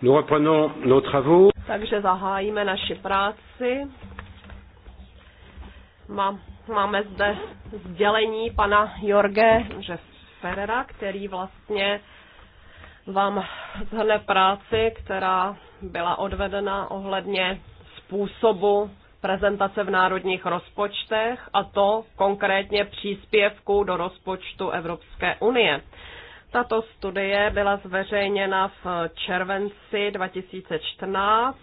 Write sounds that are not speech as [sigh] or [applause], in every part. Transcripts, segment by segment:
Nous reprenons nos travaux. Takže zahájíme naši práci. Má, máme zde sdělení pana Jorge že Ferrera, který vlastně vám zhrne práci, která byla odvedena ohledně způsobu prezentace v národních rozpočtech a to konkrétně příspěvku do rozpočtu Evropské unie. Tato studie byla zveřejněna v červenci 2014.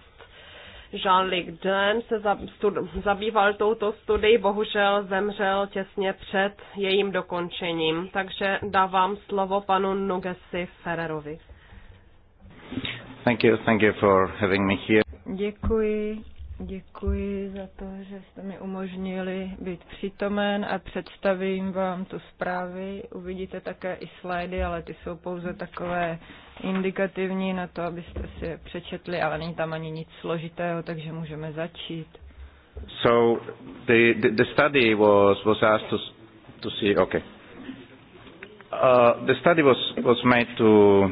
Jean-Luc Den se zabýval touto studií, bohužel zemřel těsně před jejím dokončením. Takže dávám slovo panu Nugesi Ferrerovi. Thank you, thank you for having me here. Děkuji Děkuji za to, že jste mi umožnili být přítomen a představím vám tu zprávy. Uvidíte také i slajdy, ale ty jsou pouze takové indikativní na to, abyste si je přečetli, ale není tam ani nic složitého, takže můžeme začít. So the, the, the study was, was asked to, to see, okay. Uh, the study was, was made to,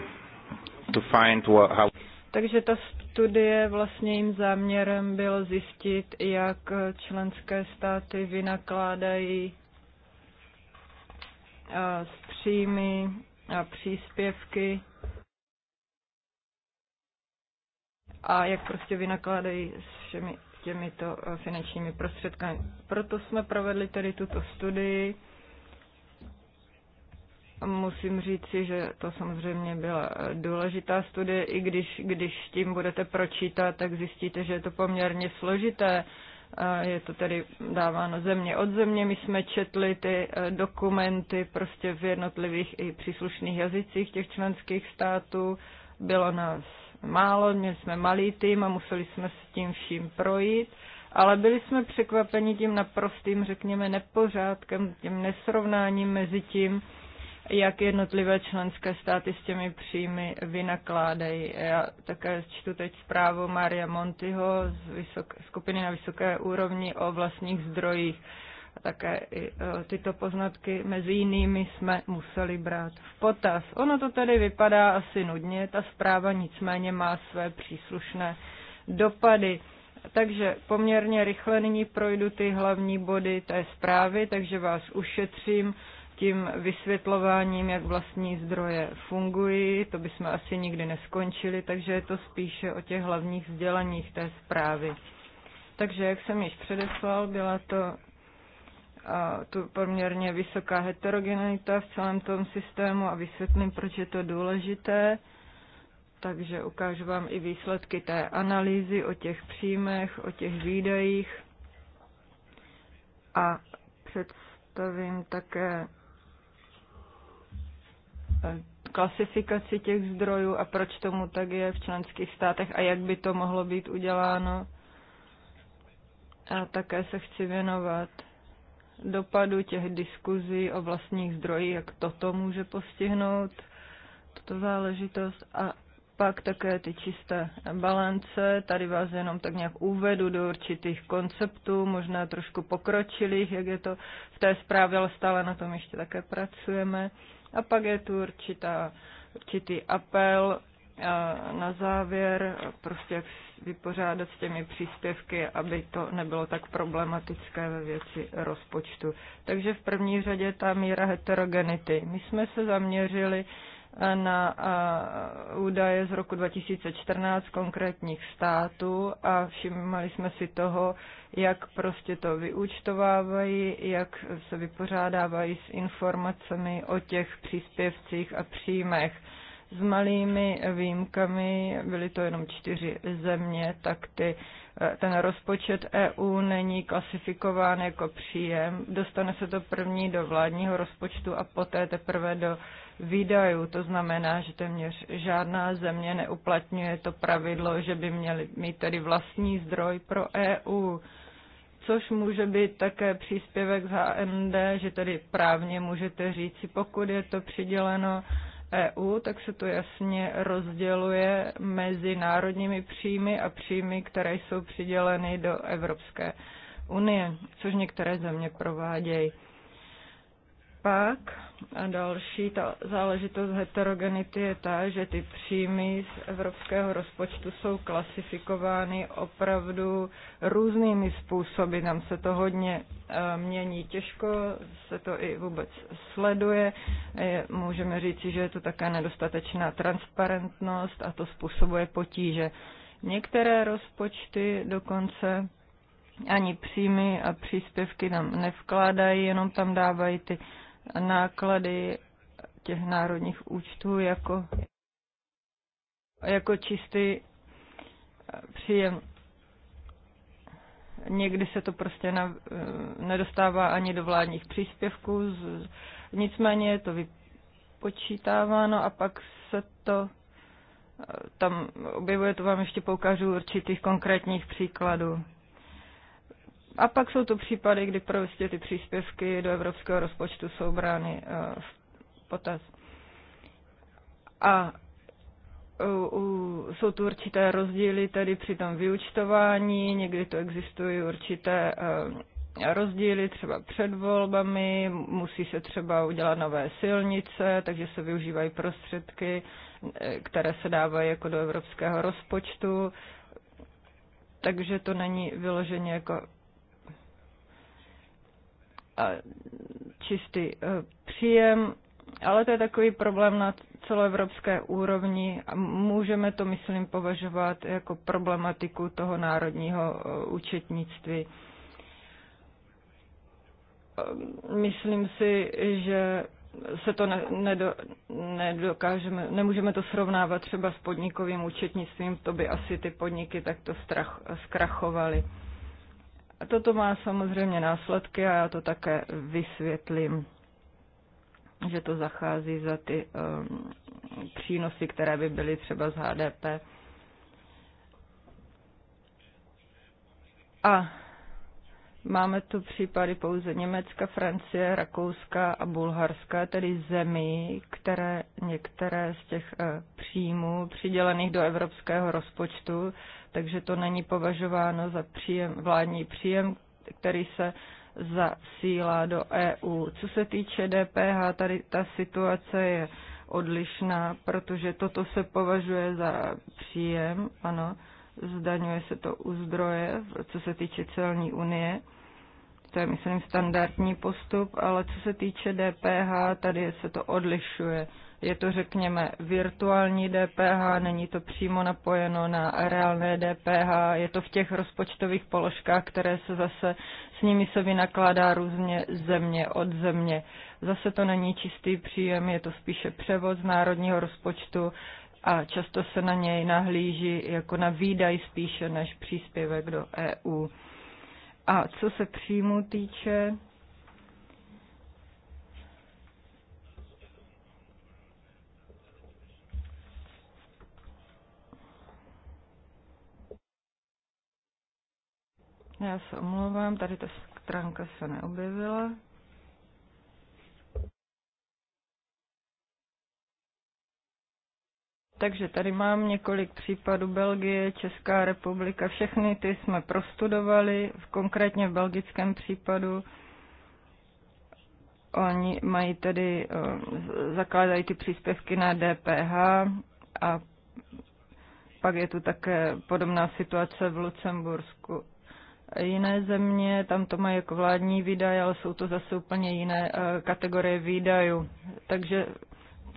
to find what, how... Takže ta studie vlastně jim záměrem bylo zjistit, jak členské státy vynakládají s příjmy a příspěvky a jak prostě vynakládají s všemi těmito finančními prostředky. Proto jsme provedli tedy tuto studii musím říci, že to samozřejmě byla důležitá studie, i když, když tím budete pročítat, tak zjistíte, že je to poměrně složité. Je to tedy dáváno země od země. My jsme četli ty eh, dokumenty prostě v jednotlivých i příslušných jazycích těch členských států. Bylo nás málo, měli jsme malý tým a museli jsme s tím vším projít ale byli jsme překvapeni tím naprostým, řekněme, nepořádkem, tím nesrovnáním mezi tím, jak jednotlivé členské státy s těmi příjmy vynakládají. Já také čtu teď zprávu Maria Montiho z vysok, skupiny na vysoké úrovni o vlastních zdrojích. A také e, tyto poznatky mezi jinými jsme museli brát v potaz. Ono to tedy vypadá asi nudně, ta zpráva nicméně má své příslušné dopady. Takže poměrně rychle nyní projdu ty hlavní body té zprávy, takže vás ušetřím tím vysvětlováním, jak vlastní zdroje fungují, to bychom asi nikdy neskončili, takže je to spíše o těch hlavních sděleních té zprávy. Takže, jak jsem již předeslal, byla to a tu poměrně vysoká heterogenita v celém tom systému a vysvětlím, proč je to důležité. Takže ukážu vám i výsledky té analýzy o těch příjmech, o těch výdajích a představím také klasifikaci těch zdrojů a proč tomu tak je v členských státech a jak by to mohlo být uděláno. A také se chci věnovat dopadu těch diskuzí o vlastních zdrojích, jak toto může postihnout, tuto záležitost a pak také ty čisté balance. Tady vás jenom tak nějak uvedu do určitých konceptů, možná trošku pokročilých, jak je to v té zprávě, ale stále na tom ještě také pracujeme. A pak je tu určitá, určitý apel na závěr prostě vypořádat s těmi příspěvky, aby to nebylo tak problematické ve věci rozpočtu. Takže v první řadě ta míra heterogenity. My jsme se zaměřili na údaje z roku 2014 konkrétních států a všimli jsme si toho, jak prostě to vyúčtovávají, jak se vypořádávají s informacemi o těch příspěvcích a příjmech. S malými výjimkami, byly to jenom čtyři země, tak ty, e, ten rozpočet EU není klasifikován jako příjem. Dostane se to první do vládního rozpočtu a poté teprve do výdajů. To znamená, že téměř žádná země neuplatňuje to pravidlo, že by měli mít tedy vlastní zdroj pro EU což může být také příspěvek z HND, že tedy právně můžete říci, pokud je to přiděleno EU, tak se to jasně rozděluje mezi národními příjmy a příjmy, které jsou přiděleny do Evropské unie, což některé země provádějí pak a další ta záležitost heterogenity je ta, že ty příjmy z evropského rozpočtu jsou klasifikovány opravdu různými způsoby. Tam se to hodně e, mění těžko, se to i vůbec sleduje. Můžeme říci, že je to také nedostatečná transparentnost a to způsobuje potíže. Některé rozpočty dokonce ani příjmy a příspěvky tam nevkládají, jenom tam dávají ty náklady těch národních účtů jako, jako čistý eh, příjem. Někdy se to prostě na, eh, nedostává ani do vládních příspěvků, z, nicméně je to vypočítáváno a pak se to eh, tam objevuje, to vám ještě poukážu určitých konkrétních příkladů. A pak jsou to případy, kdy prostě ty příspěvky do evropského rozpočtu jsou brány eh, v potaz. A u, u, jsou tu určité rozdíly tedy při tom vyučtování, někdy to existují určité eh, rozdíly třeba před volbami, musí se třeba udělat nové silnice, takže se využívají prostředky, eh, které se dávají jako do evropského rozpočtu, takže to není vyloženě jako čistý e, příjem, ale to je takový problém na celoevropské úrovni a můžeme to, myslím, považovat jako problematiku toho národního e, účetnictví. E, myslím si, že se to ne, nedo, nedokážeme, nemůžeme to srovnávat třeba s podnikovým účetnictvím, to by asi ty podniky takto strach, zkrachovaly. Toto má samozřejmě následky a já to také vysvětlím, že to zachází za ty um, přínosy, které by byly třeba z HDP. A máme tu případy pouze Německa, Francie, Rakouska a Bulharska, tedy zemí, které některé z těch eh, příjmů přidělených do evropského rozpočtu takže to není považováno za příjem, vládní příjem, který se zasílá do EU. Co se týče DPH, tady ta situace je odlišná, protože toto se považuje za příjem, ano, zdaňuje se to u zdroje, co se týče celní unie. To je, myslím, standardní postup, ale co se týče DPH, tady se to odlišuje. Je to, řekněme, virtuální DPH, není to přímo napojeno na reálné DPH, je to v těch rozpočtových položkách, které se zase s nimi se vynakládá různě země od země. Zase to není čistý příjem, je to spíše převod z národního rozpočtu a často se na něj nahlíží jako na výdaj spíše než příspěvek do EU. A co se příjmu týče, Já se omlouvám, tady ta stránka se neobjevila. Takže tady mám několik případů Belgie, Česká republika, všechny ty jsme prostudovali, konkrétně v belgickém případu. Oni mají tedy, eh, zakládají ty příspěvky na DPH a pak je tu také podobná situace v Lucembursku Jiné země, tam to mají jako vládní výdaje, ale jsou to zase úplně jiné eh, kategorie výdajů. Takže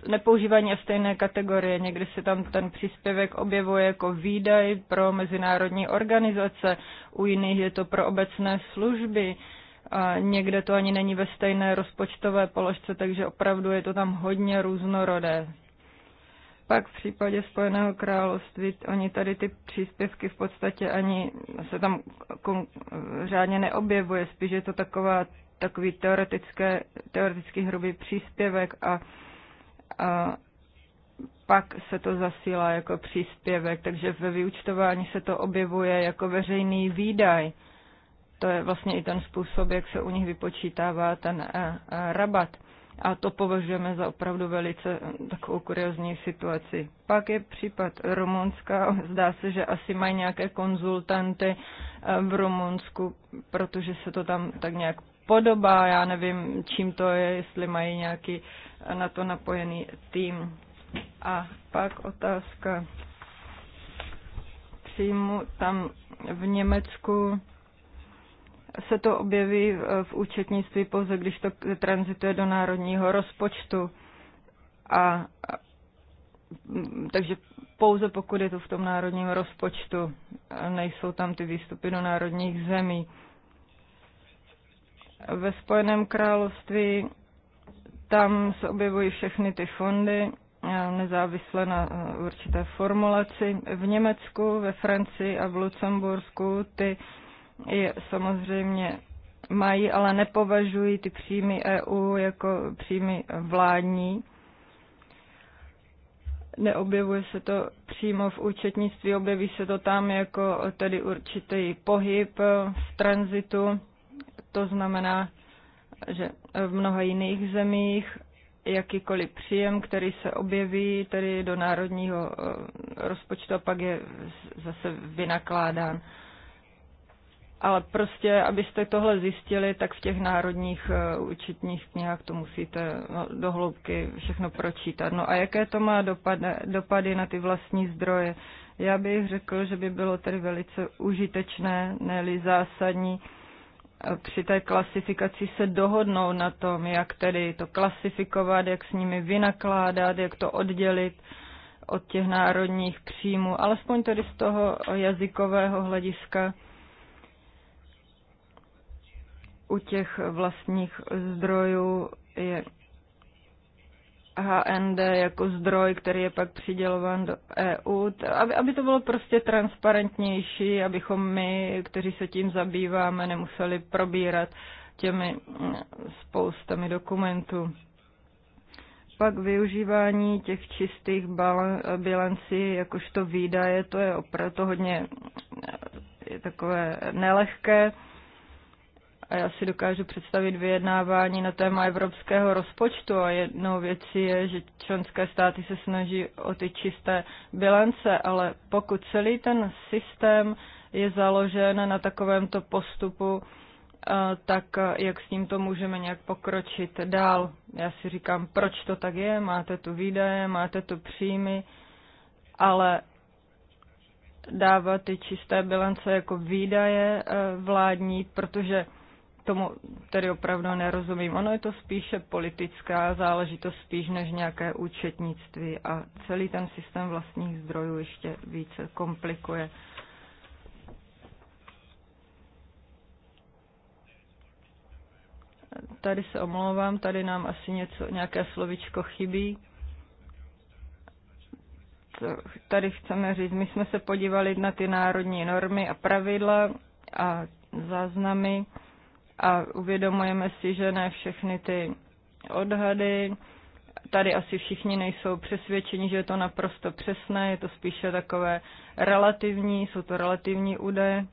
nepoužívání a stejné kategorie. Někdy se tam ten příspěvek objevuje jako výdaj pro mezinárodní organizace, u jiných je to pro obecné služby. A někde to ani není ve stejné rozpočtové položce, takže opravdu je to tam hodně různorodé pak v případě Spojeného království oni tady ty příspěvky v podstatě ani se tam řádně neobjevuje, spíš je to taková, takový teoretické, teoretický hrubý příspěvek a, a pak se to zasílá jako příspěvek, takže ve vyučtování se to objevuje jako veřejný výdaj. To je vlastně i ten způsob, jak se u nich vypočítává ten a, eh, a eh, rabat. A to považujeme za opravdu velice takovou kuriozní situaci. Pak je případ Rumunska. Zdá se, že asi mají nějaké konzultanty eh, v Rumunsku, protože se to tam tak nějak podobá. Já nevím, čím to je, jestli mají nějaký eh, na to napojený tým. A pak otázka příjmu tam v Německu se to objeví eh, v účetnictví pouze, když to transituje do národního rozpočtu. A, mm, takže pouze pokud je to v tom národním rozpočtu, nejsou tam ty výstupy do národních zemí. Ve Spojeném království tam se objevují všechny ty fondy, eh, nezávisle na eh, určité formulaci. V Německu, ve Francii a v Lucembursku ty je samozřejmě mají, ale nepovažují ty příjmy EU jako příjmy vládní. Neobjevuje se to přímo v účetnictví, objeví se to tam jako tedy určitý pohyb v tranzitu. To znamená, že v mnoha jiných zemích jakýkoliv příjem, který se objeví tedy do národního eh, rozpočtu pak je zase vynakládán. Ale prostě, abyste tohle zjistili, tak v těch národních eh, účetních knihách to musíte no, do hloubky všechno pročítat. No a jaké to má dopady, dopady na ty vlastní zdroje? Já bych řekl, že by bylo tedy velice užitečné, ne zásadní, eh, při té klasifikaci se dohodnou na tom, jak tedy to klasifikovat, jak s nimi vynakládat, jak to oddělit od těch národních příjmů, alespoň tedy z toho jazykového hlediska u těch vlastních zdrojů je HND jako zdroj, který je pak přidělován do EU, aby, aby to bylo prostě transparentnější, abychom my, kteří se tím zabýváme, nemuseli probírat těmi mm, spoustami dokumentů. Pak využívání těch čistých bilancí, jakožto výdaje, to je opravdu hodně mm, je takové nelehké a já si dokážu představit vyjednávání na téma evropského rozpočtu a jednou věcí je, že členské státy se snaží o ty čisté bilance, ale pokud celý ten systém je založen na takovémto postupu, eh, tak eh, jak s tímto můžeme nějak pokročit dál. Já si říkám, proč to tak je, máte tu výdaje, máte tu příjmy, ale dávat ty čisté bilance jako výdaje eh, vládní, protože tomu tedy opravdu nerozumím. Ono je to spíše politická záležitost, spíš než nějaké účetnictví a celý ten systém vlastních zdrojů ještě více komplikuje. Tady se omlouvám, tady nám asi něco, nějaké slovičko chybí tady chceme říct, my jsme se podívali na ty národní normy a pravidla a záznamy a uvědomujeme si, že ne všechny ty odhady, tady asi všichni nejsou přesvědčeni, že je to naprosto přesné, je to spíše takové relativní, jsou to relativní údaje.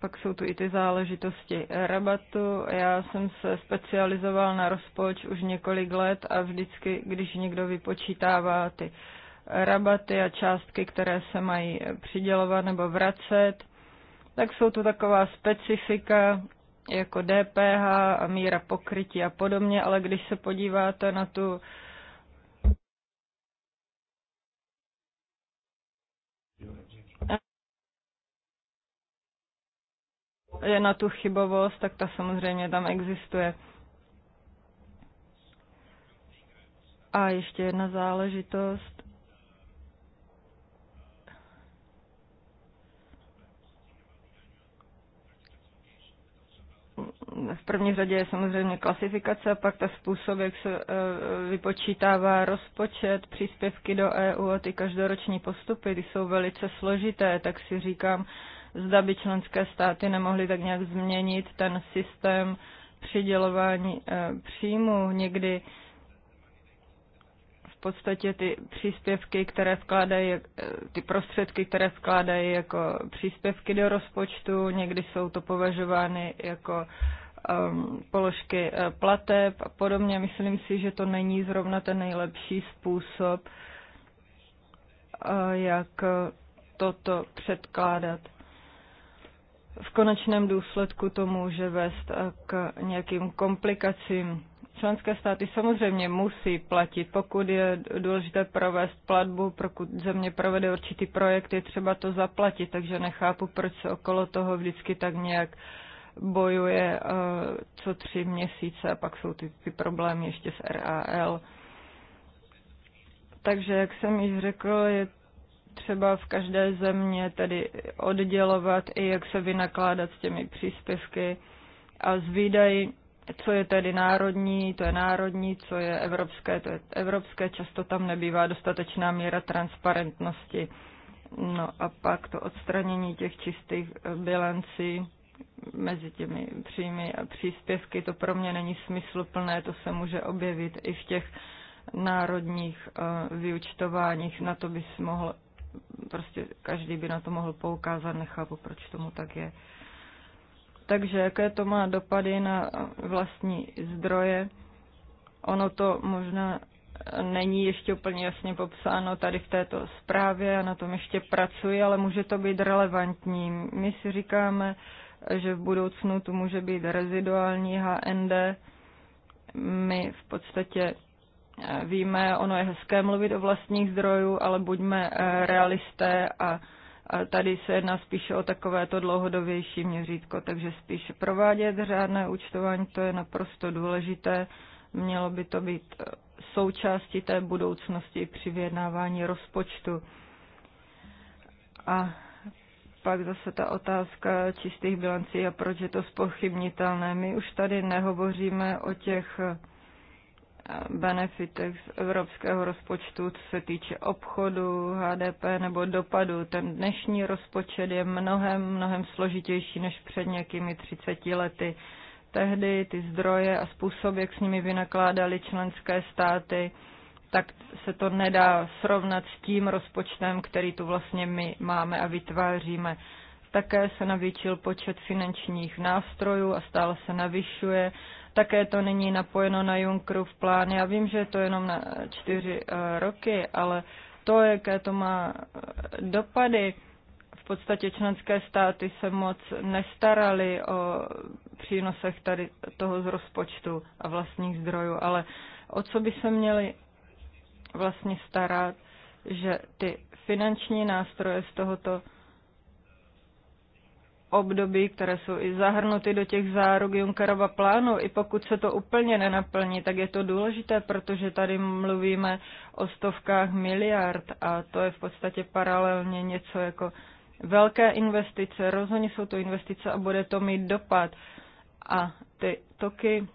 Pak jsou tu i ty záležitosti rabatu. Já jsem se specializoval na rozpoč už několik let a vždycky, když někdo vypočítává ty rabaty a částky, které se mají přidělovat nebo vracet, tak jsou to taková specifika jako DPH a míra pokrytí a podobně, ale když se podíváte na tu je na tu chybovost, tak ta samozřejmě tam existuje. A ještě jedna záležitost. v první řadě je samozřejmě klasifikace a pak ta způsob, jak se e, vypočítává rozpočet, příspěvky do EU a ty každoroční postupy, ty jsou velice složité, tak si říkám, zda by členské státy nemohly tak nějak změnit ten systém přidělování e, příjmů. Někdy v podstatě ty příspěvky, které vkládají, e, ty prostředky, které vkládají jako příspěvky do rozpočtu, někdy jsou to považovány jako uh, Um, položky eh, plateb a podobně. Myslím si, že to není zrovna ten nejlepší způsob, eh, jak eh, toto předkládat. V konečném důsledku to může vést k nějakým komplikacím. Členské státy samozřejmě musí platit. Pokud je důležité provést platbu, pokud země provede určitý projekt, je třeba to zaplatit, takže nechápu, proč se okolo toho vždycky tak nějak uh, bojuje eh, co tři měsíce a pak jsou ty, ty problémy ještě s RAL. Takže, jak jsem již řekl, je třeba v každé země tedy oddělovat i jak se vynakládat s těmi příspěvky a zvídaj, co je tedy národní, to je národní, co je evropské, to je evropské, často tam nebývá dostatečná míra transparentnosti. No a pak to odstranění těch čistých eh, bilancí, mezi těmi příjmy a příspěvky. To pro mě není smysluplné, to se může objevit i v těch národních eh, vyučtováních. Na to bys mohl, prostě každý by na to mohl poukázat, nechápu, proč tomu tak je. Takže jaké to má dopady na eh, vlastní zdroje? Ono to možná eh, není ještě úplně jasně popsáno tady v této zprávě a na tom ještě pracuji, ale může to být relevantní. My si říkáme, že v budoucnu tu může být reziduální HND. My v podstatě eh, víme, ono je hezké mluvit o vlastních zdrojů, ale buďme eh, realisté a tady se jedná spíše o takovéto dlouhodobější měřítko, takže spíše provádět řádné účtování, to je naprosto důležité. Mělo by to být eh, součástí té budoucnosti při vyjednávání rozpočtu. A pak zase ta otázka čistých bilancí a proč je to spochybnitelné. My už tady nehovoříme o těch eh, benefitech z evropského rozpočtu, co se týče obchodu, HDP nebo dopadu. Ten dnešní rozpočet je mnohem, mnohem složitější než před nějakými 30 lety. Tehdy ty zdroje a způsob, jak s nimi vynakládali členské státy, tak se to nedá srovnat s tím rozpočtem, který tu vlastně my máme a vytváříme. Také se navýšil počet finančních nástrojů a stále se navyšuje. Také to není napojeno na v plán. Já vím, že je to jenom na čtyři eh, roky, ale to, jaké to má eh, dopady, v podstatě členské státy se moc nestaraly o přínosech tady toho z rozpočtu a vlastních zdrojů, ale o co by se měli vlastně starat, že ty finanční nástroje z tohoto období, které jsou i zahrnuty do těch záruk Junckerova plánu, i pokud se to úplně nenaplní, tak je to důležité, protože tady mluvíme o stovkách miliard a to je v podstatě paralelně něco jako velké investice, rozhodně jsou to investice a bude to mít dopad. A ty toky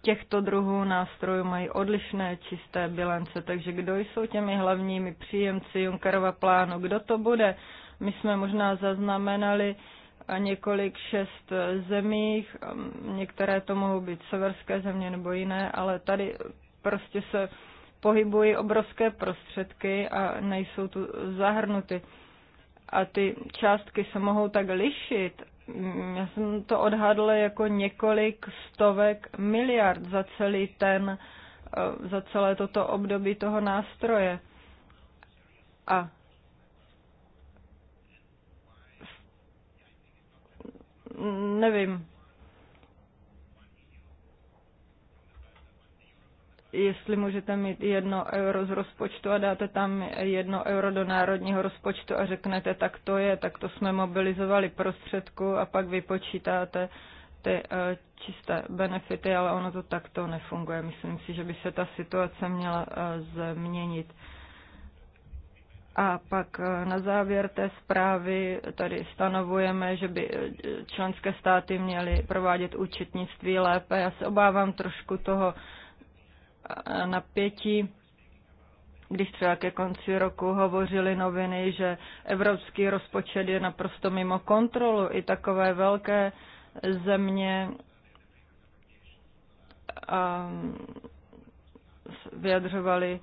těchto druhů nástrojů mají odlišné čisté bilance, takže kdo jsou těmi hlavními příjemci Junckerova plánu, kdo to bude? My jsme možná zaznamenali několik šest zemích, um, některé to mohou být severské země nebo jiné, ale tady prostě se pohybují obrovské prostředky a nejsou tu zahrnuty. A ty částky se mohou tak lišit Mm, já jsem to odhadl jako několik stovek miliard za celý ten, eh, za celé toto období toho nástroje. A nevím, jestli můžete mít jedno euro z rozpočtu a dáte tam jedno euro do národního rozpočtu a řeknete, tak to je, tak to jsme mobilizovali prostředku a pak vypočítáte ty eh, čisté benefity, ale ono to takto nefunguje. Myslím si, že by se ta situace měla eh, změnit. A pak eh, na závěr té zprávy tady stanovujeme, že by členské státy měly provádět účetnictví lépe. Já se obávám trošku toho napětí když třeba ke konci roku hovořili noviny, že evropský rozpočet je naprosto mimo kontrolu. I takové velké země ehm, vyjadřovaly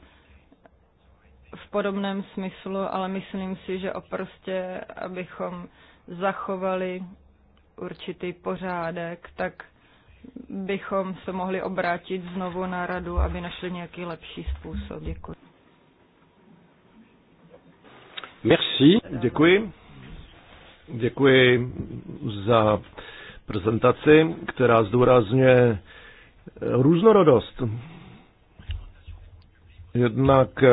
v podobném smyslu, ale myslím si, že oprostě, abychom zachovali určitý pořádek, tak bychom se mohli obrátit znovu na radu, aby našli nějaký lepší způsob. Děkuji. Merci, děkuji. Děkuji za prezentaci, která zdůrazňuje různorodost. Jednak eh,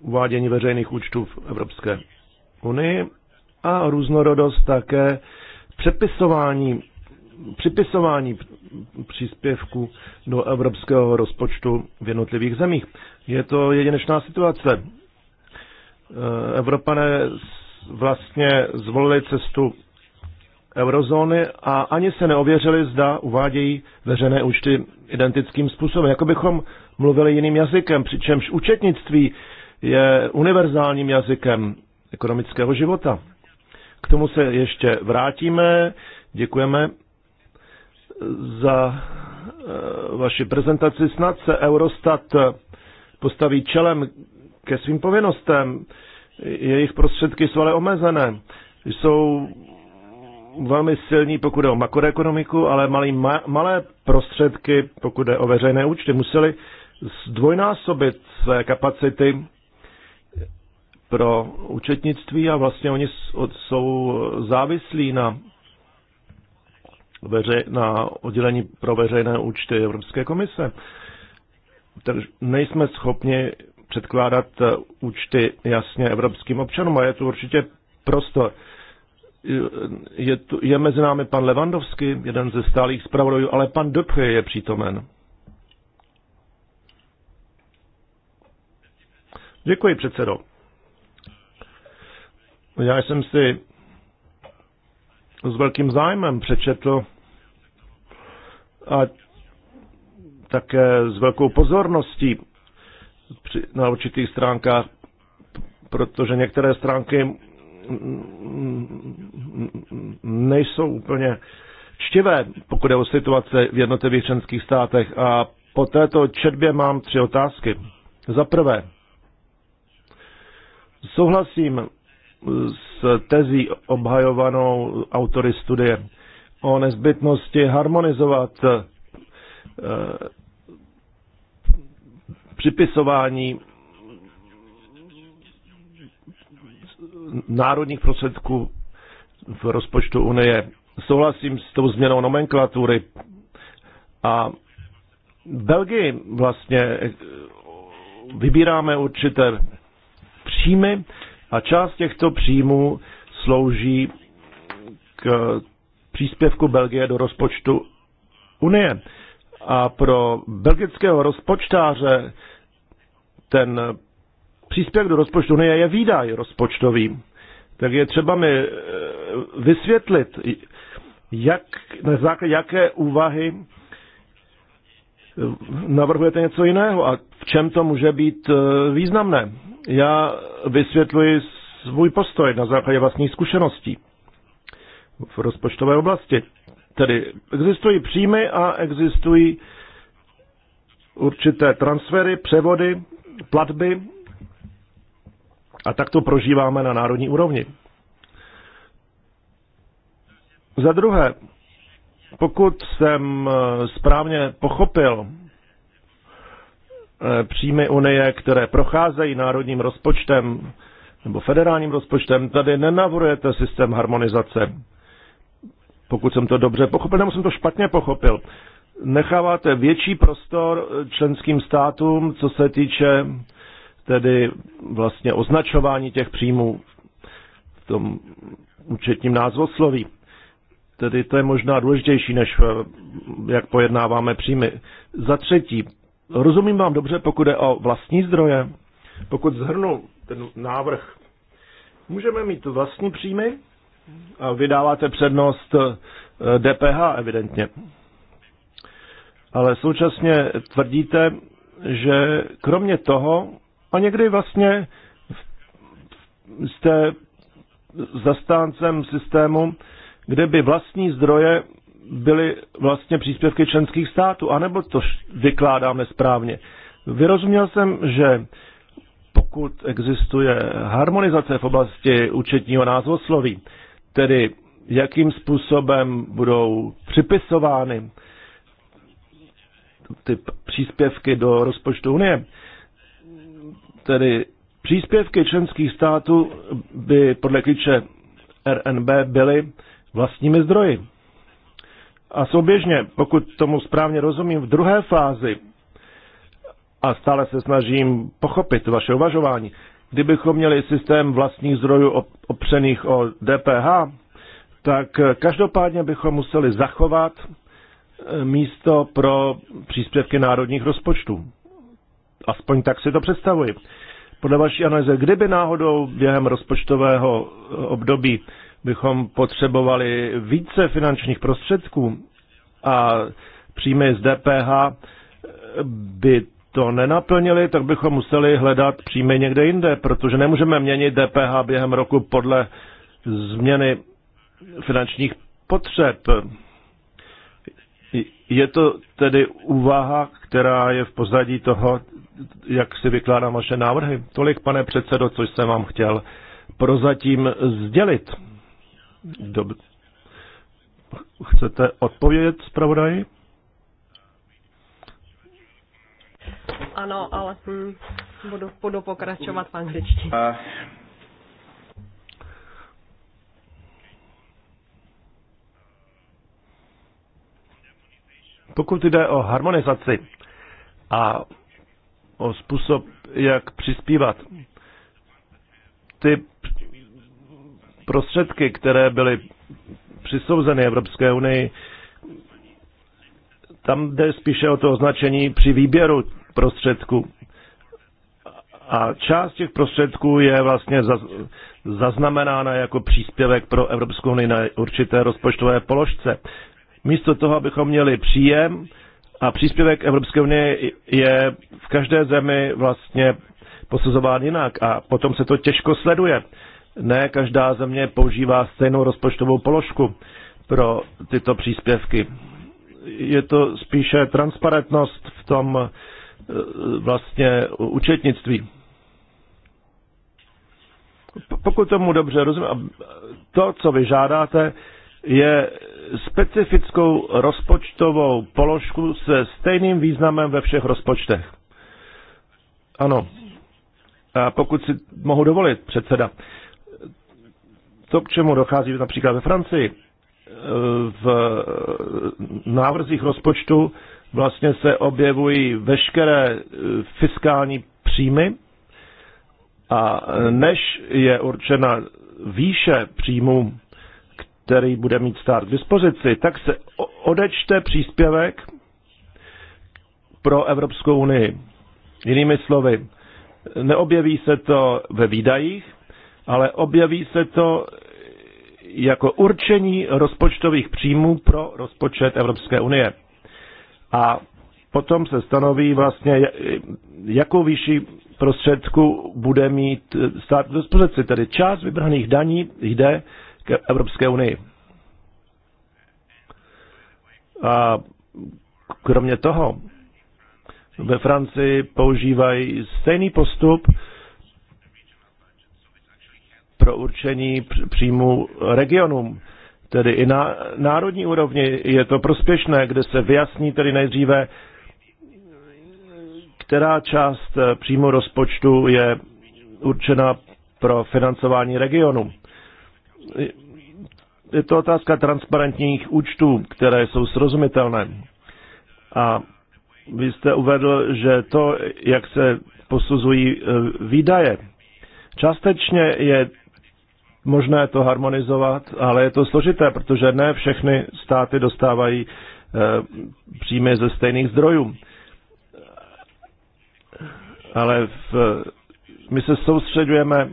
uvádění veřejných účtů v Evropské unii a různorodost také přepisování připisování příspěvku do evropského rozpočtu v jednotlivých zemích. Je to jedinečná situace. E, Evropané vlastně zvolili cestu eurozóny a ani se neověřili, zda uvádějí veřejné účty identickým způsobem. Jako bychom mluvili jiným jazykem, přičemž účetnictví je univerzálním jazykem ekonomického života. K tomu se ještě vrátíme. Děkujeme za eh, vaši prezentaci. Snad se Eurostat eh, postaví čelem ke svým povinnostem. Jejich prostředky jsou ale omezené. Jsou velmi silní, pokud jde o makroekonomiku, ale malý, ma, malé prostředky, pokud jde o veřejné účty, museli zdvojnásobit své kapacity pro účetnictví a vlastně oni jsou závislí na veře, na oddělení pro veřejné účty Evropské komise. nejsme schopni předkládat eh, účty jasně evropským občanům a je tu určitě prostor. Je, tu, je mezi námi pan Levandovský, jeden ze stálých zpravodajů, ale pan Dobře je přítomen. Děkuji, předsedo. Já jsem si s velkým zájmem přečetl a také s velkou pozorností na určitých stránkách, protože některé stránky nejsou úplně čtivé, pokud je o situace v jednotlivých členských státech. A po této četbě mám tři otázky. Za prvé, souhlasím s tezí obhajovanou autory studie o nezbytnosti harmonizovat eh, připisování národních prostředků v rozpočtu Unie. Souhlasím s tou změnou nomenklatury a Belgii vlastně vybíráme určité příjmy a část těchto příjmů slouží k příspěvku Belgie do rozpočtu Unie. A pro belgického rozpočtáře ten příspěvek do rozpočtu Unie je výdaj rozpočtový. Tak je třeba mi eh, vysvětlit, jak, na základě jaké úvahy eh, navrhujete něco jiného a v čem to může být eh, významné. Já vysvětluji svůj postoj na základě vlastních zkušeností v rozpočtové oblasti. Tedy existují příjmy a existují určité transfery, převody, platby a tak to prožíváme na národní úrovni. Za druhé, pokud jsem správně pochopil Eh, příjmy Unie, které procházejí národním rozpočtem nebo federálním rozpočtem, tady nenavrujete systém harmonizace. Pokud jsem to dobře pochopil, nebo jsem to špatně pochopil. Necháváte větší prostor členským státům, co se týče tedy vlastně označování těch příjmů v tom účetním názvosloví. Tedy to je možná důležitější, než eh, jak pojednáváme příjmy. Za třetí, Rozumím vám dobře, pokud je o vlastní zdroje. Pokud zhrnu ten návrh, můžeme mít vlastní příjmy a vydáváte přednost DPH eh, evidentně. Ale současně tvrdíte, že kromě toho, a někdy vlastně jste zastáncem systému, kde by vlastní zdroje byly vlastně příspěvky členských států, anebo to vykládáme nesprávně. Vyrozuměl jsem, že pokud existuje harmonizace v oblasti účetního názvosloví, tedy jakým způsobem budou připisovány ty příspěvky do rozpočtu Unie, tedy příspěvky členských států by podle klíče RNB byly vlastními zdroji. A souběžně, pokud tomu správně rozumím, v druhé fázi, a stále se snažím pochopit vaše uvažování, kdybychom měli systém vlastních zdrojů opřených o DPH, tak eh, každopádně bychom museli zachovat eh, místo pro příspěvky národních rozpočtů. Aspoň tak si to představuji. Podle vaší analýzy, kdyby náhodou během rozpočtového eh, období bychom potřebovali více finančních prostředků a příjmy z DPH by to nenaplnili, tak bychom museli hledat příjmy někde jinde, protože nemůžeme měnit DPH během roku podle změny finančních potřeb. Je to tedy úvaha, která je v pozadí toho, jak si vykládám vaše návrhy. Tolik, pane předsedo, co jsem vám chtěl prozatím sdělit. Dobře. Chcete odpovědět, zpravodaji? Ano, ale hm, budu, budu pokračovat v angličtině. Uh. Pokud jde o harmonizaci a o způsob, jak přispívat, ty prostředky, které byly přisouzeny Evropské unii, tam jde spíše o to označení při výběru prostředků. A část těch prostředků je vlastně zaznamenána jako příspěvek pro Evropskou unii na určité rozpočtové položce. Místo toho, abychom měli příjem a příspěvek Evropské unie je v každé zemi vlastně posuzován jinak a potom se to těžko sleduje. Ne každá země používá stejnou rozpočtovou položku pro tyto příspěvky. Je to spíše transparentnost v tom eh, vlastně účetnictví. Pokud tomu dobře rozumím, to, co vy žádáte, je specifickou rozpočtovou položku se stejným významem ve všech rozpočtech. Ano. A pokud si mohu dovolit, předseda, to, k čemu dochází například ve Francii, v návrzích rozpočtu vlastně se objevují veškeré fiskální příjmy a než je určena výše příjmů, který bude mít stát k dispozici, tak se odečte příspěvek pro Evropskou unii. Jinými slovy, neobjeví se to ve výdajích, ale objeví se to jako určení rozpočtových příjmů pro rozpočet Evropské unie. A potom se stanoví vlastně, jakou výši prostředku bude mít stát k dispozici. Tedy část vybraných daní jde k Evropské unii. A kromě toho ve Francii používají stejný postup pro určení příjmu regionům. Tedy i na národní úrovni je to prospěšné, kde se vyjasní tedy nejdříve, která část eh, příjmu rozpočtu je určena pro financování regionu. Je to otázka transparentních účtů, které jsou srozumitelné. A vy jste uvedl, že to, jak se posuzují eh, výdaje, částečně je možné to harmonizovat, ale je to složité, protože ne všechny státy dostávají eh, příjmy ze stejných zdrojů. Ale v, my se soustředujeme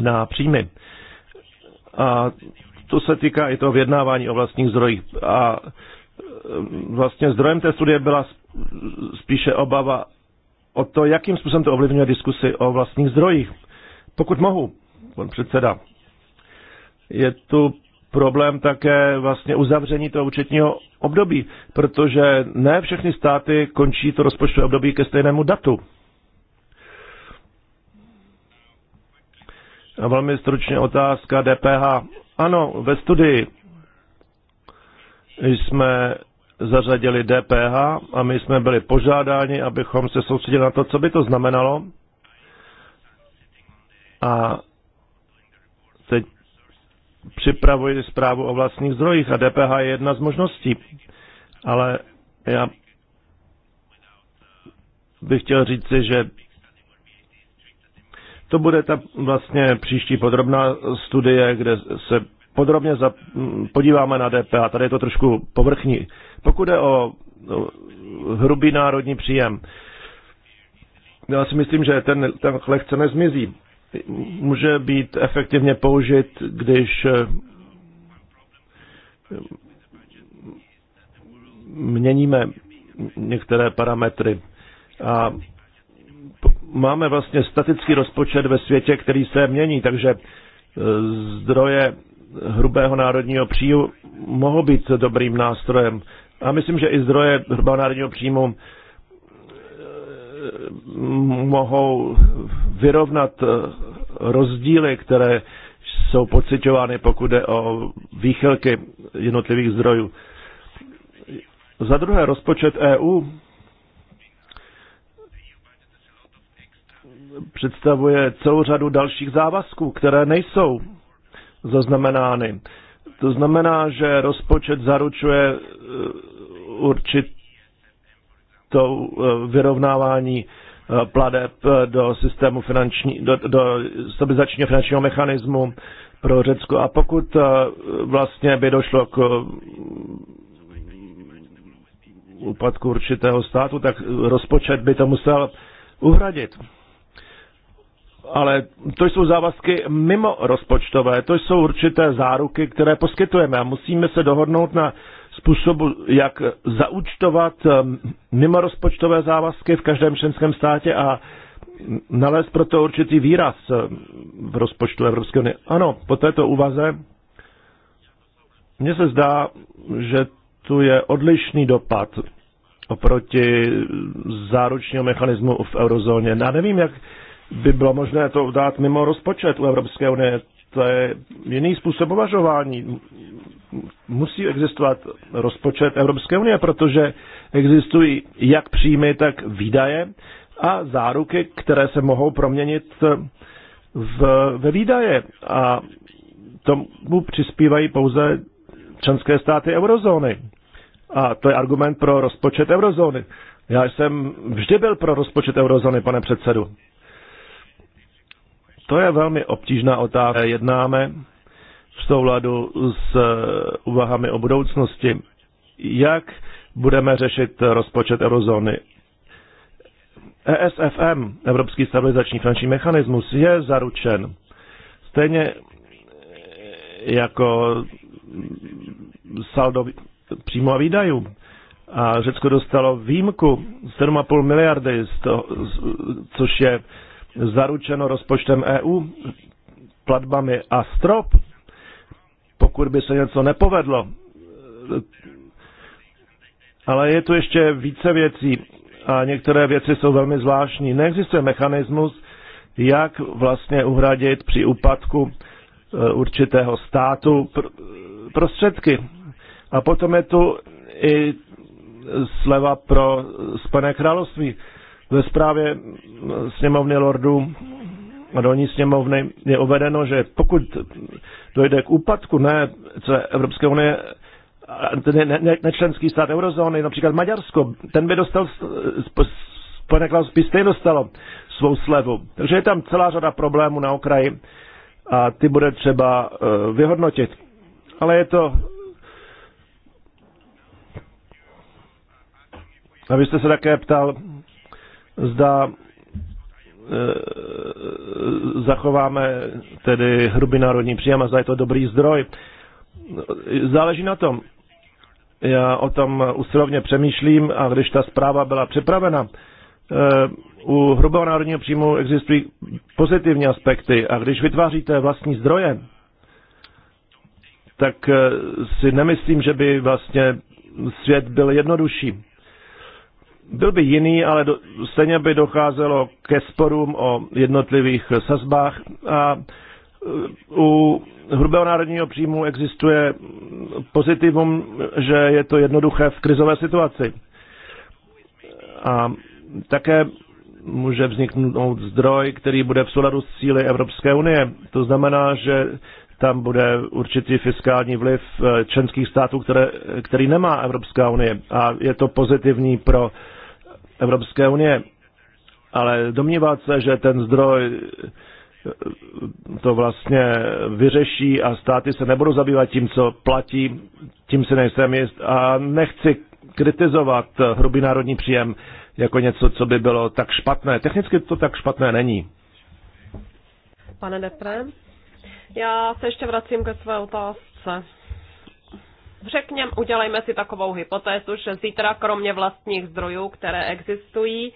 na příjmy. A to se týká i toho vědnávání o vlastních zdrojích. A eh, vlastně zdrojem té studie byla spíše obava o to, jakým způsobem to ovlivňuje diskusy o vlastních zdrojích. Pokud mohu, pan předseda. Je tu problém také vlastně uzavření toho účetního období, protože ne všechny státy končí to rozpočtové období ke stejnému datu. A velmi stručně otázka DPH. Ano, ve studii jsme zařadili DPH a my jsme byli požádáni, abychom se soustředili na to, co by to znamenalo. A teď připravuji zprávu o vlastních zdrojích a DPH je jedna z možností. Ale já bych chtěl říci, že to bude ta vlastně příští podrobná studie, kde se podrobně za, podíváme na DPH. Tady je to trošku povrchní. Pokud je o hrubý národní příjem, já si myslím, že ten, ten lehce nezmizí může být efektivně použit, když eh, měníme některé parametry. A máme vlastně statický rozpočet ve světě, který se mění, takže eh, zdroje hrubého národního příjmu mohou být dobrým nástrojem. A myslím, že i zdroje hrubého národního příjmu mohou vyrovnat eh, rozdíly, které jsou pocitovány, pokud jde o výchylky jednotlivých zdrojů. Za druhé, rozpočet EU představuje celou řadu dalších závazků, které nejsou zaznamenány. To znamená, že rozpočet zaručuje eh, určit to eh, vyrovnávání eh, pladeb eh, do systému finanční, do, do stabilizačního finančního mechanismu pro Řecko. A pokud vlastně by došlo k úpadku určitého státu, tak rozpočet by to musel uhradit. Ale to jsou závazky mimo rozpočtové, to jsou určité záruky, které poskytujeme a musíme se dohodnout na způsobu, jak zaúčtovat ehm, mimo rozpočtové závazky v každém členském státě a nalézt to určitý výraz ehm, v rozpočtu Evropské unie. Ano, po této úvaze mně se zdá, že tu je odlišný dopad oproti záručního mechanismu v eurozóně. Já nevím, jak by bylo možné to dát mimo rozpočet u Evropské unie. To je jiný způsob uvažování musí existovat rozpočet Evropské unie, protože existují jak příjmy, tak výdaje a záruky, které se mohou proměnit v, ve výdaje. A tomu přispívají pouze členské státy eurozóny. A to je argument pro rozpočet eurozóny. Já jsem vždy byl pro rozpočet eurozóny, pane předsedu. To je velmi obtížná otázka. Jednáme v souladu s eh, úvahami o budoucnosti, jak budeme řešit rozpočet eurozóny. ESFM, Evropský stabilizační finanční mechanismus, je zaručen. Stejně eh, jako saldo přímo a výdajů. A Řecko dostalo výjimku 7,5 miliardy, z toho, což je zaručeno rozpočtem EU, platbami a strop pokud by se něco nepovedlo. Ale je tu ještě více věcí a některé věci jsou velmi zvláštní. Neexistuje mechanismus, jak vlastně uhradit při úpadku eh, určitého státu prostředky. A potom je tu i sleva pro Spojené království. Ve zprávě mm, sněmovny lordů dolní sněmovny je uvedeno, že pokud dojde k úpadku ne Evropské unie, ne, ne, nečlenský stát eurozóny, například Maďarsko, ten by dostal, Spojené by stejně dostalo svou slevu. Takže je tam celá řada problémů na okraji a ty bude třeba eh, vyhodnotit. Ale je to A vy jste se také ptal, zda Eh, zachováme tedy hrubý národní příjem a zda je to dobrý zdroj. Záleží na tom. Já o tom usilovně přemýšlím a když ta zpráva byla připravena, eh, u hrubého národního příjmu existují pozitivní aspekty a když vytváříte vlastní zdroje, tak eh, si nemyslím, že by vlastně svět byl jednodušší byl by jiný, ale do, stejně by docházelo ke sporům o jednotlivých sazbách a e, u hrubého národního příjmu existuje pozitivum, že je to jednoduché v krizové situaci. A také může vzniknout zdroj, který bude v souladu s cíly Evropské unie. To znamená, že tam bude určitý fiskální vliv e, členských států, které, který nemá Evropská unie. A je to pozitivní pro Evropské unie. Ale domnívat se, že ten zdroj eh, to vlastně vyřeší a státy se nebudou zabývat tím, co platí, tím si nejsem jist. A nechci kritizovat hrubý národní příjem jako něco, co by bylo tak špatné. Technicky to tak špatné není. Pane Depre, já se ještě vracím ke své otázce. Řekněme, udělejme si takovou hypotézu, že zítra kromě vlastních zdrojů, které existují,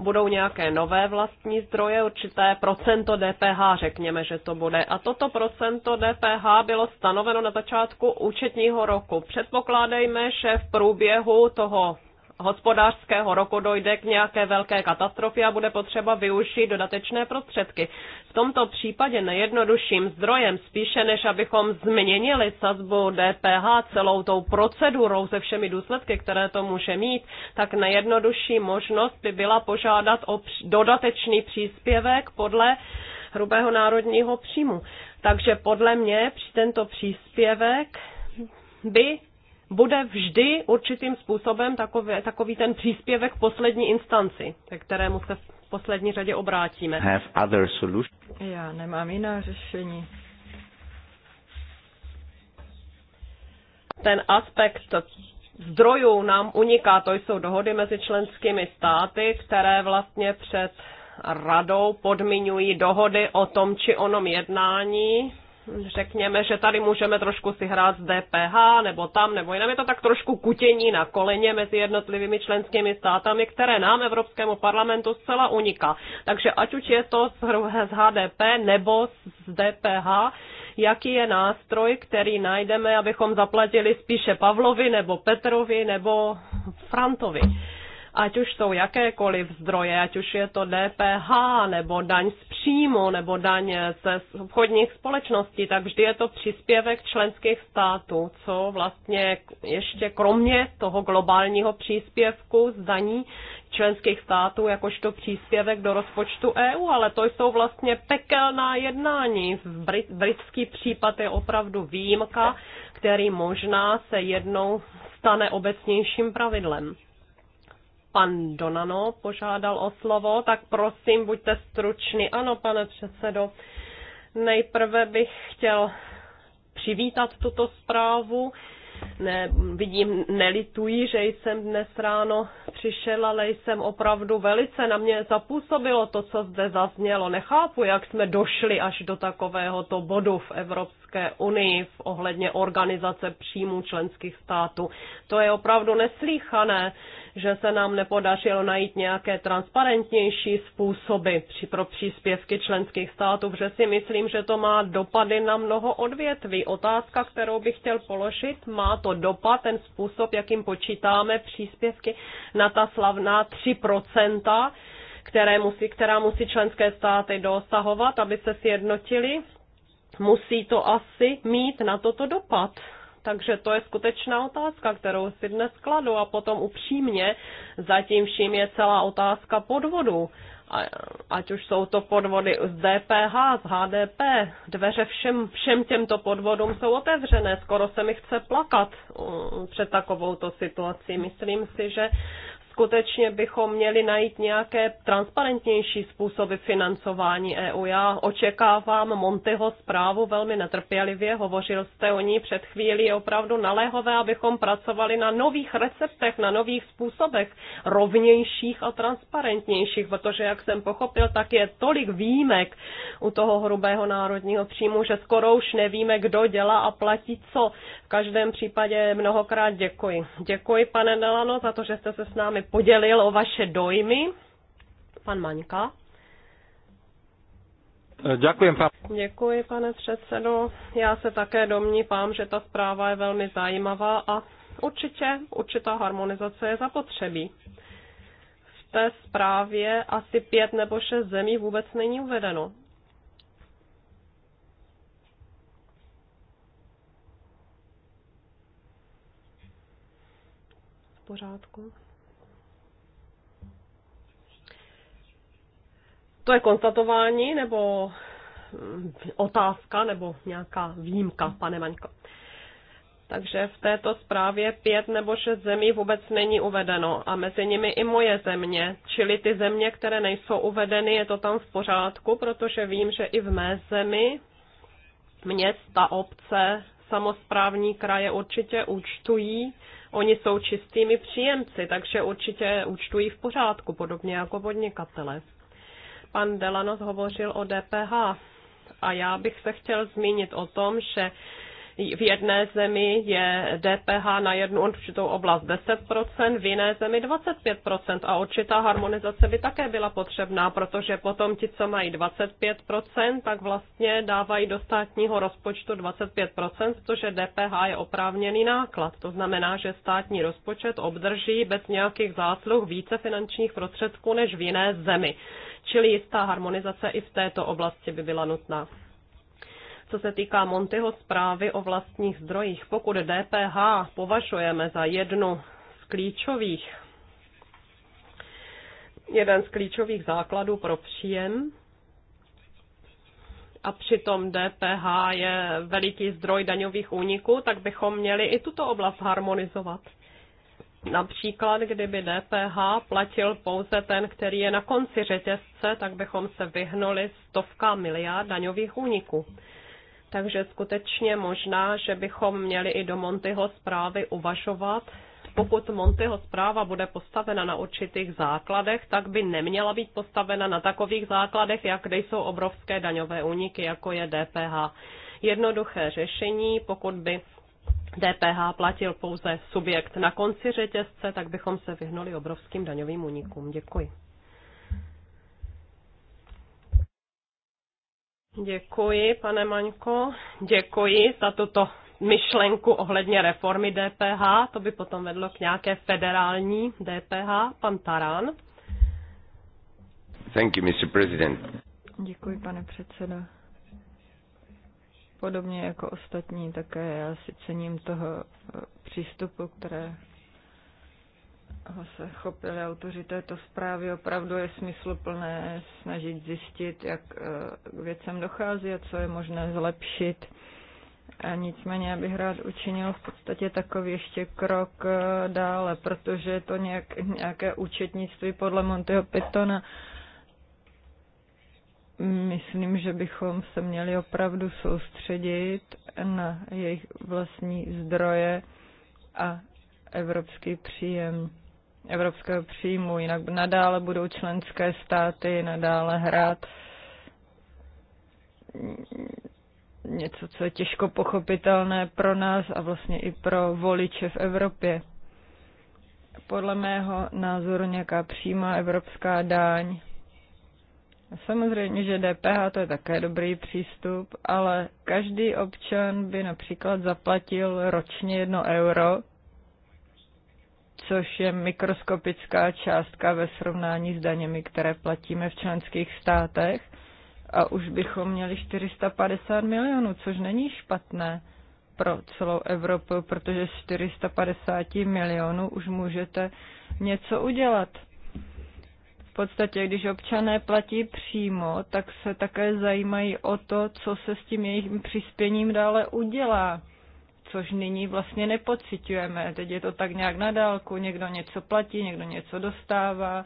budou nějaké nové vlastní zdroje, určité procento DPH, řekněme, že to bude. A toto procento DPH bylo stanoveno na začátku účetního roku. Předpokládejme, že v průběhu toho hospodářského roku dojde k nějaké velké katastrofě a bude potřeba využít dodatečné prostředky. V tomto případě nejjednodušším zdrojem, spíše než abychom změnili sazbu DPH celou tou procedurou se všemi důsledky, které to může mít, tak nejjednodušší možnost by byla požádat o dodatečný příspěvek podle hrubého národního příjmu. Takže podle mě při tento příspěvek by bude vždy určitým způsobem takový, takový ten příspěvek poslední instanci, ke kterému se v poslední řadě obrátíme. Have other Já nemám jiná řešení. Ten aspekt zdrojů nám uniká, to jsou dohody mezi členskými státy, které vlastně před radou podmiňují dohody o tom či onom jednání řekněme, že tady můžeme trošku si hrát s DPH nebo tam nebo jinam. Je to tak trošku kutění na koleně mezi jednotlivými členskými státami, které nám Evropskému parlamentu zcela uniká. Takže ať už je to z HDP nebo z DPH, jaký je nástroj, který najdeme, abychom zaplatili spíše Pavlovi nebo Petrovi nebo Frantovi ať už jsou jakékoliv zdroje, ať už je to DPH, nebo daň z příjmu, nebo daň ze obchodních společností, tak vždy je to příspěvek členských států, co vlastně ještě kromě toho globálního příspěvku z daní členských států, jakožto příspěvek do rozpočtu EU, ale to jsou vlastně pekelná jednání. V britský případ je opravdu výjimka, který možná se jednou stane obecnějším pravidlem. Pan Donano požádal o slovo, tak prosím, buďte stručný. Ano, pane předsedo, nejprve bych chtěl přivítat tuto zprávu. Ne, vidím, nelituji, že jsem dnes ráno přišel, ale jsem opravdu velice, na mě zapůsobilo to, co zde zaznělo. Nechápu, jak jsme došli až do takovéhoto bodu v Evropské unii v ohledně organizace příjmů členských států. To je opravdu neslíchané že se nám nepodařilo najít nějaké transparentnější způsoby pro příspěvky členských států, že si myslím, že to má dopady na mnoho odvětví. Otázka, kterou bych chtěl položit, má to dopad, ten způsob, jakým počítáme příspěvky na ta slavná 3%, které musí, která musí členské státy dosahovat, aby se sjednotili, musí to asi mít na toto dopad. Takže to je skutečná otázka, kterou si dnes kladu a potom upřímně zatím vším je celá otázka podvodu. A, ať už jsou to podvody z DPH, z HDP, dveře všem, všem těmto podvodům jsou otevřené, skoro se mi chce plakat um, před takovouto situací. Myslím si, že skutečně bychom měli najít nějaké transparentnější způsoby financování EU. Já očekávám Montyho zprávu velmi netrpělivě, hovořil jste o ní před chvílí, je opravdu naléhové, abychom pracovali na nových receptech, na nových způsobech, rovnějších a transparentnějších, protože jak jsem pochopil, tak je tolik výjimek u toho hrubého národního příjmu, že skoro už nevíme, kdo dělá a platí co. V každém případě mnohokrát děkuji. Děkuji, pane Delano, za to, že jste se s námi podělil o vaše dojmy. Pan Maňka. Děkuji, pan. Děkuji, pane předsedo. Já se také domnívám, že ta zpráva je velmi zajímavá a určitě určitá harmonizace je zapotřebí. V té zprávě asi pět nebo šest zemí vůbec není uvedeno. V pořádku. To je konstatování nebo eh, otázka nebo nějaká výjimka, pane Maňko. Takže v této zprávě pět nebo šest zemí vůbec není uvedeno a mezi nimi i moje země, čili ty země, které nejsou uvedeny, je to tam v pořádku, protože vím, že i v mé zemi města, obce, samozprávní kraje určitě účtují, oni jsou čistými příjemci, takže určitě účtují v pořádku, podobně jako podnikatele. Pan Delanos hovořil o DPH a já bych se chtěl zmínit o tom, že v jedné zemi je DPH na jednu určitou oblast 10%, v jiné zemi 25% a určitá harmonizace by také byla potřebná, protože potom ti, co mají 25%, tak vlastně dávají do státního rozpočtu 25%, protože DPH je oprávněný náklad. To znamená, že státní rozpočet obdrží bez nějakých zásluh více finančních prostředků než v jiné zemi. Čili jistá harmonizace i v této oblasti by byla nutná. Co se týká Montyho zprávy o vlastních zdrojích, pokud DPH považujeme za jednu z klíčových, jeden z klíčových základů pro příjem, a přitom DPH je veliký zdroj daňových úniků, tak bychom měli i tuto oblast harmonizovat. Například, kdyby DPH platil pouze ten, který je na konci řetězce, tak bychom se vyhnuli stovka miliard daňových úniků. Takže skutečně možná, že bychom měli i do Montyho zprávy uvažovat. Pokud Montyho zpráva bude postavena na určitých základech, tak by neměla být postavena na takových základech, jak kde jsou obrovské daňové úniky, jako je DPH. Jednoduché řešení, pokud by DPH platil pouze subjekt na konci řetězce, tak bychom se vyhnuli obrovským daňovým únikům. Děkuji. Děkuji, pane Maňko. Děkuji za tuto myšlenku ohledně reformy DPH. To by potom vedlo k nějaké federální DPH. Pan Taran. Thank you, Mr. President. Děkuji, pane předsedo. Podobně jako ostatní, také já si cením toho eh, přístupu, které ho se chopili autoři této zprávy. Opravdu je smysluplné snažit zjistit, jak eh, k věcem dochází a co je možné zlepšit. A nicméně bych rád učinil v podstatě takový ještě krok eh, dále, protože je to nějak, nějaké účetnictví podle Montyho Pitona, myslím, že bychom se měli opravdu soustředit na jejich vlastní zdroje a evropský příjem evropského příjmu, jinak nadále budou členské státy nadále hrát něco, co je těžko pochopitelné pro nás a vlastně i pro voliče v Evropě. Podle mého názoru nějaká přímá evropská daň Samozřejmě, že DPH to je také dobrý přístup, ale každý občan by například zaplatil ročně jedno euro, což je mikroskopická částka ve srovnání s daněmi, které platíme v členských státech. A už bychom měli 450 milionů, což není špatné pro celou Evropu, protože 450 milionů už můžete něco udělat podstatě, když občané platí přímo, tak se také zajímají o to, co se s tím jejich přispěním dále udělá což nyní vlastně nepocitujeme. Teď je to tak nějak na dálku, někdo něco platí, někdo něco dostává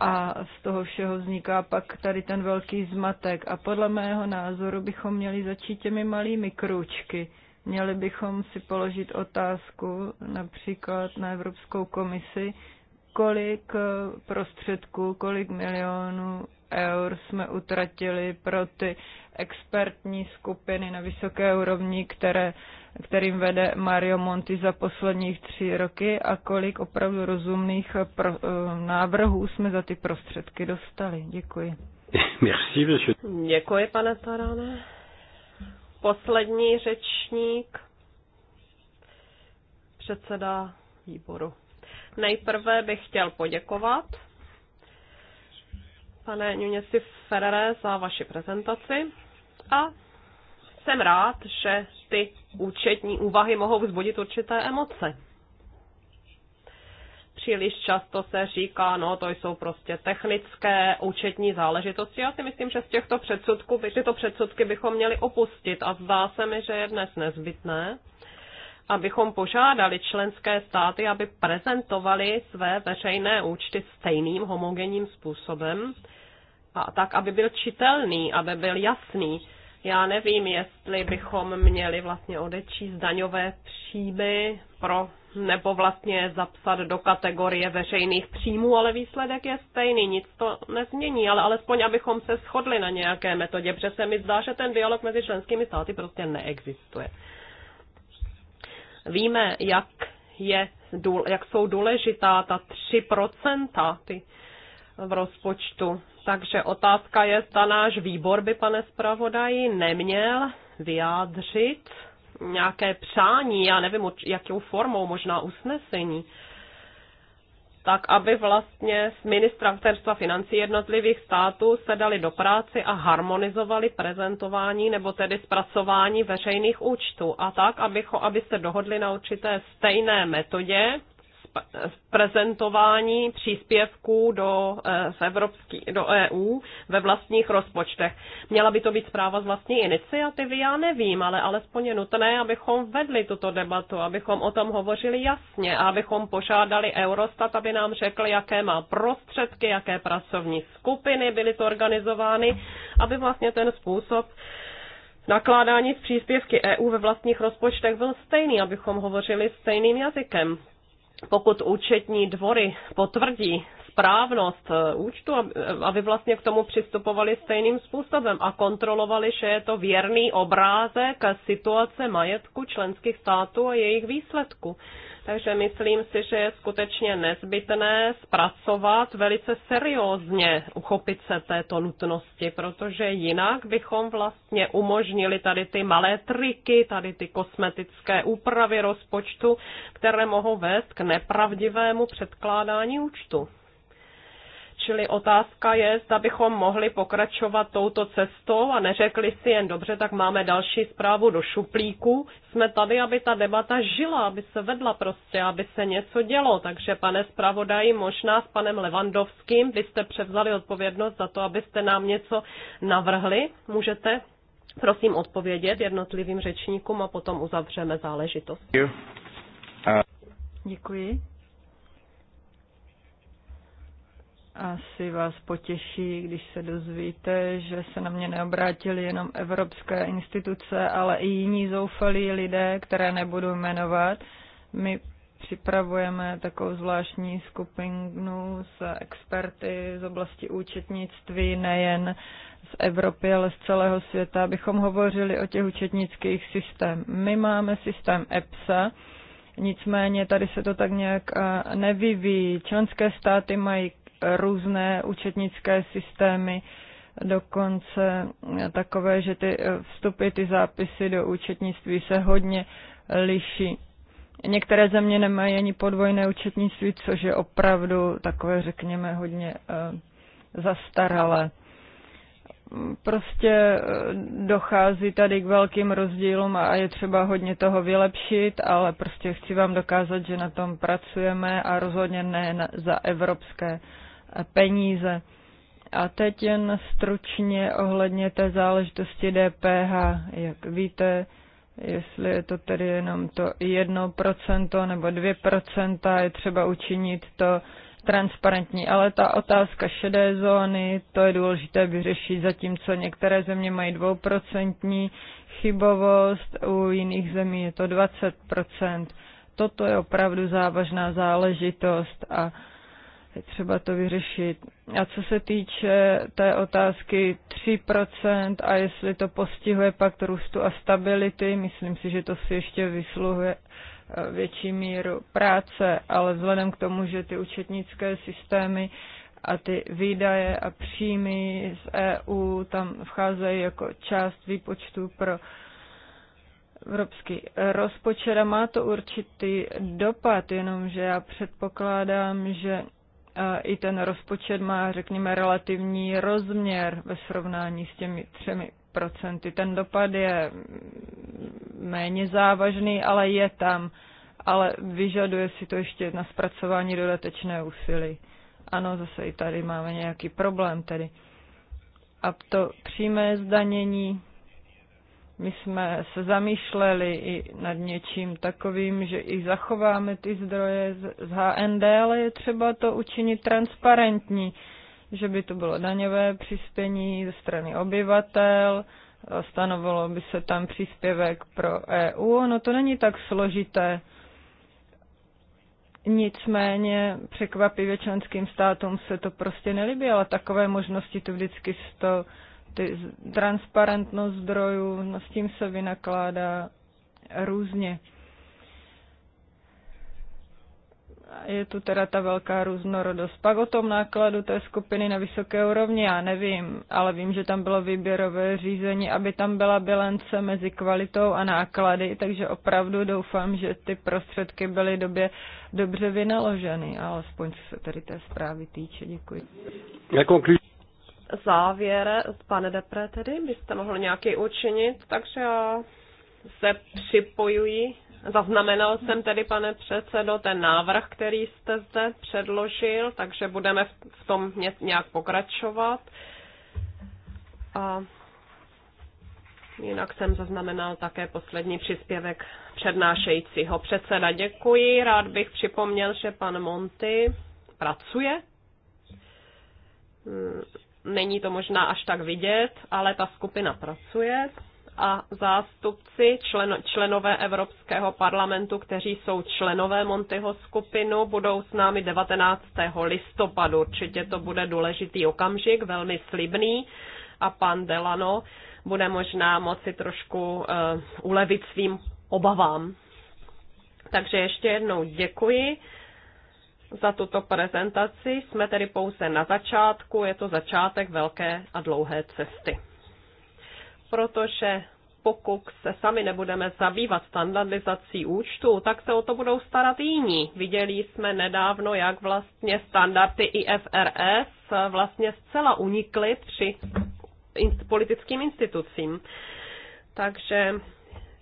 a z toho všeho vzniká pak tady ten velký zmatek. A podle mého názoru bychom měli začít těmi malými krůčky. Měli bychom si položit otázku například na Evropskou komisi, kolik eh, prostředků, kolik milionů eur jsme utratili pro ty expertní skupiny na vysoké úrovni, které, kterým vede Mario Monti za posledních tři roky a kolik opravdu rozumných eh, pro, eh, návrhů jsme za ty prostředky dostali. Děkuji. [laughs] Merci, Děkuji, pane Tarane. Poslední řečník, předseda výboru. Nejprve bych chtěl poděkovat pane Nunesi Ferrere za vaši prezentaci a jsem rád, že ty účetní úvahy mohou vzbudit určité emoce. Příliš často se říká, no to jsou prostě technické účetní záležitosti. Já si myslím, že z těchto předsudků, tyto předsudky bychom měli opustit a zdá se mi, že je dnes nezbytné, abychom požádali členské státy, aby prezentovali své veřejné účty stejným homogenním způsobem, a tak, aby byl čitelný, aby byl jasný. Já nevím, jestli bychom měli vlastně odečíst daňové příjmy pro, nebo vlastně zapsat do kategorie veřejných příjmů, ale výsledek je stejný, nic to nezmění, ale alespoň abychom se shodli na nějaké metodě, protože se mi zdá, že ten dialog mezi členskými státy prostě neexistuje. Víme, jak, je, jak jsou důležitá ta 3% ty v rozpočtu. Takže otázka je, zda náš výbor by, pane zpravodaji, neměl vyjádřit nějaké přání, já nevím, jakou formou, možná usnesení, tak aby vlastně s ministerstva financí jednotlivých států se dali do práce a harmonizovali prezentování nebo tedy zpracování veřejných účtů a tak, aby, aby se dohodli na určité stejné metodě prezentování příspěvků do, eh, z Evropský, do EU ve vlastních rozpočtech. Měla by to být zpráva z vlastní iniciativy, já nevím, ale alespoň je nutné, abychom vedli tuto debatu, abychom o tom hovořili jasně a abychom požádali Eurostat, aby nám řekl, jaké má prostředky, jaké pracovní skupiny byly to organizovány, aby vlastně ten způsob nakládání z příspěvky EU ve vlastních rozpočtech byl stejný, abychom hovořili stejným jazykem pokud účetní dvory potvrdí správnost eh, účtu, eh, aby vlastně k tomu přistupovali stejným způsobem a kontrolovali, že je to věrný obrázek situace majetku členských států a jejich výsledku. Takže myslím si, že je skutečně nezbytné zpracovat velice seriózně, uchopit se této nutnosti, protože jinak bychom vlastně umožnili tady ty malé triky, tady ty kosmetické úpravy rozpočtu, které mohou vést k nepravdivému předkládání účtu. Čili otázka je, zda bychom mohli pokračovat touto cestou a neřekli si jen dobře, tak máme další zprávu do šuplíku. Jsme tady, aby ta debata žila, aby se vedla prostě, aby se něco dělo. Takže pane zpravodaji, možná s panem Levandovským byste převzali odpovědnost za to, abyste nám něco navrhli. Můžete prosím odpovědět jednotlivým řečníkům a potom uzavřeme záležitost. Děkuji. Asi vás potěší, když se dozvíte, že se na mě neobrátili jenom evropské instituce, ale i jiní zoufalí lidé, které nebudu jmenovat. My připravujeme takovou zvláštní skupinu s experty z oblasti účetnictví, nejen z Evropy, ale z celého světa, abychom hovořili o těch účetnických systém. My máme systém EPSA, Nicméně tady se to tak nějak eh, nevyvíjí. Členské státy mají různé účetnické systémy, dokonce takové, že ty eh, vstupy, ty zápisy do účetnictví se hodně liší. Některé země nemají ani podvojné účetnictví, což je opravdu takové, řekněme, hodně eh, zastaralé. Prostě eh, dochází tady k velkým rozdílům a je třeba hodně toho vylepšit, ale prostě chci vám dokázat, že na tom pracujeme a rozhodně ne za evropské peníze. A teď jen stručně ohledně té záležitosti DPH. Jak víte, jestli je to tedy jenom to 1% nebo 2%, je třeba učinit to transparentní. Ale ta otázka šedé zóny, to je důležité vyřešit, zatímco některé země mají dvouprocentní chybovost, u jiných zemí je to 20%. Toto je opravdu závažná záležitost a je třeba to vyřešit. A co se týče té otázky 3% a jestli to postihuje pakt růstu a stability, myslím si, že to si ještě vysluhuje eh, větší míru práce, ale vzhledem k tomu, že ty účetnické systémy a ty výdaje a příjmy z EU tam vcházejí jako část výpočtu pro evropský rozpočet a má to určitý dopad, jenomže já předpokládám, že i ten rozpočet má, řekněme, relativní rozměr ve srovnání s těmi třemi procenty. Ten dopad je méně závažný, ale je tam, ale vyžaduje si to ještě na zpracování dodatečné úsilí. Ano, zase i tady máme nějaký problém tedy. A to přímé zdanění, my jsme se zamýšleli i nad něčím takovým, že i zachováme ty zdroje z HND, ale je třeba to učinit transparentní, že by to bylo daňové přispění ze strany obyvatel, stanovalo by se tam příspěvek pro EU. No to není tak složité. Nicméně překvapivě členským státům se to prostě nelíbí, ale takové možnosti tu vždycky jsou ty transparentnost zdrojů, no s tím se vynakládá různě. Je tu teda ta velká různorodost. Pak o tom nákladu té skupiny na vysoké úrovni já nevím, ale vím, že tam bylo výběrové řízení, aby tam byla bilance mezi kvalitou a náklady, takže opravdu doufám, že ty prostředky byly době dobře vynaloženy, alespoň co se tedy té zprávy týče. Děkuji závěr, pane Depre tedy, byste mohl nějaký učinit, takže já se připojuji. Zaznamenal jsem tedy, pane předsedo, ten návrh, který jste zde předložil, takže budeme v tom nějak pokračovat. A Jinak jsem zaznamenal také poslední příspěvek přednášejícího předseda. Děkuji. Rád bych připomněl, že pan Monty pracuje hmm není to možná až tak vidět, ale ta skupina pracuje a zástupci, člen, členové Evropského parlamentu, kteří jsou členové Montyho skupinu, budou s námi 19. listopadu. Určitě to bude důležitý okamžik, velmi slibný. A pan Delano bude možná moci trošku uh, ulevit svým obavám. Takže ještě jednou děkuji za tuto prezentaci. Jsme tedy pouze na začátku, je to začátek velké a dlouhé cesty. Protože pokud se sami nebudeme zabývat standardizací účtu, tak se o to budou starat jiní. Viděli jsme nedávno, jak vlastně standardy IFRS vlastně zcela unikly při politickým institucím. Takže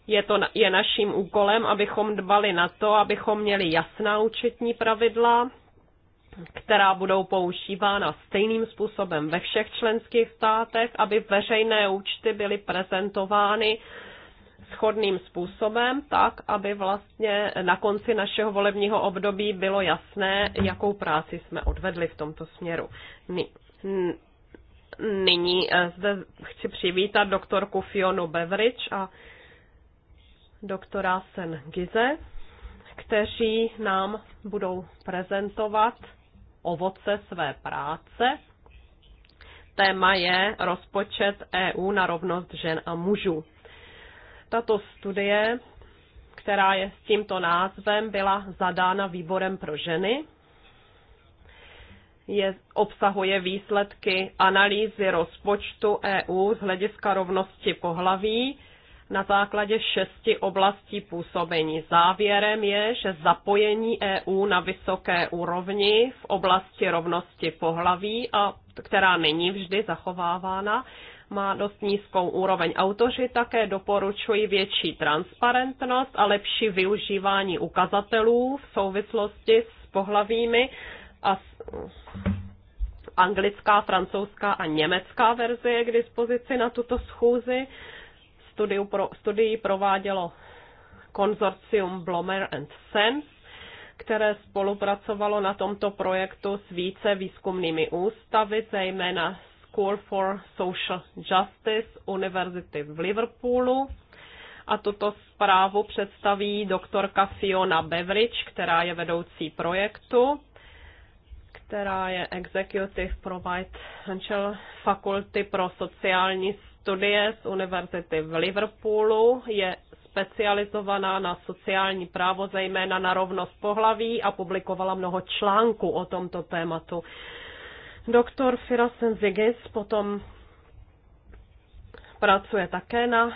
je, to, je naším úkolem, abychom dbali na to, abychom měli jasná účetní pravidla, která budou používána stejným způsobem ve všech členských státech, aby veřejné účty byly prezentovány shodným způsobem, tak, aby vlastně na konci našeho volebního období bylo jasné, jakou práci jsme odvedli v tomto směru. Nyní eh, zde chci přivítat doktorku Fionu Beveridge a doktora Sen Gize, kteří nám budou prezentovat ovoce své práce. Téma je rozpočet EU na rovnost žen a mužů. Tato studie, která je s tímto názvem, byla zadána výborem pro ženy je, obsahuje výsledky analýzy rozpočtu EU z hlediska rovnosti pohlaví na základě šesti oblastí působení. Závěrem je, že zapojení EU na vysoké úrovni v oblasti rovnosti pohlaví, a která není vždy zachovávána, má dost nízkou úroveň. Autoři také doporučují větší transparentnost a lepší využívání ukazatelů v souvislosti s pohlavími a s anglická, francouzská a německá verze je k dispozici na tuto schůzi studiu pro, studii provádělo konzorcium Blomer and Sense, které spolupracovalo na tomto projektu s více výzkumnými ústavy, zejména School for Social Justice Univerzity v Liverpoolu. A tuto zprávu představí doktorka Fiona Beveridge, která je vedoucí projektu, která je Executive Provide fakulty pro sociální studie z univerzity v Liverpoolu je specializovaná na sociální právo, zejména na rovnost pohlaví a publikovala mnoho článků o tomto tématu. Doktor Firasen Zigis potom pracuje také na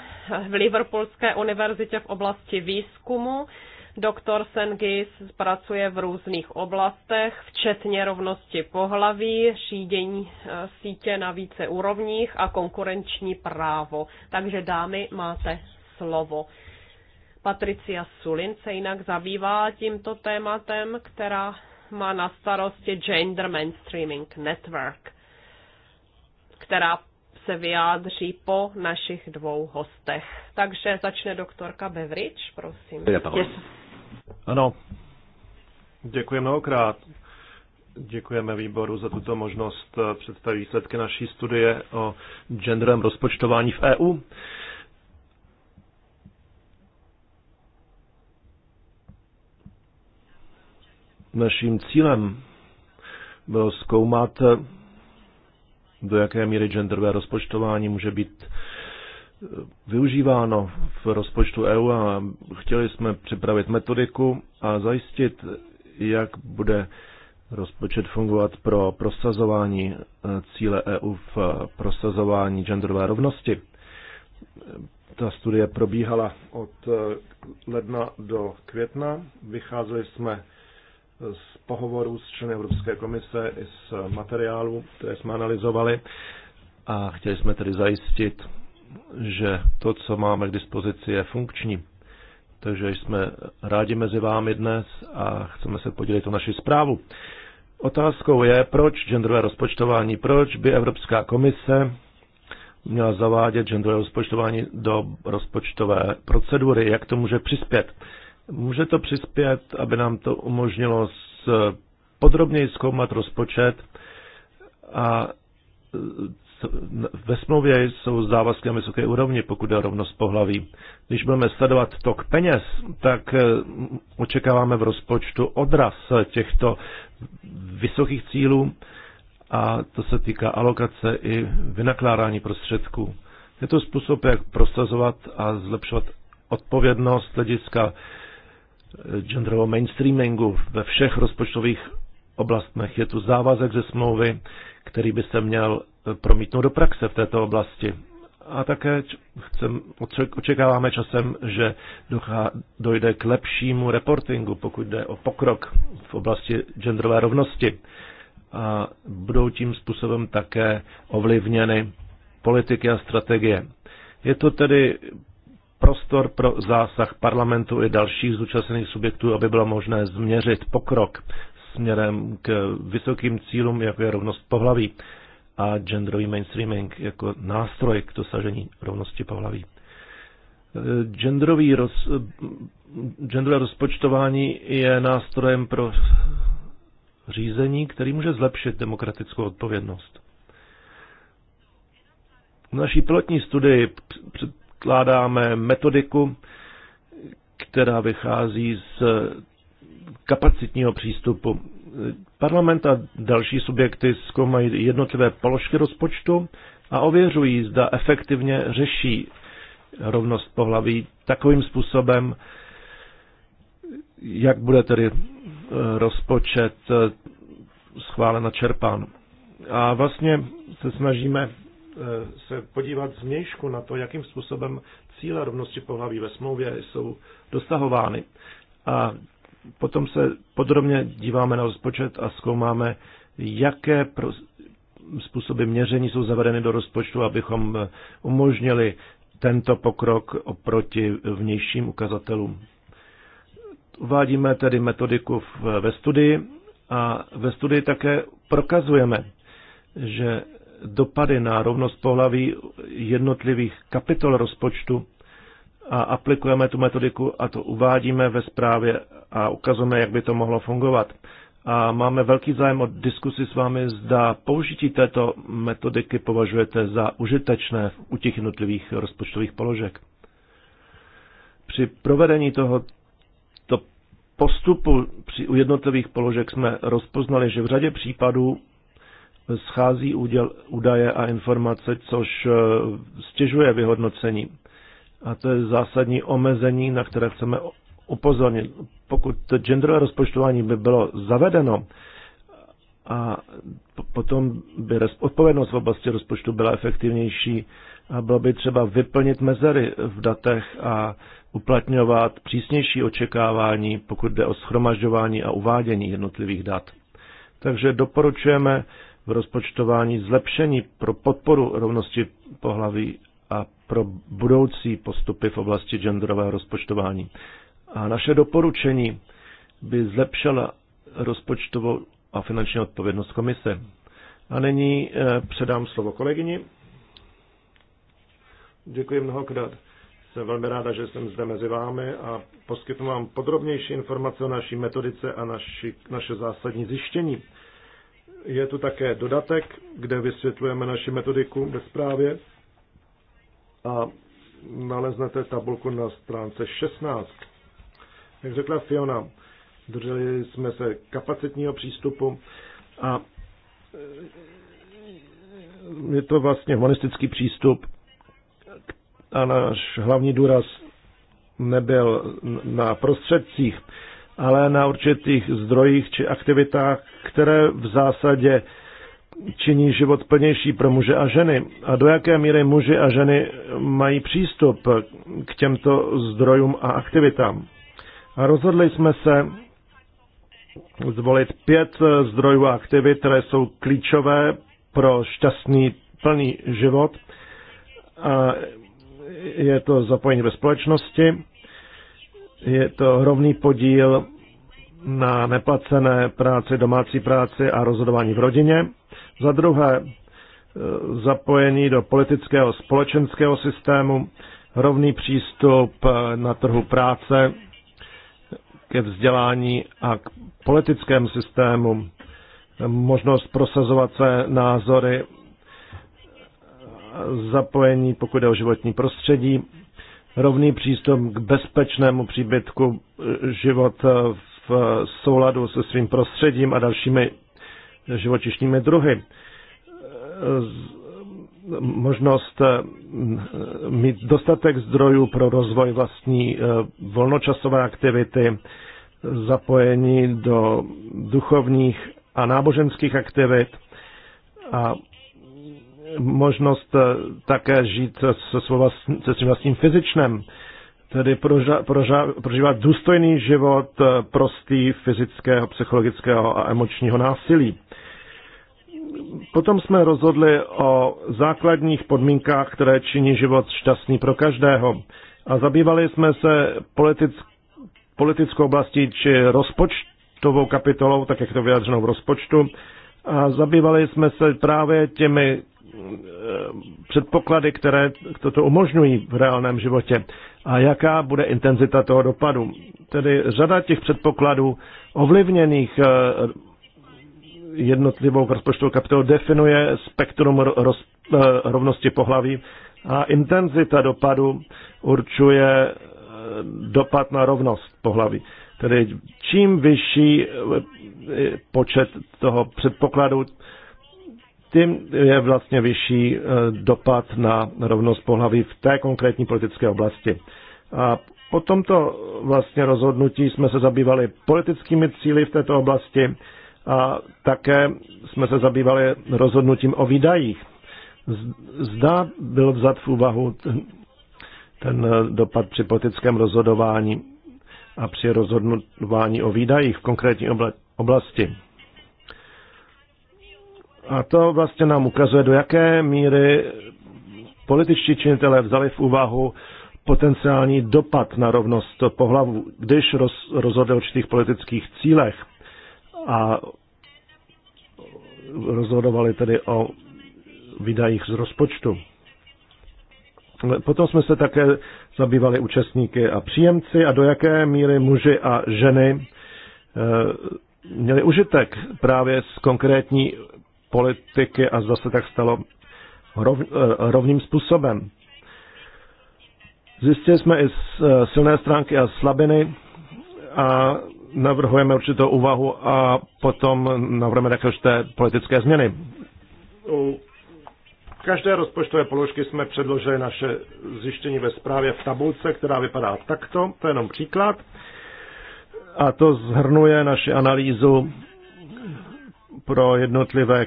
v Liverpoolské univerzitě v oblasti výzkumu Doktor Sengis pracuje v různých oblastech, včetně rovnosti pohlaví, šídění e, sítě na více úrovních a konkurenční právo. Takže dámy, máte slovo. Patricia Sulin se jinak zabývá tímto tématem, která má na starosti Gender Mainstreaming Network, která se vyjádří po našich dvou hostech. Takže začne doktorka Beveridge, prosím. Yes. Ano, děkuji mnohokrát. Děkujeme výboru za tuto možnost eh, představit výsledky naší studie o genderovém rozpočtování v EU. Naším cílem bylo zkoumat, do jaké míry genderové rozpočtování může být využíváno v rozpočtu EU a chtěli jsme připravit metodiku a zajistit, jak bude rozpočet fungovat pro prosazování e, cíle EU v prosazování genderové rovnosti. Ta studie probíhala od e, ledna do května. Vycházeli jsme z pohovorů s členy Evropské komise i z materiálů, které jsme analyzovali a chtěli jsme tedy zajistit že to, co máme k dispozici, je funkční. Takže jsme rádi mezi vámi dnes a chceme se podělit o naši zprávu. Otázkou je, proč genderové rozpočtování, proč by Evropská komise měla zavádět genderové rozpočtování do rozpočtové procedury, jak to může přispět. Může to přispět, aby nám to umožnilo podrobněji zkoumat rozpočet a ve smlouvě jsou závazky na vysoké úrovni, pokud je rovnost pohlaví. Když budeme sledovat tok peněz, tak eh, očekáváme v rozpočtu odraz těchto vysokých cílů a to se týká alokace i vynakládání prostředků. Je to způsob, jak prosazovat a zlepšovat odpovědnost hlediska eh, genderového mainstreamingu ve všech rozpočtových oblastech. Je tu závazek ze smlouvy, který by se měl eh, promítnout do praxe v této oblasti. A také chcem, očekáváme časem, že dojde k lepšímu reportingu, pokud jde o pokrok v oblasti genderové rovnosti. A budou tím způsobem také ovlivněny politiky a strategie. Je to tedy prostor pro zásah parlamentu i dalších zúčastněných subjektů, aby bylo možné změřit pokrok směrem k vysokým cílům, jako je rovnost pohlaví a genderový mainstreaming jako nástroj k dosažení rovnosti pohlaví. Genderový roz, genderové rozpočtování je nástrojem pro řízení, který může zlepšit demokratickou odpovědnost. V naší pilotní studii předkládáme metodiku, která vychází z kapacitního přístupu. Parlament a další subjekty zkoumají jednotlivé položky rozpočtu a ověřují, zda efektivně řeší rovnost pohlaví takovým způsobem, jak bude tedy eh, rozpočet eh, schválen a čerpán. A vlastně se snažíme eh, se podívat změšku na to, jakým způsobem cíle rovnosti pohlaví ve smlouvě jsou dosahovány. A potom se podrobně díváme na rozpočet a zkoumáme, jaké pro, způsoby měření jsou zavedeny do rozpočtu, abychom umožnili tento pokrok oproti vnějším ukazatelům. Uvádíme tedy metodiku ve studii a ve studii také prokazujeme, že dopady na rovnost pohlaví jednotlivých kapitol rozpočtu a aplikujeme tu metodiku a to uvádíme ve zprávě a ukazujeme, jak by to mohlo fungovat. A máme velký zájem o diskusi s vámi, zda použití této metodiky považujete za užitečné u těch jednotlivých rozpočtových položek. Při provedení toho to postupu při, u jednotlivých položek jsme rozpoznali, že v řadě případů schází úděl, údaje a informace, což eh, stěžuje vyhodnocení. A to je zásadní omezení, na které chceme upozornit. Pokud to genderové rozpočtování by bylo zavedeno, a potom by odpovědnost v oblasti rozpočtu byla efektivnější a bylo by třeba vyplnit mezery v datech a uplatňovat přísnější očekávání, pokud jde o schromažďování a uvádění jednotlivých dat. Takže doporučujeme v rozpočtování zlepšení pro podporu rovnosti pohlaví a pro budoucí postupy v oblasti genderového rozpočtování. A naše doporučení by zlepšila rozpočtovou a finanční odpovědnost komise. A nyní eh, předám slovo kolegyni. Děkuji mnohokrát. Jsem velmi ráda, že jsem zde mezi vámi a poskytnu vám podrobnější informace o naší metodice a naši, naše zásadní zjištění. Je tu také dodatek, kde vysvětlujeme naši metodiku ve zprávě a naleznete tabulku na stránce 16. Jak řekla Fiona, drželi jsme se kapacitního přístupu a e, je to vlastně humanistický přístup a náš hlavní důraz nebyl na prostředcích, ale na určitých zdrojích či aktivitách, které v zásadě činí život plnější pro muže a ženy a do jaké míry muži a ženy mají přístup k těmto zdrojům a aktivitám. A rozhodli jsme se zvolit pět zdrojů a aktivit, které jsou klíčové pro šťastný plný život. A je to zapojení ve společnosti, je to rovný podíl na neplacené práci, domácí práci a rozhodování v rodině. Za druhé, e, zapojení do politického společenského systému, rovný přístup e, na trhu práce, ke vzdělání a k politickému systému, možnost prosazovat se názory, e, zapojení, pokud jde o životní prostředí, rovný přístup k bezpečnému příbytku, život v souladu se svým prostředím a dalšími živočišními druhy. Možnost eh, mít dostatek zdrojů pro rozvoj vlastní eh, volnočasové aktivity, zapojení do duchovních a náboženských aktivit a možnost eh, také žít se, svým vlastním, se svým vlastním fyzičnem, tedy proža, proža, prožívat důstojný život prostý fyzického, psychologického a emočního násilí potom jsme rozhodli o základních podmínkách, které činí život šťastný pro každého. A zabývali jsme se politic, politickou oblastí či rozpočtovou kapitolou, tak jak to vyjádřeno v rozpočtu. A zabývali jsme se právě těmi e, předpoklady, které toto umožňují v reálném životě a jaká bude intenzita toho dopadu. Tedy řada těch předpokladů ovlivněných e, jednotlivou rozpočtovou kapitolu, definuje spektrum roz, eh, rovnosti pohlaví a intenzita dopadu určuje eh, dopad na rovnost pohlaví. Tedy čím vyšší eh, počet toho předpokladu, tím je vlastně vyšší dopad na rovnost pohlaví v té konkrétní politické oblasti. A po tomto vlastně rozhodnutí jsme se zabývali politickými cíly v této oblasti a také jsme se zabývali rozhodnutím o výdajích. Zda byl vzat v úvahu ten eh, dopad při politickém rozhodování a při rozhodování o výdajích v konkrétní oblasti. A to vlastně nám ukazuje, do jaké míry političtí činitelé vzali v úvahu potenciální dopad na rovnost pohlavu, když roz, rozhodli o určitých politických cílech a rozhodovali tedy o výdajích z rozpočtu. Potom jsme se také zabývali účastníky a příjemci a do jaké míry muži a ženy eh, měli užitek právě z konkrétní politiky a zda se tak stalo eh, rovným způsobem. Zjistili jsme i eh, silné stránky a slabiny a navrhujeme určitou úvahu a potom navrhujeme také určité politické změny. U každé rozpočtové položky jsme předložili naše zjištění ve zprávě v tabulce, která vypadá takto, to je jenom příklad. A to zhrnuje naši analýzu pro jednotlivé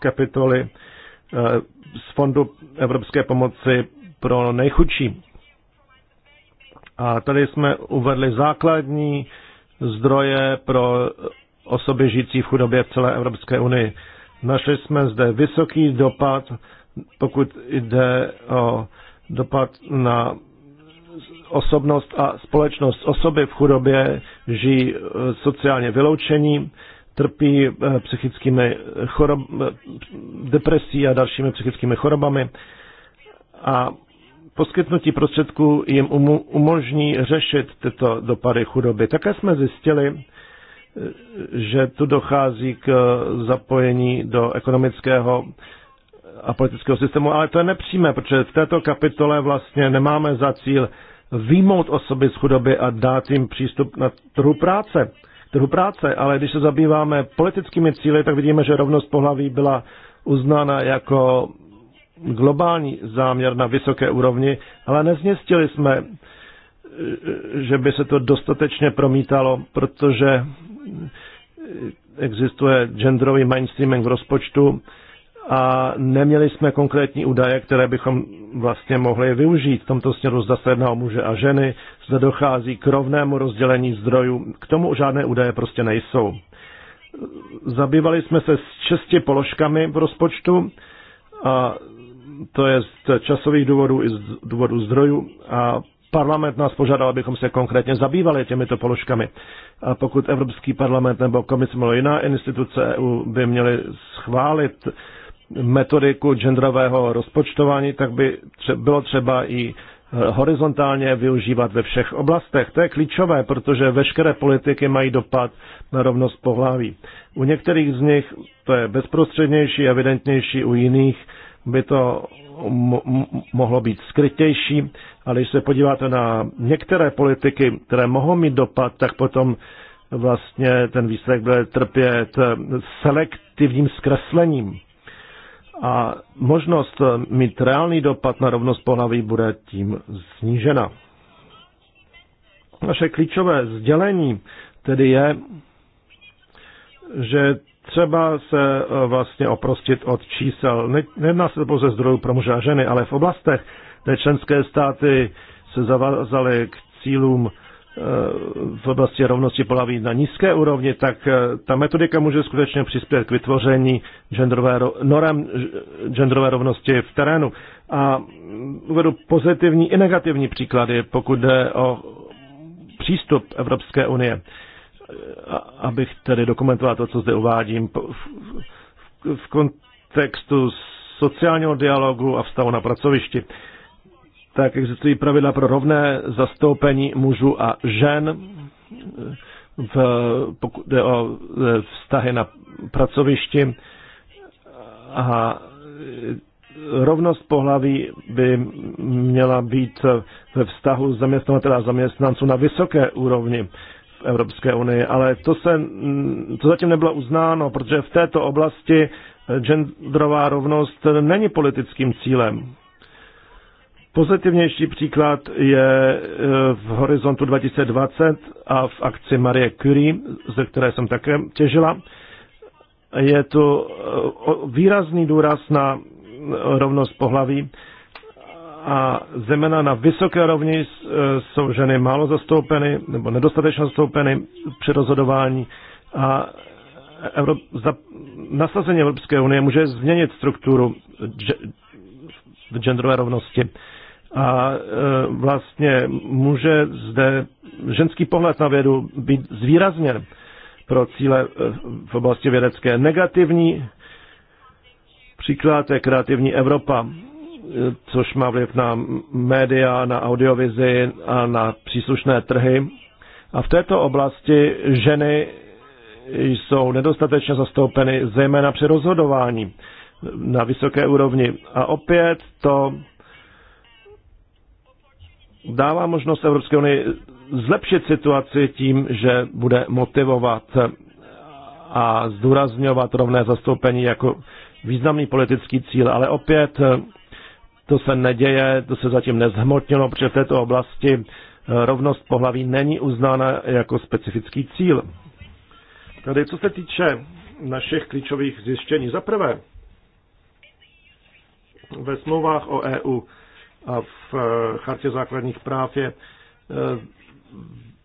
kapitoly eh, z Fondu Evropské pomoci pro nejchudší a tady jsme uvedli základní zdroje pro osoby žijící v chudobě v celé Evropské unii. Našli jsme zde vysoký dopad, pokud jde o dopad na osobnost a společnost. Osoby v chudobě žijí eh, sociálně vyloučení, trpí eh, psychickými chorob, eh, depresí a dalšími psychickými chorobami a Poskytnutí prostředků jim umožní řešit tyto dopady chudoby. Také jsme zjistili, eh, že tu dochází k eh, zapojení do ekonomického a politického systému, ale to je nepřímé, protože v této kapitole vlastně nemáme za cíl výmout osoby z chudoby a dát jim přístup na trhu práce. Trhu práce, ale když se zabýváme politickými cíly, tak vidíme, že rovnost pohlaví byla uznána jako globální záměr na vysoké úrovni, ale nezměstili jsme, že by se to dostatečně promítalo, protože existuje genderový mainstreaming v rozpočtu a neměli jsme konkrétní údaje, které bychom vlastně mohli využít. V tomto směru zda se jedná o muže a ženy, zde dochází k rovnému rozdělení zdrojů. K tomu žádné údaje prostě nejsou. Zabývali jsme se s šesti položkami v rozpočtu a to je z časových důvodů i z důvodů zdrojů. A parlament nás požádal, abychom se konkrétně zabývali těmito položkami. A pokud Evropský parlament nebo komise nebo jiná instituce EU by měly schválit metodiku genderového rozpočtování, tak by tře- bylo třeba i eh, horizontálně využívat ve všech oblastech. To je klíčové, protože veškeré politiky mají dopad na rovnost pohlaví. U některých z nich to je bezprostřednější, evidentnější, u jiných by to mohlo být skrytější, ale když se podíváte na některé politiky, které mohou mít dopad, tak potom vlastně ten výsledek bude trpět selektivním zkreslením. A možnost mít reálný dopad na rovnost pohlaví bude tím snížena. Naše klíčové sdělení tedy je, že třeba se e, vlastně oprostit od čísel. Nejedná se pouze zdrojů pro muže a ženy, ale v oblastech, kde členské státy se zavázaly k cílům e, v oblasti rovnosti pohlaví na nízké úrovni, tak e, ta metodika může skutečně přispět k vytvoření genderové, norem genderové rovnosti v terénu. A mm, uvedu pozitivní i negativní příklady, pokud jde o přístup Evropské unie abych tady dokumentoval to, co zde uvádím, v kontextu sociálního dialogu a vztahu na pracovišti. Tak existují pravidla pro rovné zastoupení mužů a žen, v, pokud jde o e, vztahy na pracovišti. A rovnost pohlaví by měla být ve vztahu zaměstnavatele a zaměstnanců na vysoké úrovni Evropské unii, ale to, se, mm, to zatím nebylo uznáno, protože v této oblasti eh, genderová rovnost není politickým cílem. Pozitivnější příklad je eh, v Horizontu 2020 a v akci Marie Curie, ze které jsem také těžila. Je tu eh, výrazný důraz na mm, rovnost pohlaví a zemena na vysoké rovni eh, jsou ženy málo zastoupeny nebo nedostatečně zastoupeny při rozhodování a Evrop, za, nasazení Evropské unie může změnit strukturu v genderové rovnosti. A e, vlastně může zde ženský pohled na vědu být zvýrazněn pro cíle eh, v oblasti vědecké. Negativní příklad je kreativní Evropa což má vliv na média, na audiovizi a na příslušné trhy. A v této oblasti ženy jsou nedostatečně zastoupeny, zejména při rozhodování na vysoké úrovni. A opět to dává možnost Evropské unii zlepšit situaci tím, že bude motivovat a zdůrazňovat rovné zastoupení jako významný politický cíl. Ale opět to se neděje, to se zatím nezhmotnilo, protože v této oblasti eh, rovnost pohlaví není uznána jako specifický cíl. Tady, co se týče našich klíčových zjištění. Za prvé, ve smlouvách o EU a v eh, chartě základních práv je eh,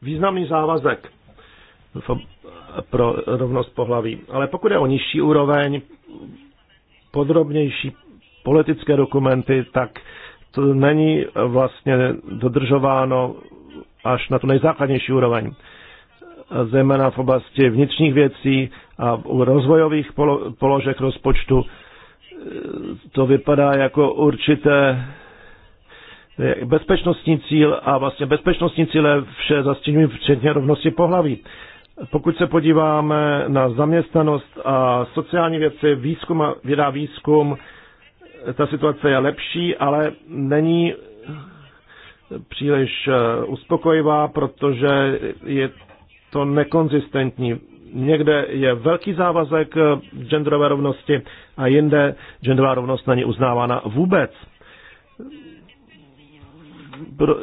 významný závazek pro rovnost pohlaví. Ale pokud je o nižší úroveň, podrobnější politické dokumenty, tak to není vlastně dodržováno až na tu nejzákladnější úroveň, zejména v oblasti vnitřních věcí a u rozvojových položek rozpočtu. To vypadá jako určité eh, bezpečnostní cíl a vlastně bezpečnostní cíle vše zastihují včetně rovnosti pohlaví. Pokud se podíváme na zaměstnanost a sociální věci, výzkum a věda výzkum, ta situace je lepší, ale není příliš eh, uspokojivá, protože je to nekonzistentní. Někde je velký závazek eh, genderové rovnosti a jinde genderová rovnost není uznávána vůbec.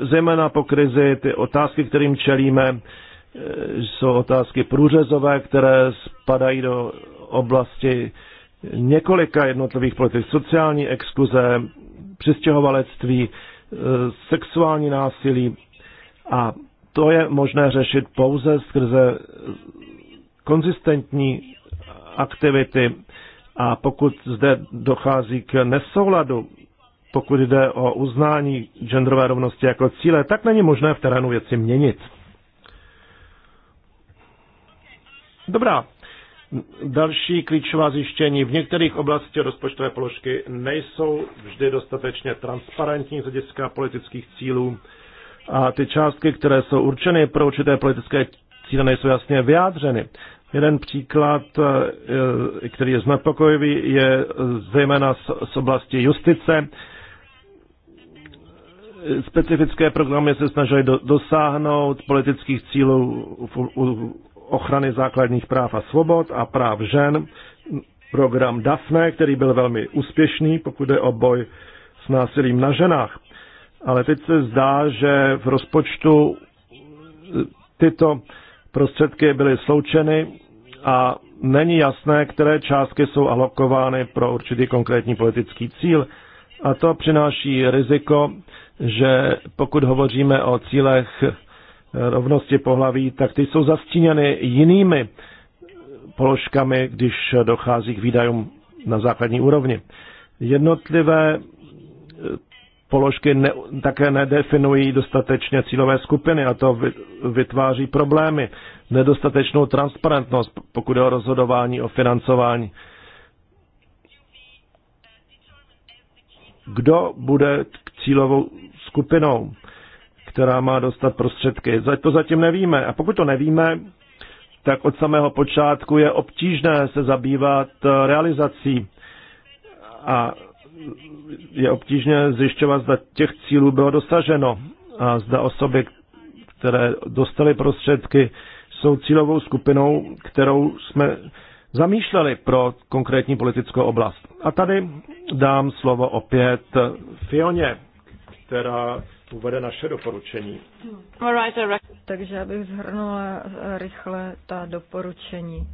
Zejména po krizi ty otázky, kterým čelíme, eh, jsou otázky průřezové, které spadají do oblasti několika jednotlivých politik. Sociální exkluze, přistěhovalectví, e, sexuální násilí a to je možné řešit pouze skrze konzistentní aktivity a pokud zde dochází k nesouladu, pokud jde o uznání genderové rovnosti jako cíle, tak není možné v terénu věci měnit. Dobrá, Další klíčová zjištění. V některých oblasti rozpočtové položky nejsou vždy dostatečně transparentní z hlediska politických cílů a ty částky, které jsou určeny pro určité politické cíle, nejsou jasně vyjádřeny. Jeden příklad, eh, který je znepokojivý, je zejména z oblasti justice. Specifické programy se snažily dosáhnout politických cílů ochrany základních práv a svobod a práv žen, program DAFNE, který byl velmi úspěšný, pokud je o boj s násilím na ženách. Ale teď se zdá, že v rozpočtu eh, tyto prostředky byly sloučeny a není jasné, které částky jsou alokovány pro určitý konkrétní politický cíl. A to přináší riziko, že pokud hovoříme o cílech rovnosti pohlaví, tak ty jsou zastíněny jinými položkami, když dochází k výdajům na základní úrovni. Jednotlivé eh, položky ne, také nedefinují dostatečně cílové skupiny a to vytváří problémy. Nedostatečnou transparentnost, pokud je o rozhodování o financování. Kdo bude cílovou skupinou? která má dostat prostředky. To zatím nevíme. A pokud to nevíme, tak od samého počátku je obtížné se zabývat eh, realizací a je obtížné zjišťovat, zda těch cílů bylo dosaženo a zda osoby, které dostaly prostředky, jsou cílovou skupinou, kterou jsme zamýšleli pro konkrétní politickou oblast. A tady dám slovo opět Fioně, která uvede naše doporučení. Takže abych zhrnula eh, rychle ta doporučení.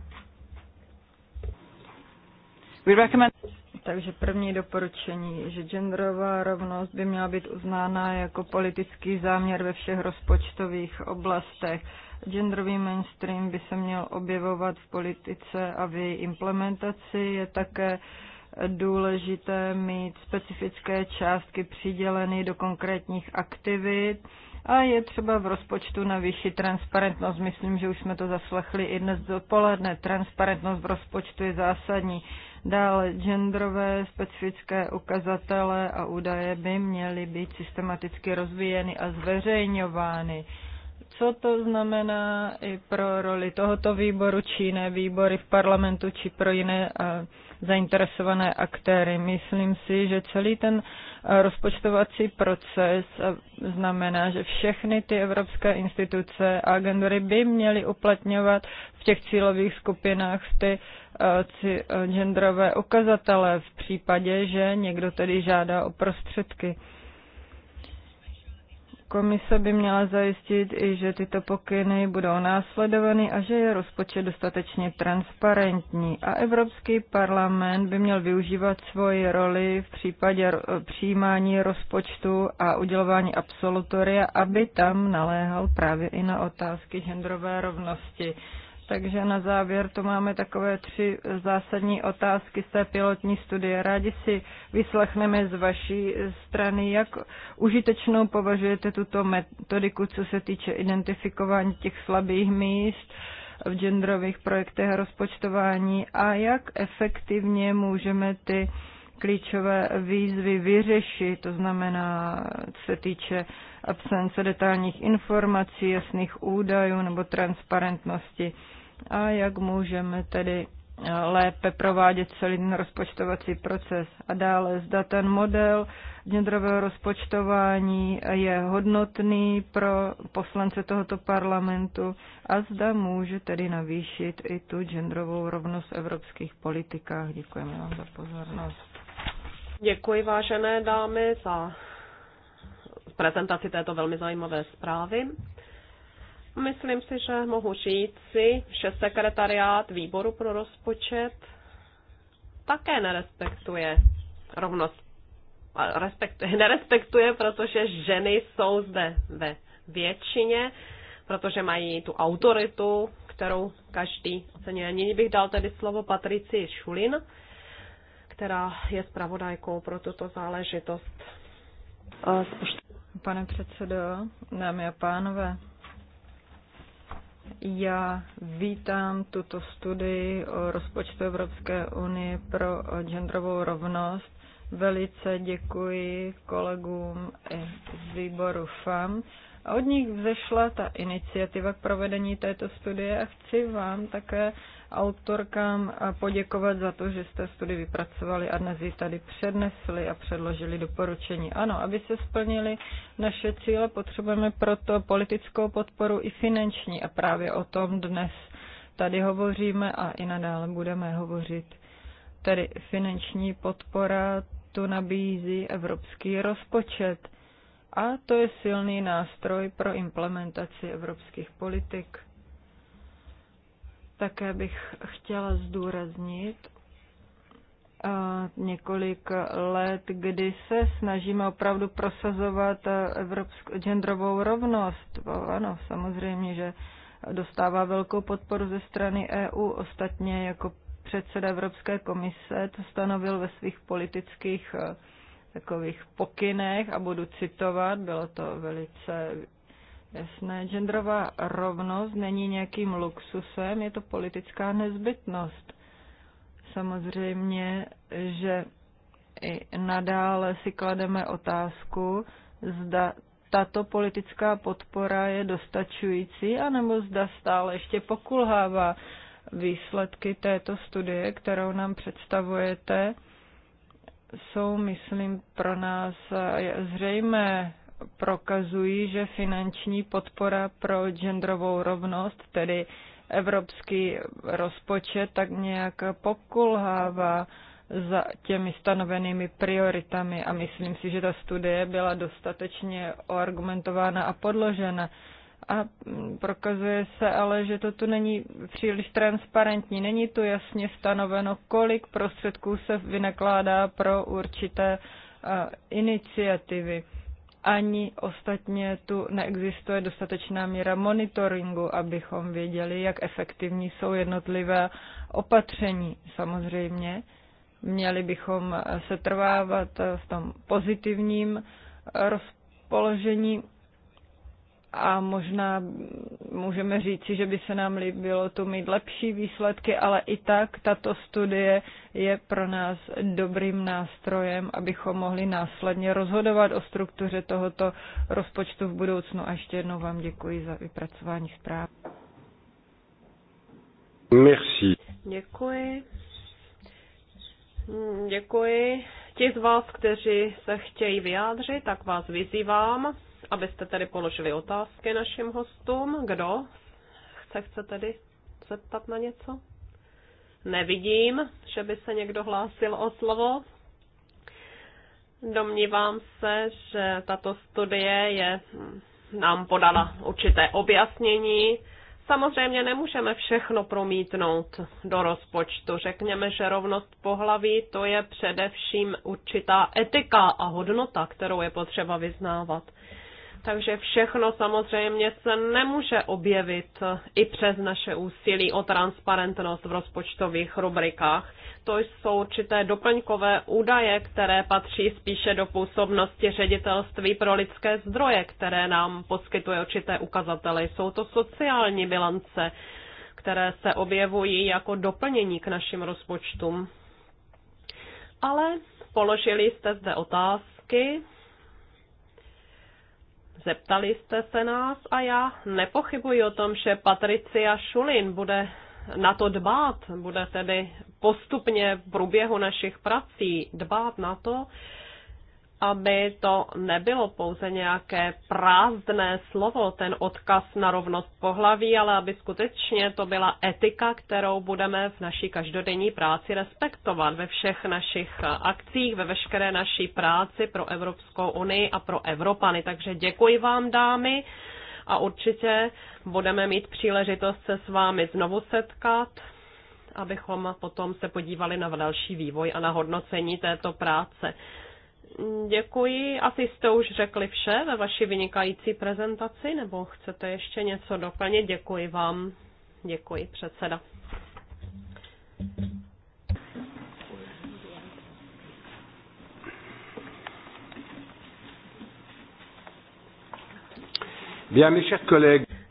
Takže první doporučení, že genderová rovnost by měla být uznána jako politický záměr ve všech rozpočtových oblastech. Genderový mainstream by se měl objevovat v politice a v její implementaci. Je také uh, důležité mít specifické částky přiděleny do konkrétních aktivit a je třeba v rozpočtu na vyšší transparentnost. Myslím, že už jsme to zaslechli i dnes dopoledne. Transparentnost v rozpočtu je zásadní. Dále genderové specifické ukazatele a údaje by měly být systematicky rozvíjeny a zveřejňovány. Co to znamená i pro roli tohoto výboru či jiné výbory v parlamentu či pro jiné uh, zainteresované aktéry. Myslím si, že celý ten eh, rozpočtovací proces eh, znamená, že všechny ty evropské instituce a agendory by měly uplatňovat v těch cílových skupinách ty eh, genderové ukazatele v případě, že někdo tedy žádá o prostředky. Komise by měla zajistit i, že tyto pokyny budou následovány a že je rozpočet dostatečně transparentní. A Evropský parlament by měl využívat svoji roli v případě přijímání rozpočtu a udělování absolutoria, aby tam naléhal právě i na otázky genderové rovnosti. Takže na závěr to máme takové tři zásadní otázky z té pilotní studie. Rádi si vyslechneme z vaší strany, jak užitečnou považujete tuto metodiku, co se týče identifikování těch slabých míst v genderových projektech a rozpočtování a jak efektivně můžeme ty klíčové výzvy vyřešit, to znamená, co se týče absence detailních informací, jasných údajů nebo transparentnosti a jak můžeme tedy eh, lépe provádět celý ten rozpočtovací proces. A dále, zda ten model genderového rozpočtování je hodnotný pro poslance tohoto parlamentu a zda může tedy navýšit i tu genderovou rovnost v evropských politikách. Děkujeme vám za pozornost. Děkuji vážené dámy za prezentaci této velmi zajímavé zprávy. Myslím si, že mohu říci, že sekretariát výboru pro rozpočet také nerespektuje rovnost. Respektuje, [laughs] nerespektuje, protože ženy jsou zde ve většině, protože mají tu autoritu, kterou každý oceňuje. Nyní bych dal tedy slovo Patrici Šulin, která je zpravodajkou pro tuto záležitost. Pane předsedo, dámy a pánové, já vítám tuto studii o rozpočtu Evropské unie pro genderovou rovnost. Velice děkuji kolegům z výboru FAM. od nich vzešla ta iniciativa k provedení této studie a chci vám také autorkám poděkovat za to, že jste studii vypracovali a dnes ji tady přednesli a předložili doporučení. Ano, aby se splnili naše cíle, potřebujeme proto politickou podporu i finanční a právě o tom dnes tady hovoříme a i nadále budeme hovořit. Tedy finanční podpora tu nabízí evropský rozpočet a to je silný nástroj pro implementaci evropských politik. Také bych chtěla zdůraznit eh, několik let, kdy se snažíme opravdu prosazovat eh, evropskou genderovou rovnost. Ano, samozřejmě, že dostává velkou podporu ze strany EU. Ostatně jako předseda Evropské komise to stanovil ve svých politických eh, takových pokynech a budu citovat, bylo to velice Jasné, genderová rovnost není nějakým luxusem, je to politická nezbytnost. Samozřejmě, že i nadále si klademe otázku, zda tato politická podpora je dostačující, anebo zda stále ještě pokulhává výsledky této studie, kterou nám představujete, jsou, myslím, pro nás zřejmé prokazují, že finanční podpora pro genderovou rovnost, tedy evropský rozpočet, tak nějak pokulhává za těmi stanovenými prioritami a myslím si, že ta studie byla dostatečně argumentována a podložena. A prokazuje se ale, že to tu není příliš transparentní. Není tu jasně stanoveno, kolik prostředků se vynakládá pro určité eh, iniciativy ani ostatně tu neexistuje dostatečná míra monitoringu, abychom věděli, jak efektivní jsou jednotlivé opatření. Samozřejmě měli bychom se trvávat v tom pozitivním rozpoložení a možná můžeme říci, že by se nám líbilo to mít lepší výsledky, ale i tak tato studie je pro nás dobrým nástrojem, abychom mohli následně rozhodovat o struktuře tohoto rozpočtu v budoucnu. A ještě jednou vám děkuji za vypracování zpráv. Merci. Děkuji. Děkuji. Ti z vás, kteří se chtějí vyjádřit, tak vás vyzývám abyste tedy položili otázky našim hostům. Kdo se chce tedy zeptat na něco? Nevidím, že by se někdo hlásil o slovo. Domnívám se, že tato studie je, hm, nám podala určité objasnění. Samozřejmě nemůžeme všechno promítnout do rozpočtu. Řekněme, že rovnost pohlaví to je především určitá etika a hodnota, kterou je potřeba vyznávat. Takže všechno samozřejmě se nemůže objevit i přes naše úsilí o transparentnost v rozpočtových rubrikách. To jsou určité doplňkové údaje, které patří spíše do působnosti ředitelství pro lidské zdroje, které nám poskytuje určité ukazatele. Jsou to sociální bilance, které se objevují jako doplnění k našim rozpočtům. Ale položili jste zde otázky, Zeptali jste se nás a já nepochybuji o tom, že Patricia Šulin bude na to dbát, bude tedy postupně v průběhu našich prací dbát na to, aby to nebylo pouze nějaké prázdné slovo, ten odkaz na rovnost pohlaví, ale aby skutečně to byla etika, kterou budeme v naší každodenní práci respektovat ve všech našich akcích, ve veškeré naší práci pro Evropskou unii a pro Evropany. Takže děkuji vám, dámy, a určitě budeme mít příležitost se s vámi znovu setkat abychom potom se podívali na další vývoj a na hodnocení této práce. Děkuji. Asi jste už řekli vše ve vaší vynikající prezentaci, nebo chcete ještě něco doplnit? Děkuji vám. Děkuji, předseda.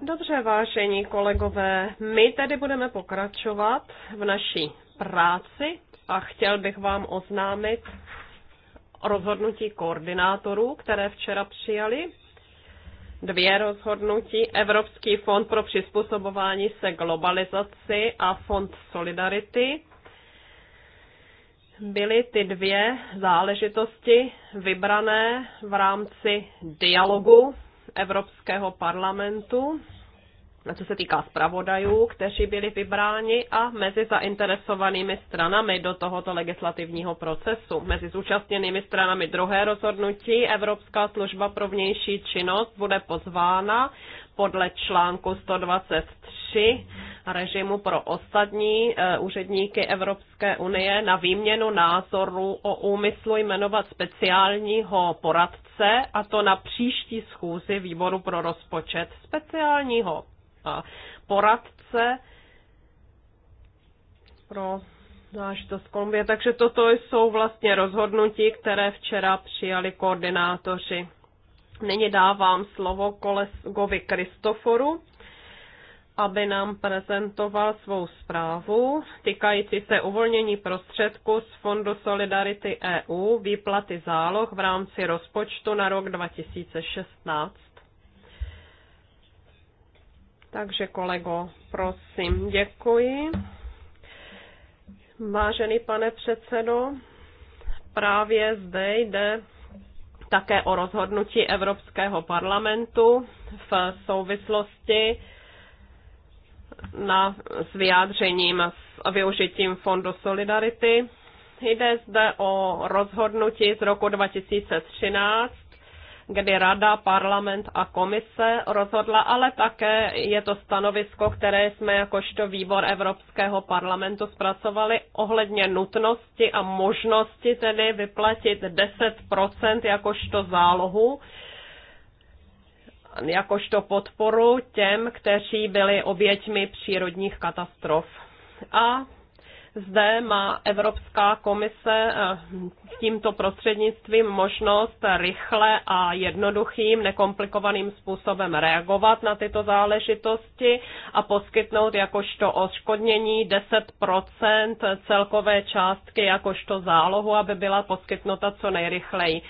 Dobře, vážení kolegové, my tedy budeme pokračovat v naší práci a chtěl bych vám oznámit rozhodnutí koordinátorů, které včera přijali. Dvě rozhodnutí, Evropský fond pro přizpůsobování se globalizaci a Fond Solidarity, byly ty dvě záležitosti vybrané v rámci dialogu Evropského parlamentu co se týká zpravodajů, kteří byli vybráni a mezi zainteresovanými stranami do tohoto legislativního procesu. Mezi zúčastněnými stranami druhé rozhodnutí Evropská služba pro vnější činnost bude pozvána podle článku 123 režimu pro ostatní eh, úředníky Evropské unie na výměnu názoru o úmyslu jmenovat speciálního poradce, a to na příští schůzi výboru pro rozpočet speciálního a poradce pro zážitost Kolumbie. Takže toto jsou vlastně rozhodnutí, které včera přijali koordinátoři. Nyní dávám slovo kolegovi Kristoforu, aby nám prezentoval svou zprávu týkající se uvolnění prostředků z Fondu Solidarity EU, výplaty záloh v rámci rozpočtu na rok 2016. Takže kolego, prosím, děkuji. Vážený pane předsedo, právě zde jde také o rozhodnutí Evropského parlamentu v souvislosti na, s vyjádřením a využitím Fondu Solidarity. Jde zde o rozhodnutí z roku 2013 kdy Rada, Parlament a Komise rozhodla, ale také je to stanovisko, které jsme jakožto výbor Evropského parlamentu zpracovali ohledně nutnosti a možnosti tedy vyplatit 10% jakožto zálohu jakožto podporu těm, kteří byli oběťmi přírodních katastrof. A zde má Evropská komise eh, tímto prostřednictvím možnost rychle a jednoduchým, nekomplikovaným způsobem reagovat na tyto záležitosti a poskytnout jakožto oškodnění 10 celkové částky jakožto zálohu, aby byla poskytnuta co nejrychleji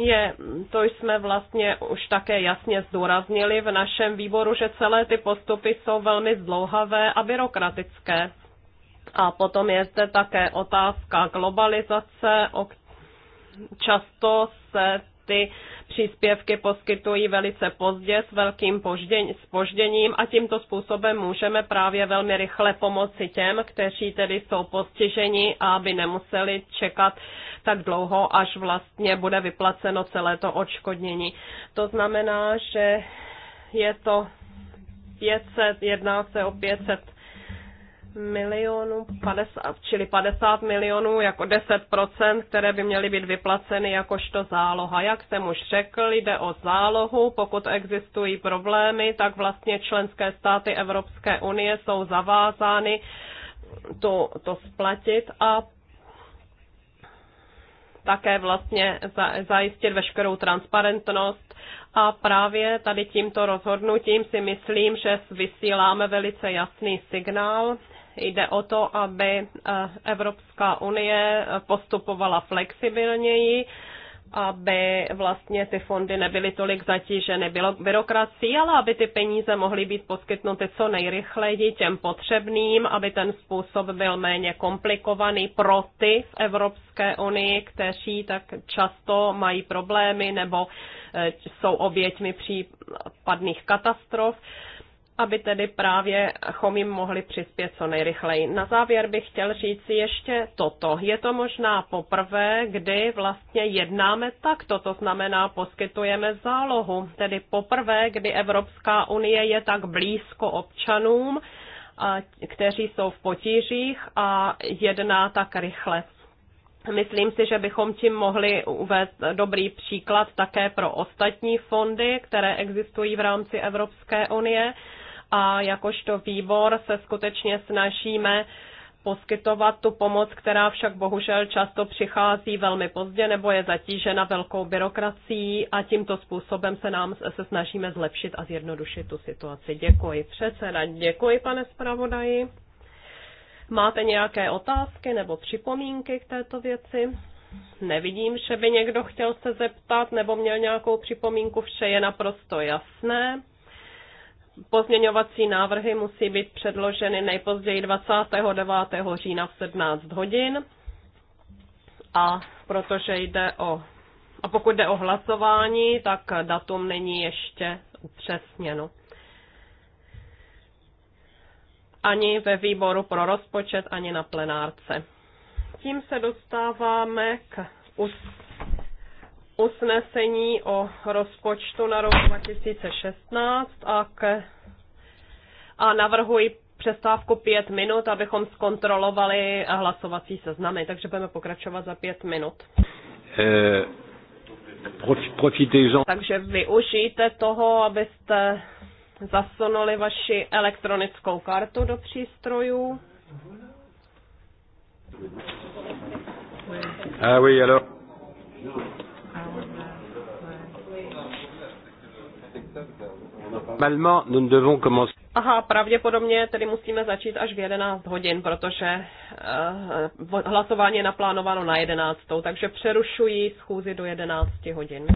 je, to jsme vlastně už také jasně zdůraznili v našem výboru, že celé ty postupy jsou velmi zdlouhavé a byrokratické. A potom je zde také otázka globalizace. Často se ty příspěvky poskytují velice pozdě s velkým spožděním a tímto způsobem můžeme právě velmi rychle pomoci těm, kteří tedy jsou postiženi, aby nemuseli čekat tak dlouho, až vlastně bude vyplaceno celé to odškodnění. To znamená, že je to 500, jedná se o 500 milionů, 50, čili 50 milionů jako 10%, které by měly být vyplaceny jakožto záloha. Jak jsem už řekl, jde o zálohu. Pokud existují problémy, tak vlastně členské státy Evropské unie jsou zavázány to, to splatit a také vlastně zajistit veškerou transparentnost. A právě tady tímto rozhodnutím si myslím, že vysíláme velice jasný signál, Jde o to, aby eh, Evropská unie postupovala flexibilněji, aby vlastně ty fondy nebyly tolik zatíženy byrokracií, ale aby ty peníze mohly být poskytnuty co nejrychleji těm potřebným, aby ten způsob byl méně komplikovaný pro ty v Evropské unii, kteří tak často mají problémy nebo eh, jsou oběťmi případných katastrof aby tedy právě chomím mohli přispět co nejrychleji. Na závěr bych chtěl říct ještě toto. Je to možná poprvé, kdy vlastně jednáme takto, to znamená poskytujeme zálohu, tedy poprvé, kdy Evropská unie je tak blízko občanům, kteří jsou v potížích a jedná tak rychle. Myslím si, že bychom tím mohli uvést dobrý příklad také pro ostatní fondy, které existují v rámci Evropské unie a jakožto výbor se skutečně snažíme poskytovat tu pomoc, která však bohužel často přichází velmi pozdě nebo je zatížena velkou byrokracií a tímto způsobem se nám se snažíme zlepšit a zjednodušit tu situaci. Děkuji předseda, děkuji pane zpravodaji. Máte nějaké otázky nebo připomínky k této věci? Nevidím, že by někdo chtěl se zeptat nebo měl nějakou připomínku, vše je naprosto jasné. Pozměňovací návrhy musí být předloženy nejpozději 29. října v 17 hodin. A protože jde o a pokud jde o hlasování, tak datum není ještě upřesněno. Ani ve výboru pro rozpočet, ani na plenárce. Tím se dostáváme k usnesení o rozpočtu na rok 2016 a, k, a navrhuji přestávku pět minut, abychom zkontrolovali hlasovací seznamy, takže budeme pokračovat za pět minut. Eh, takže využijte toho, abyste zasunuli vaši elektronickou kartu do přístrojů. Ah oui, alors. Aha, pravděpodobně tedy musíme začít až v 11 hodin, protože uh, hlasování je naplánováno na 11, takže přerušuji schůzi do 11 hodin.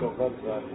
Thank you.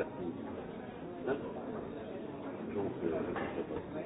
expertise. Hein Donc, euh, je ne sais pas.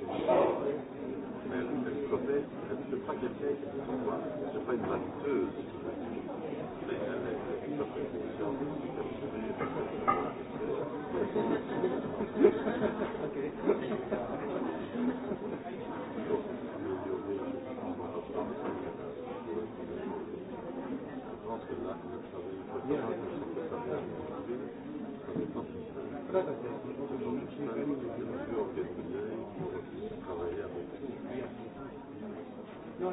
Mais cette je ne sais pas quelqu'un qui Je pas une vaniteuse. Mais elle est une Yeah.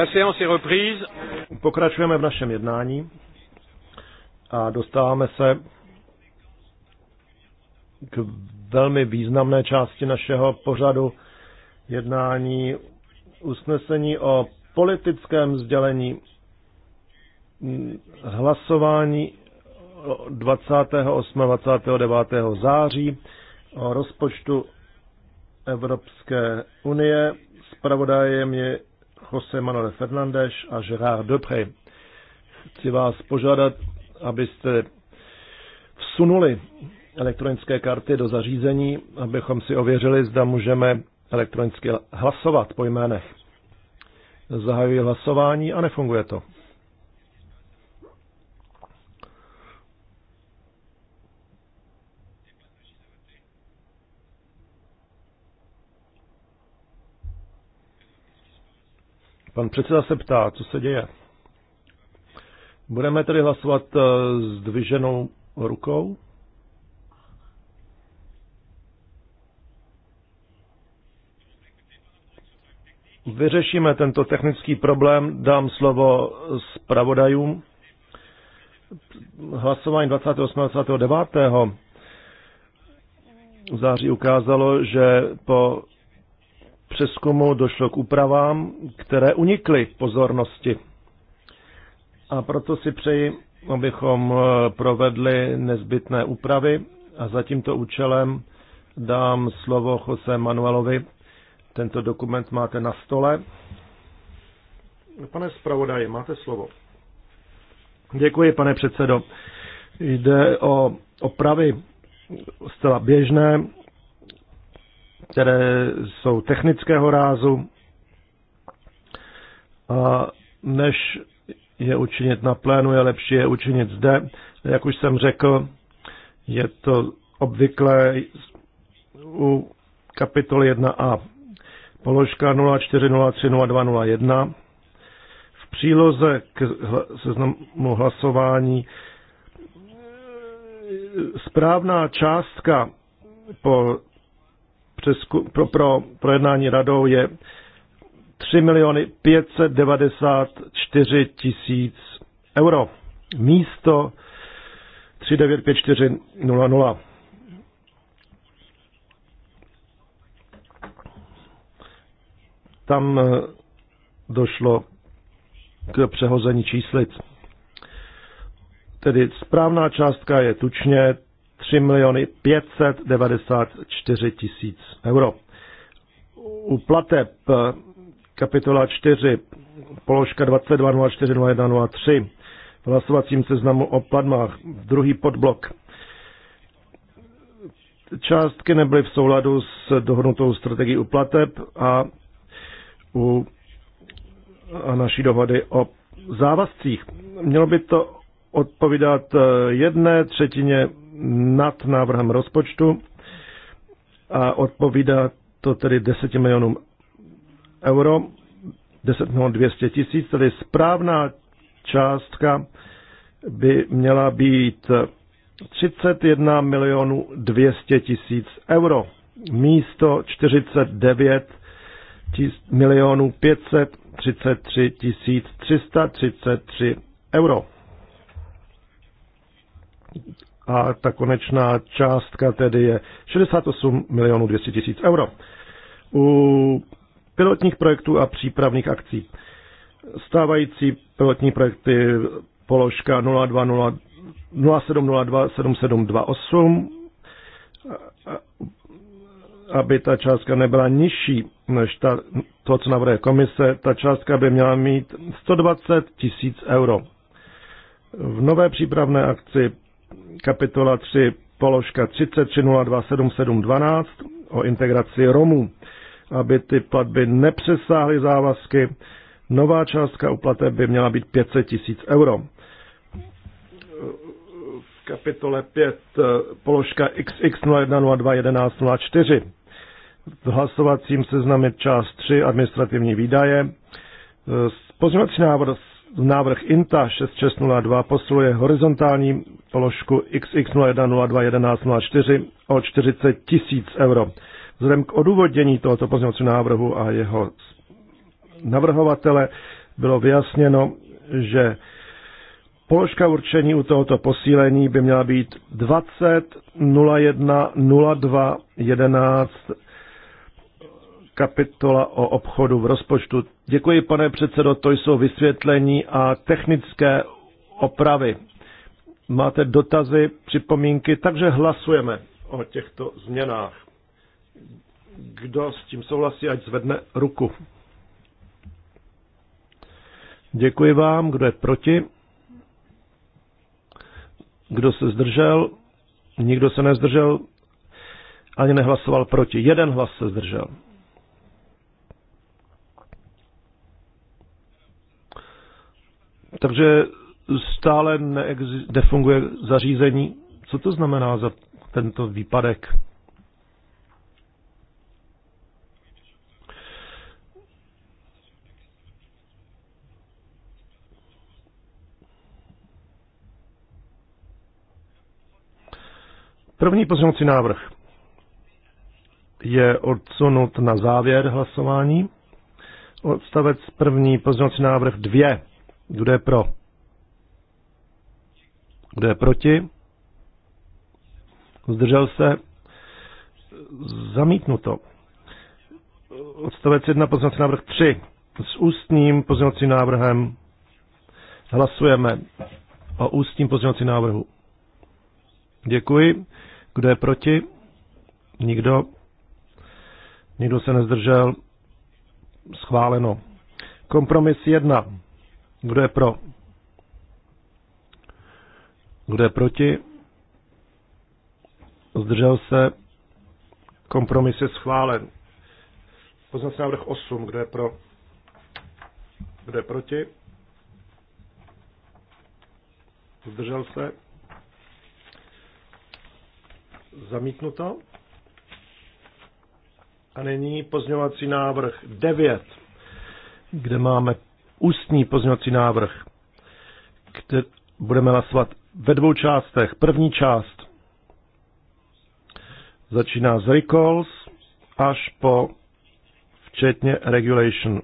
La séance est reprise. Pokračujeme v našem jednání a dostáváme se k velmi významné části našeho pořadu jednání usnesení o politickém sdělení hlasování 28. 29. září o rozpočtu Evropské unie. Spravodajem je Jose Manuel Fernández a Gerard Dupré. Chci vás požádat, abyste vsunuli elektronické karty do zařízení, abychom si ověřili, zda můžeme elektronicky hlasovat po jménech. Zahajuji hlasování a nefunguje to. Pan předseda se ptá, co se děje. Budeme tedy hlasovat eh, s dviženou rukou? Vyřešíme tento technický problém, dám slovo zpravodajům. Hlasování 28. 29. září ukázalo, že po přeskumu došlo k úpravám, které unikly pozornosti. A proto si přeji, abychom eh, provedli nezbytné úpravy a za tímto účelem dám slovo Jose Manuelovi. Tento dokument máte na stole. Pane zpravodaji, máte slovo. Děkuji, pane předsedo. Jde o opravy zcela běžné které jsou technického rázu. A než je učinit na plénu, je lepší je učinit zde. Jak už jsem řekl, je to obvykle u kapitoly 1a položka 04030201. V příloze k seznamu hlasování e, správná částka po přesku, pro, pro projednání radou je 3 miliony 594 tisíc euro. Místo 395400. Tam eh, došlo k přehození číslic. Tedy správná částka je tučně 3 miliony 594 tisíc euro. U plateb eh, kapitola 4, položka 22040103 v hlasovacím seznamu o platbách, druhý podblok. Částky nebyly v souladu s dohodnutou strategií u plateb a u a naší dohody o závazcích. Mělo by to odpovídat eh, jedné třetině nad návrhem rozpočtu a odpovídá to tedy 10 milionům euro, 10 milionů 200 tisíc, tedy správná částka by měla být 31 milionů 200 tisíc euro místo 49 milionů 533 tisíc 333 euro a ta konečná částka tedy je 68 milionů 200 tisíc euro. U pilotních projektů a přípravných akcí. Stávající pilotní projekty položka 7728 aby ta částka nebyla nižší než ta, to, co navrhuje komise, ta částka by měla mít 120 tisíc euro. V nové přípravné akci kapitola 3, položka 33027712 o integraci Romů, aby ty platby nepřesáhly závazky. Nová částka uplaté by měla být 500 tisíc euro. V kapitole 5, položka XX01021104 v hlasovacím seznamu část 3 administrativní výdaje. Eh, pozměňovací návrh návrh INTA 6602 posiluje horizontální položku XX01021104 o 40 tisíc euro. Vzhledem k odůvodnění tohoto pozměňovacího návrhu a jeho navrhovatele bylo vyjasněno, že položka určení u tohoto posílení by měla být 20 01 02 11 kapitola o obchodu v rozpočtu. Děkuji, pane předsedo, to jsou vysvětlení a technické opravy. Máte dotazy, připomínky, takže hlasujeme o těchto změnách. Kdo s tím souhlasí, ať zvedne ruku. Děkuji vám, kdo je proti. Kdo se zdržel? Nikdo se nezdržel, ani nehlasoval proti. Jeden hlas se zdržel. Takže stále nefunguje zařízení. Co to znamená za tento výpadek? První pozměňovací návrh je odsunut na závěr hlasování. Odstavec první pozměňovací návrh dvě kdo je pro? Kdo je proti? Zdržel se? Zamítnuto. Odstavec 1, pozvací návrh 3. S ústním pozvacím návrhem hlasujeme o ústním pozvacím návrhu. Děkuji. Kdo je proti? Nikdo. Nikdo se nezdržel. Schváleno. Kompromis 1. Kdo je pro? Kdo je proti? Zdržel se? Kompromis je schválen. Poznací návrh 8. Kdo je pro? Kdo je proti? Zdržel se? Zamítnuto. A nyní pozňovací návrh 9, kde máme ústní pozměňovací návrh, který budeme hlasovat ve dvou částech. První část začíná z recalls až po včetně regulation.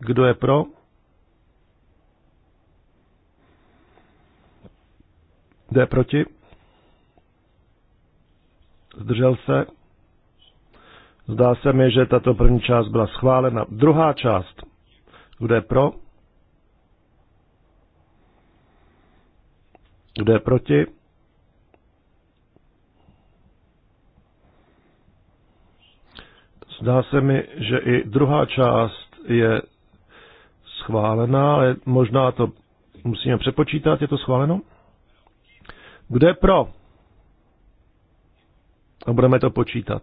Kdo je pro? Kdo je proti? Zdržel se? Zdá se mi, že tato první část byla schválena. Druhá část. Kdo je pro? Kdo je proti? Zdá se mi, že i druhá část je schválená, ale možná to musíme přepočítat. Je to schváleno? Kde pro? A budeme to počítat.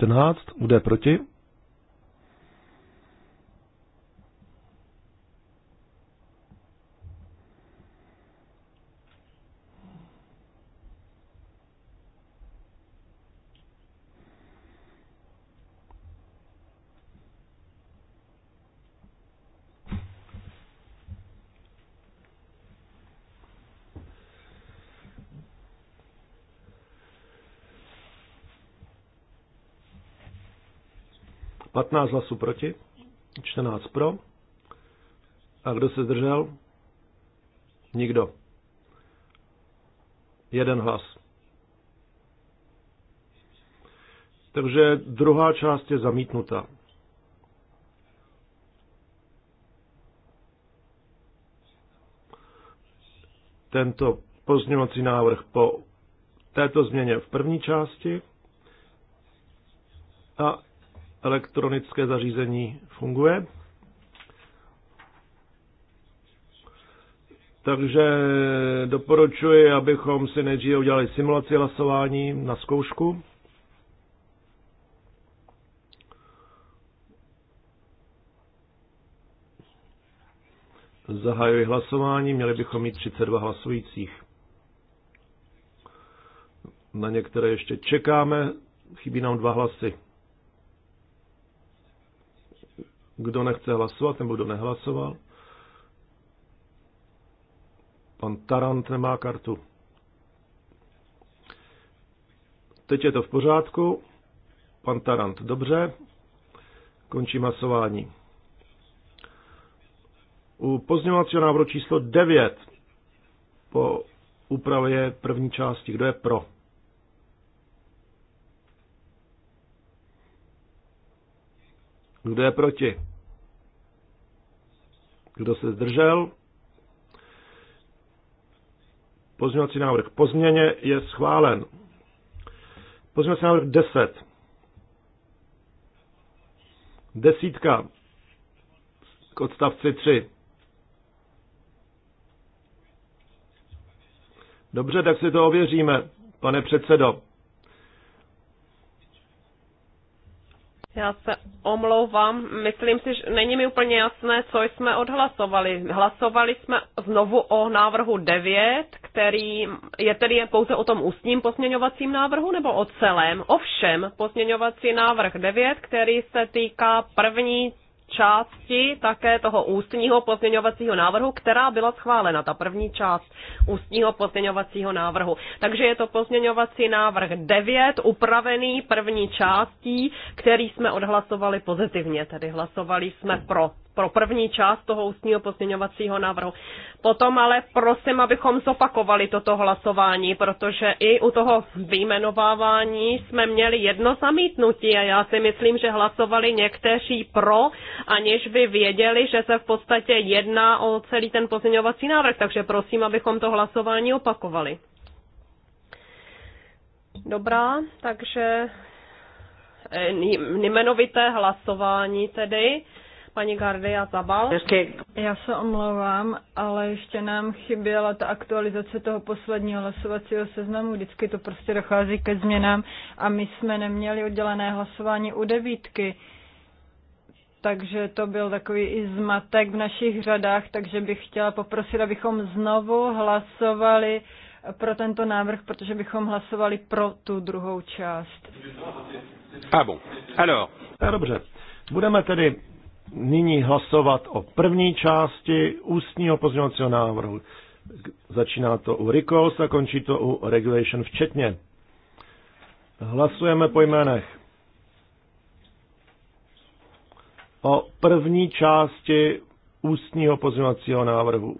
14, bude proti? 15 hlasů proti, 14 pro. A kdo se zdržel? Nikdo. Jeden hlas. Takže druhá část je zamítnutá. Tento pozměňovací návrh po této změně v první části a elektronické zařízení funguje. Takže doporučuji, abychom si nejdříve udělali simulaci hlasování na zkoušku. Zahajuji hlasování, měli bychom mít 32 hlasujících. Na některé ještě čekáme, chybí nám dva hlasy. Kdo nechce hlasovat nebo kdo nehlasoval? Pan Tarant nemá kartu. Teď je to v pořádku. Pan Tarant, dobře. Končí hlasování. U pozměňovacího návrhu číslo 9 po úpravě první části. Kdo je pro? Kdo je proti? Kdo se zdržel? Pozměňovací návrh po změně je schválen. Pozměňovací návrh 10. Desítka k odstavci 3. Dobře, tak si to ověříme, pane předsedo. Já se omlouvám, myslím si, že není mi úplně jasné, co jsme odhlasovali. Hlasovali jsme znovu o návrhu 9, který je tedy pouze o tom ústním posměňovacím návrhu nebo o celém? Ovšem, posměňovací návrh 9, který se týká první části také toho ústního pozměňovacího návrhu, která byla schválena, ta první část ústního pozměňovacího návrhu. Takže je to pozměňovací návrh 9, upravený první částí, který jsme odhlasovali pozitivně, tedy hlasovali jsme pro pro první část toho ústního pozměňovacího návrhu. Potom ale prosím, abychom zopakovali toto hlasování, protože i u toho vyjmenovávání jsme měli jedno zamítnutí a já si myslím, že hlasovali někteří pro, aniž by věděli, že se v podstatě jedná o celý ten pozměňovací návrh. Takže prosím, abychom to hlasování opakovali. Dobrá, takže eh, jmenovité hlasování tedy paní a Zabal. Já se omlouvám, ale ještě nám chyběla ta aktualizace toho posledního hlasovacího seznamu. Vždycky to prostě dochází ke změnám a my jsme neměli oddělené hlasování u devítky. Takže to byl takový i zmatek v našich řadách, takže bych chtěla poprosit, abychom znovu hlasovali pro tento návrh, protože bychom hlasovali pro tu druhou část. A ah bon. Alors. A eh, dobře. Budeme tedy nyní hlasovat o první části ústního pozměňovacího návrhu. Začíná to u recalls a končí to u regulation včetně. Hlasujeme po jménech. O první části ústního pozměňovacího návrhu.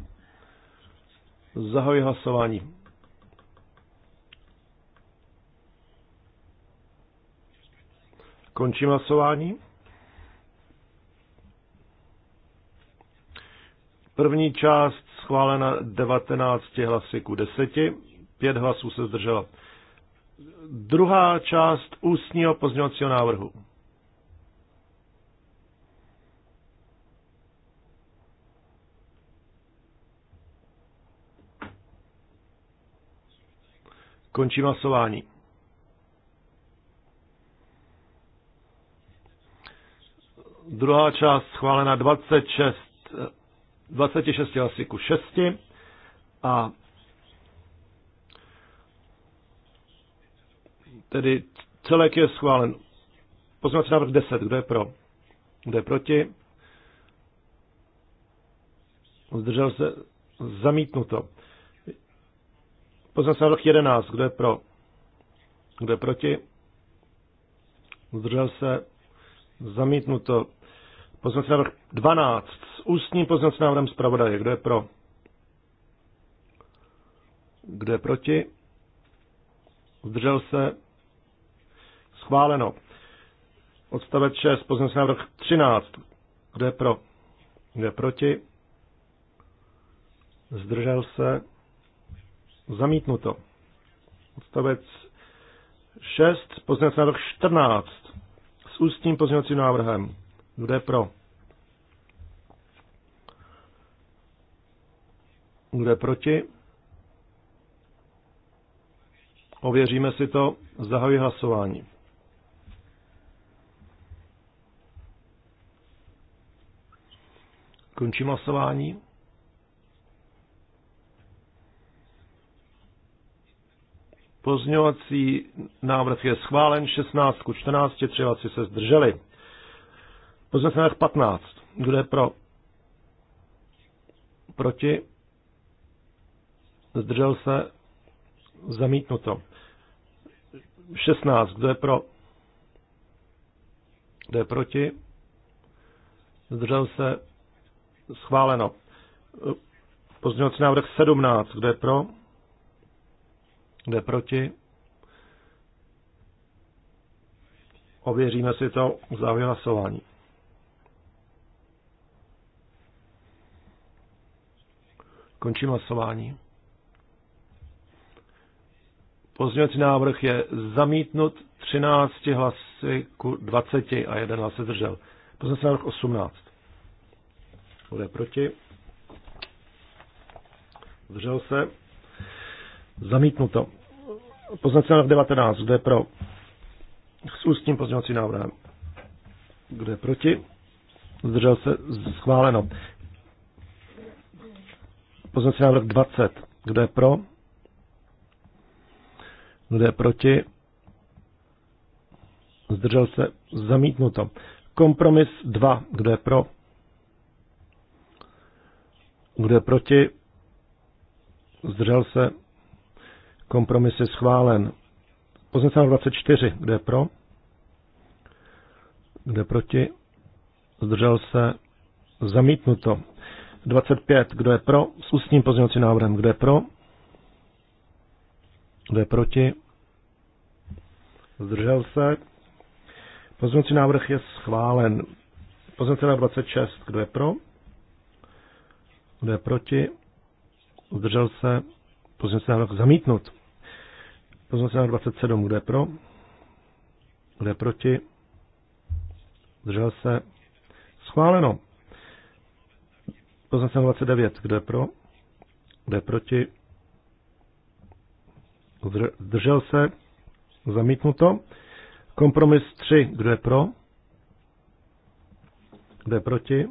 Zahajuji hlasování. Končím hlasování. První část schválena 19 hlasy ku 10, 5 hlasů se zdrželo. Druhá část ústního pozměňovacího návrhu. Končí hlasování. Druhá část schválena 26 26 hlasy ku 6 a tedy celek je schválen. Pozměňovací návrh 10, kdo je pro? Kdo je proti? Zdržel se zamítnuto. Pozměňovací návrh 11, kdo je pro? Kdo je proti? Zdržel se zamítnuto. Poznací návrh 12 s ústním poznacím návrhem zpravodaje. Kdo je pro? Kdo je proti? Zdržel se? Schváleno. Odstavec 6, poznací návrh 13. Kdo je pro? Kdo je proti? Zdržel se? Zamítnuto. Odstavec 6, poznací návrh 14 s ústním pozměňovacím návrhem. Kdo je pro? Kdo je proti? Ověříme si to. Zahajuji hlasování. Končím hlasování. Pozňovací návrh je schválen 16 ku 14, 3 se zdrželi. Pozměňovací 15. Kdo je pro? Proti? Zdržel se? Zamítnuto. 16. Kdo je pro? Kdo je proti? Zdržel se? Schváleno. Pozměňovací návrh 17. Kdo je pro? Kdo je proti? Ověříme si to v hlasování. Končím hlasování. Pozměňovací návrh je zamítnut 13 hlasy ku 20 a jeden hlas se zdržel. Pozměňovací návrh 18. Bude proti. Zdržel se. Zamítnuto. Pozměňovací návrh 19. Kdo je pro? S ústním pozměňovacím návrhem. Kdo je proti? Zdržel se. Schváleno. Poznací návrh 20. Kdo je pro? Kdo je proti? Zdržel se? Zamítnuto. Kompromis 2. Kdo je pro? Kdo je proti? Zdržel se? Kompromis je schválen. Poznací návrh 24. Kdo je pro? Kdo je proti? Zdržel se? Zamítnuto. 25, kdo je pro, s ústním pozměňovacím návrhem, kdo je pro, kdo je proti, zdržel se. Pozměňovací návrh je schválen. Pozměňovací návrh 26, kdo je pro, kdo je proti, zdržel se. Pozměňovací návrh zamítnut. Pozměňovací návrh 27, kdo je pro, kdo je proti, zdržel se. Schváleno. Poznací 29. Kdo je pro? Kdo je proti? Zdržel se? Zamítnuto. Kompromis 3. Kdo je pro? Kdo je proti?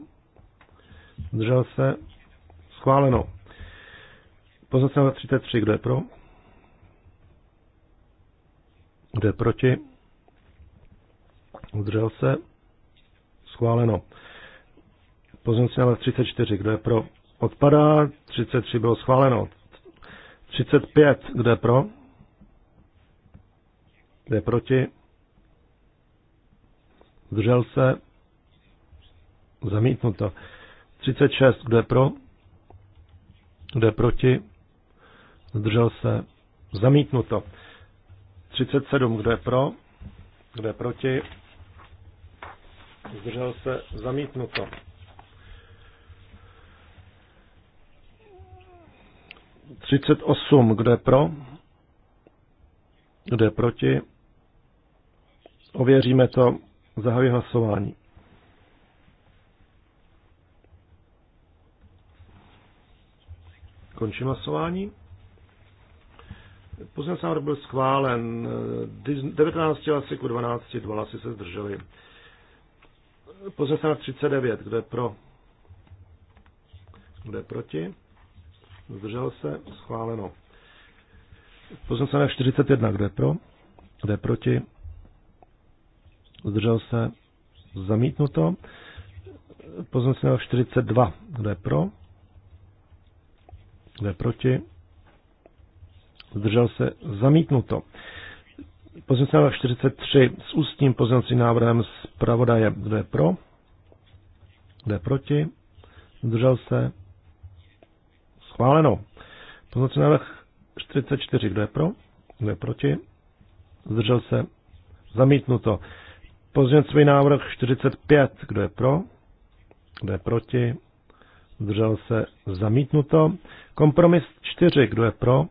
Zdržel se? Schváleno. Poznací 33. Kdo je pro? Kdo je proti? Zdržel se? Schváleno. Pozměňovací návrh 34, kdo je pro, odpadá. 33 bylo schváleno. 35, kdo je pro, kdo je proti, zdržel se, zamítnuto. 36, kdo je pro, kdo je proti, zdržel se, zamítnuto. 37, kdo je pro, kdo je proti, zdržel se, zamítnuto. 38. Kdo je pro? Kdo je proti? Ověříme to. Zahajuji hlasování. Končím hlasování. Pozměňovací návrh byl schválen 19 hlasy ku 12, 2 hlasy se zdrželi. Pozměňovací 39, kdo je pro? Kdo je proti? zdržel se, schváleno. se na 41, kde pro, kde proti, zdržel se, zamítnuto. se na 42, kde pro, kde proti, zdržel se, zamítnuto. Pozměnce na 43 s ústním pozměnacím návrhem zpravodaje, kde pro, kde proti, zdržel se, Schváleno. Pozvací návrh 44. Kdo je pro? Kdo je proti? Zdržel se? Zamítnuto. Pozvací návrh 45. Kdo je pro? Kdo je proti? Zdržel se? Zamítnuto. Kompromis 4. Kdo je pro?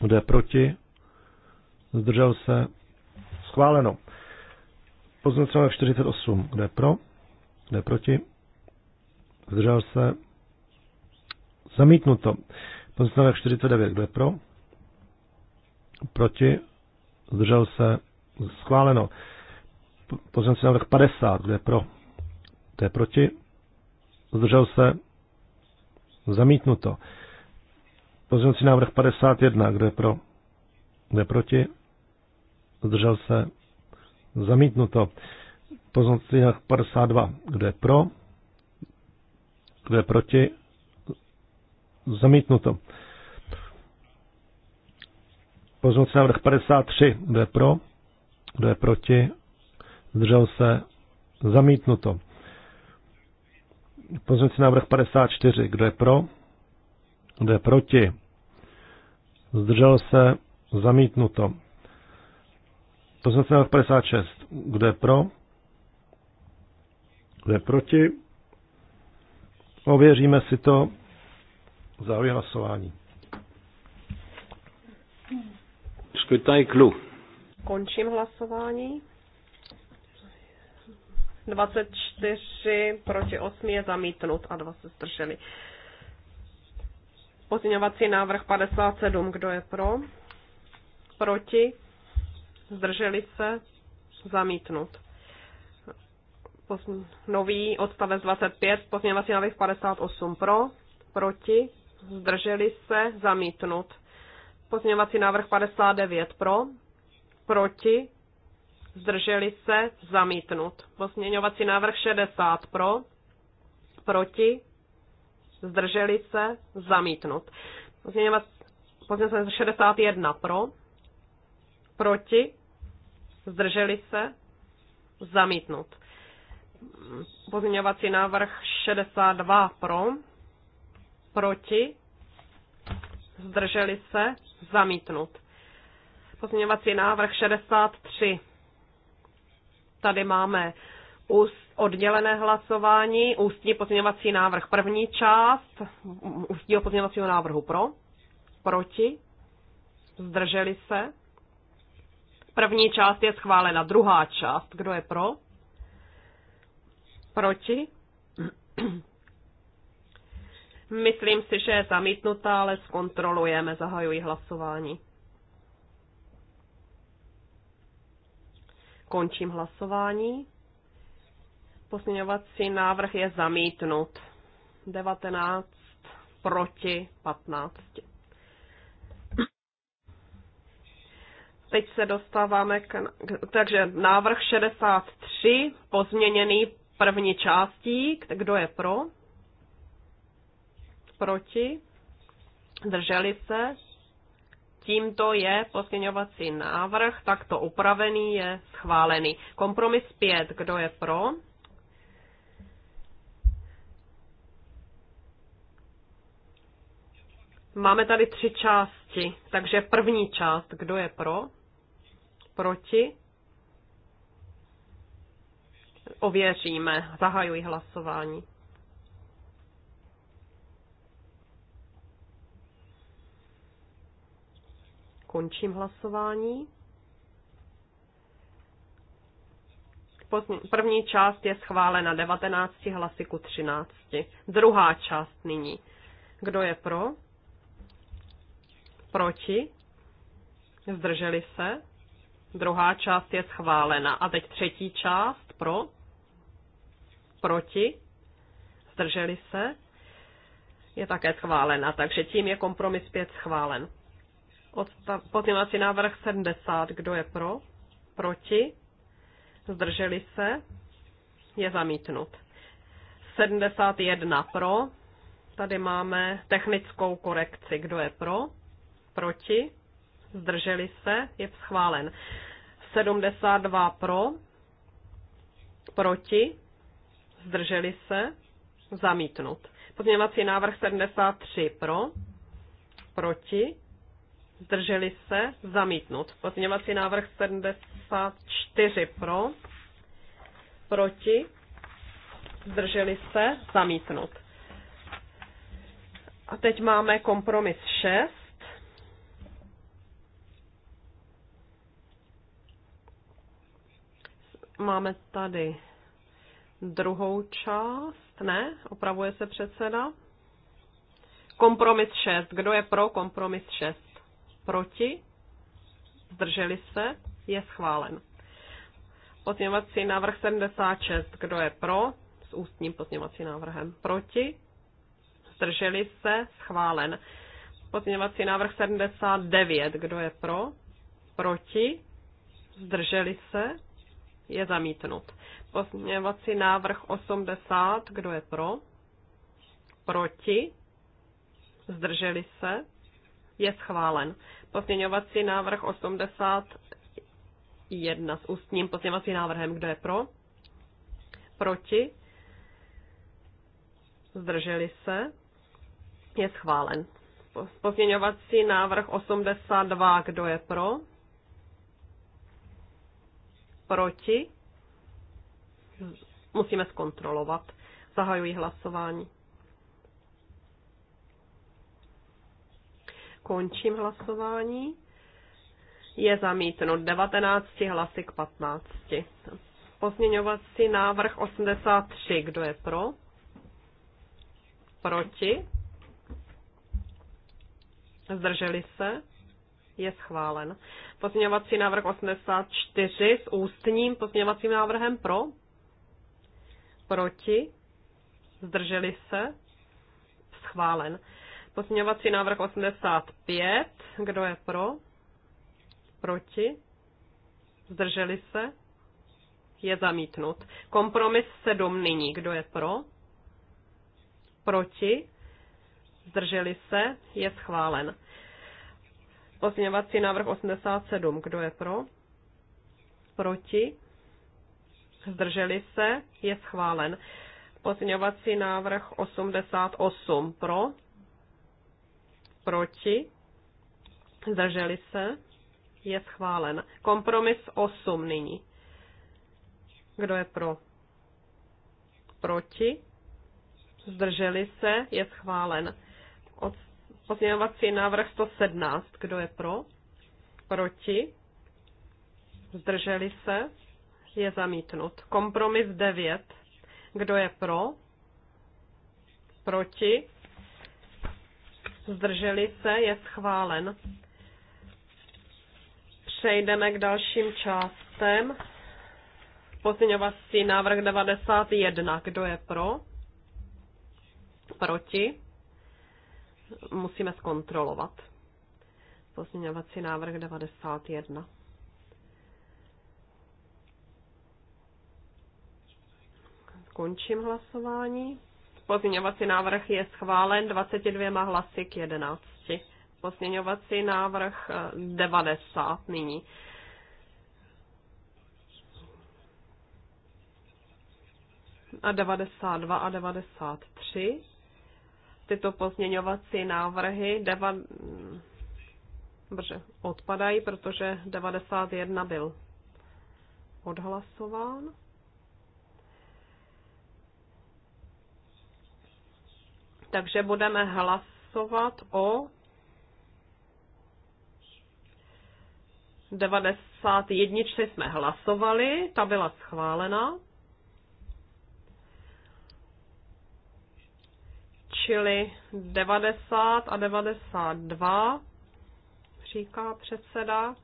Kdo je proti? Zdržel se? Schváleno. Pozvací návrh 48. Kdo je pro? Kdo je proti? Zdržel se? Zamítnuto. Poznamek 49, kdo je pro? Proti? Zdržel se? Schváleno. Poznamek návrh 50, kdo je pro? To je proti? Zdržel se? Zamítnuto. Pozměňovací návrh 51, kdo je pro? Kdo je proti? Zdržel se? Zamítnuto. Pozměňovací návrh 52, kdo je pro? Kdo je proti? Zamítnuto. Pozměňovací návrh 53. Kdo je pro? Kdo je proti? Zdržel se? Zamítnuto. Pozměňovací návrh 54. Kdo je pro? Kdo je proti? Zdržel se? Zamítnuto. Pozměňovací návrh 56. Kdo je pro? Kdo je proti? Ověříme si to. Zahajuji hlasování. Škrtaj klu. Končím hlasování. 24 proti 8 je zamítnut a dva se zdrželi. Pozměňovací návrh 57, kdo je pro? Proti? Zdrželi se? Zamítnut. Nový odstavec 25, pozměňovací návrh 58 pro, proti, zdrželi se, zamítnut. Pozměňovací návrh 59 pro, proti, zdrželi se, zamítnut. Pozměňovací návrh 60 pro, proti, zdrželi se, zamítnut. Pozměňovací návrh 61 pro, proti, zdrželi se, zamítnut. Pozměňovací návrh 62 pro, proti, zdrželi se, zamítnut. Pozměňovací návrh 63. Tady máme oddělené hlasování, ústní pozměňovací návrh první část, ústního pozměňovacího návrhu pro, proti, zdrželi se. První část je schválena, druhá část, kdo je pro, proti, Myslím si, že je zamítnutá, ale zkontrolujeme. Zahajuji hlasování. Končím hlasování. Posměňovací návrh je zamítnut. 19 proti 15. Teď se dostáváme k, takže návrh 63, pozměněný první částí. Kdo je pro? proti, drželi se. Tímto je posměňovací návrh, takto upravený je schválený. Kompromis 5, kdo je pro? Máme tady tři části, takže první část, kdo je pro? Proti? Ověříme, zahajuji hlasování. Končím hlasování. První část je schválena 19 hlasy ku 13. Druhá část nyní. Kdo je pro? Proti? Zdrželi se? Druhá část je schválena. A teď třetí část pro? Proti? Zdrželi se? Je také schválena. Takže tím je kompromis 5 schválen. Pozměňovací návrh 70. Kdo je pro? Proti? Zdrželi se? Je zamítnut. 71 pro. Tady máme technickou korekci. Kdo je pro? Proti? Zdrželi se? Je schválen. 72 pro. Proti? Zdrželi se? Zamítnut. Pozměňovací návrh 73 pro. Proti? zdrželi se, zamítnut. Pozměňovací návrh 74 pro, proti, zdrželi se, zamítnut. A teď máme kompromis 6. Máme tady druhou část, ne? Opravuje se předseda. Kompromis 6. Kdo je pro kompromis 6? proti, zdrželi se, je schválen. Pozměňovací návrh 76, kdo je pro, s ústním pozměňovacím návrhem proti, zdrželi se, schválen. Pozměňovací návrh 79, kdo je pro, proti, zdrželi se, je zamítnut. Pozměňovací návrh 80, kdo je pro, proti, zdrželi se, je schválen. Pozměňovací návrh 81 s ústním pozměňovacím návrhem. Kdo je pro? Proti? Zdrželi se? Je schválen. Pozměňovací návrh 82. Kdo je pro? Proti? Musíme zkontrolovat. Zahajuji hlasování. Končím hlasování. Je zamítnut 19 hlasy k 15. Pozměňovací návrh 83. Kdo je pro? Proti? Zdrželi se? Je schválen. Pozměňovací návrh 84 s ústním pozměňovacím návrhem pro? Proti? Zdrželi se? Schválen. Pozměňovací návrh 85. Kdo je pro? Proti? Zdrželi se? Je zamítnut. Kompromis 7 nyní. Kdo je pro? Proti? Zdrželi se? Je schválen. Pozměňovací návrh 87. Kdo je pro? Proti? Zdrželi se? Je schválen. Pozměňovací návrh 88. Pro? proti, zdrželi se, je schválen. Kompromis 8 nyní. Kdo je pro? Proti, zdrželi se, je schválen. Od, pozměňovací návrh 117. Kdo je pro? Proti, zdrželi se, je zamítnut. Kompromis 9. Kdo je pro? Proti? zdrželi se, je schválen. Přejdeme k dalším částem. Pozměňovací návrh 91. Kdo je pro? Proti? Musíme zkontrolovat. Pozměňovací návrh 91. Končím hlasování. Pozměňovací návrh je schválen 22 hlasy k 11. Pozměňovací návrh 90 eh, nyní. A 92 a 93. Tyto pozměňovací návrhy deva... Brže, odpadají, protože 91 byl odhlasován. Takže budeme hlasovat o 91 jsme hlasovali, ta byla schválena. Čili 90 a 92, říká předseda.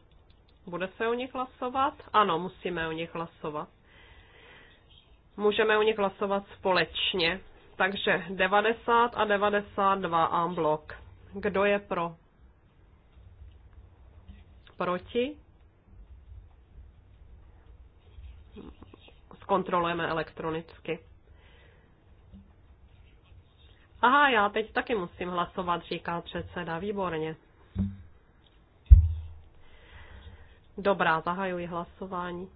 Bude se o nich hlasovat? Ano, musíme o nich hlasovat. Můžeme o nich hlasovat společně. Takže 90 a 92 en blok. Kdo je pro? Proti? Zkontrolujeme elektronicky. Aha, já teď taky musím hlasovat, říkal předseda. Výborně. Dobrá, zahajuji hlasování.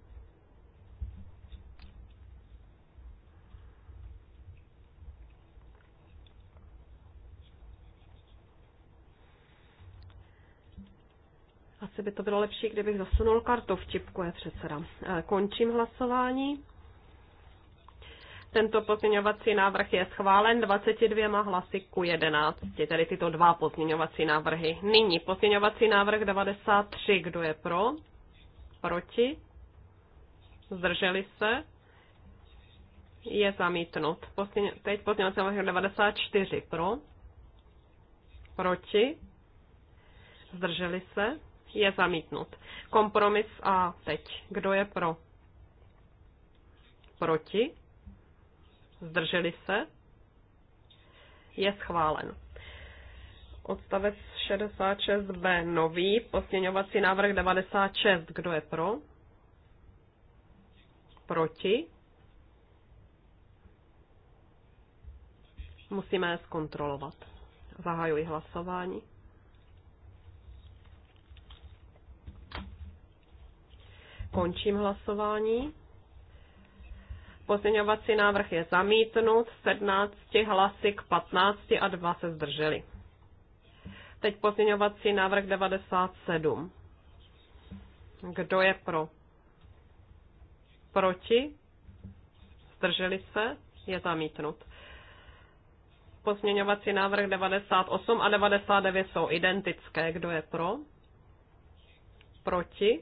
Asi by to bylo lepší, kdybych zasunul kartu v čipku, je předseda. Eh, končím hlasování. Tento pozměňovací návrh je schválen 22 hlasy ku 11, tedy tyto dva pozměňovací návrhy. Nyní pozměňovací návrh 93, kdo je pro? Proti? Zdrželi se? Je zamítnut. Posledně, teď pozměňovací návrh 94 pro? Proti? Zdrželi se? je zamítnut. Kompromis A teď. Kdo je pro? Proti? Zdrželi se? Je schválen. Odstavec 66b nový, posměňovací návrh 96. Kdo je pro? Proti? Musíme je zkontrolovat. Zahajuji hlasování. Končím hlasování. Pozměňovací návrh je zamítnut, 17 hlasy k 15 a 2 se zdrželi. Teď pozměňovací návrh 97. Kdo je pro? Proti? Zdrželi se? Je zamítnut. Pozměňovací návrh 98 a 99 jsou identické. Kdo je pro? Proti?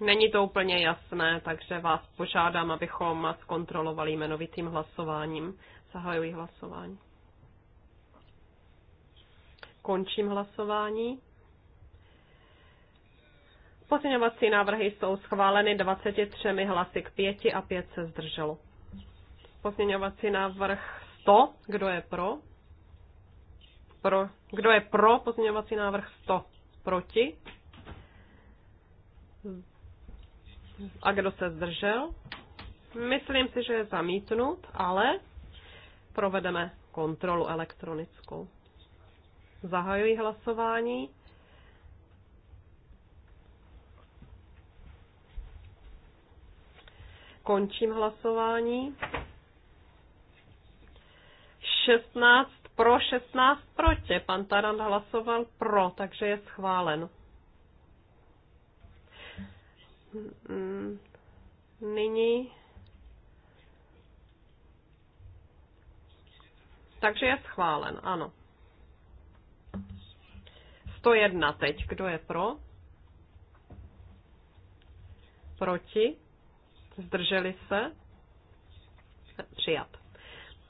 Není to úplně jasné, takže vás požádám, abychom zkontrolovali jmenovitým hlasováním. Zahajuji hlasování. Končím hlasování. Pozměňovací návrhy jsou schváleny 23 hlasy k 5 a 5 se zdrželo. Pozměňovací návrh 100. Kdo je pro? pro? Kdo je pro pozměňovací návrh 100? Proti? A kdo se zdržel? Myslím si, že je zamítnut, ale provedeme kontrolu elektronickou. Zahajuji hlasování. Končím hlasování. 16 pro, 16 proti. Pan Tarant hlasoval pro, takže je schválen. Mm, nyní. Takže je schválen, ano. 101 teď. Kdo je pro? Proti? Zdrželi se? Přijat.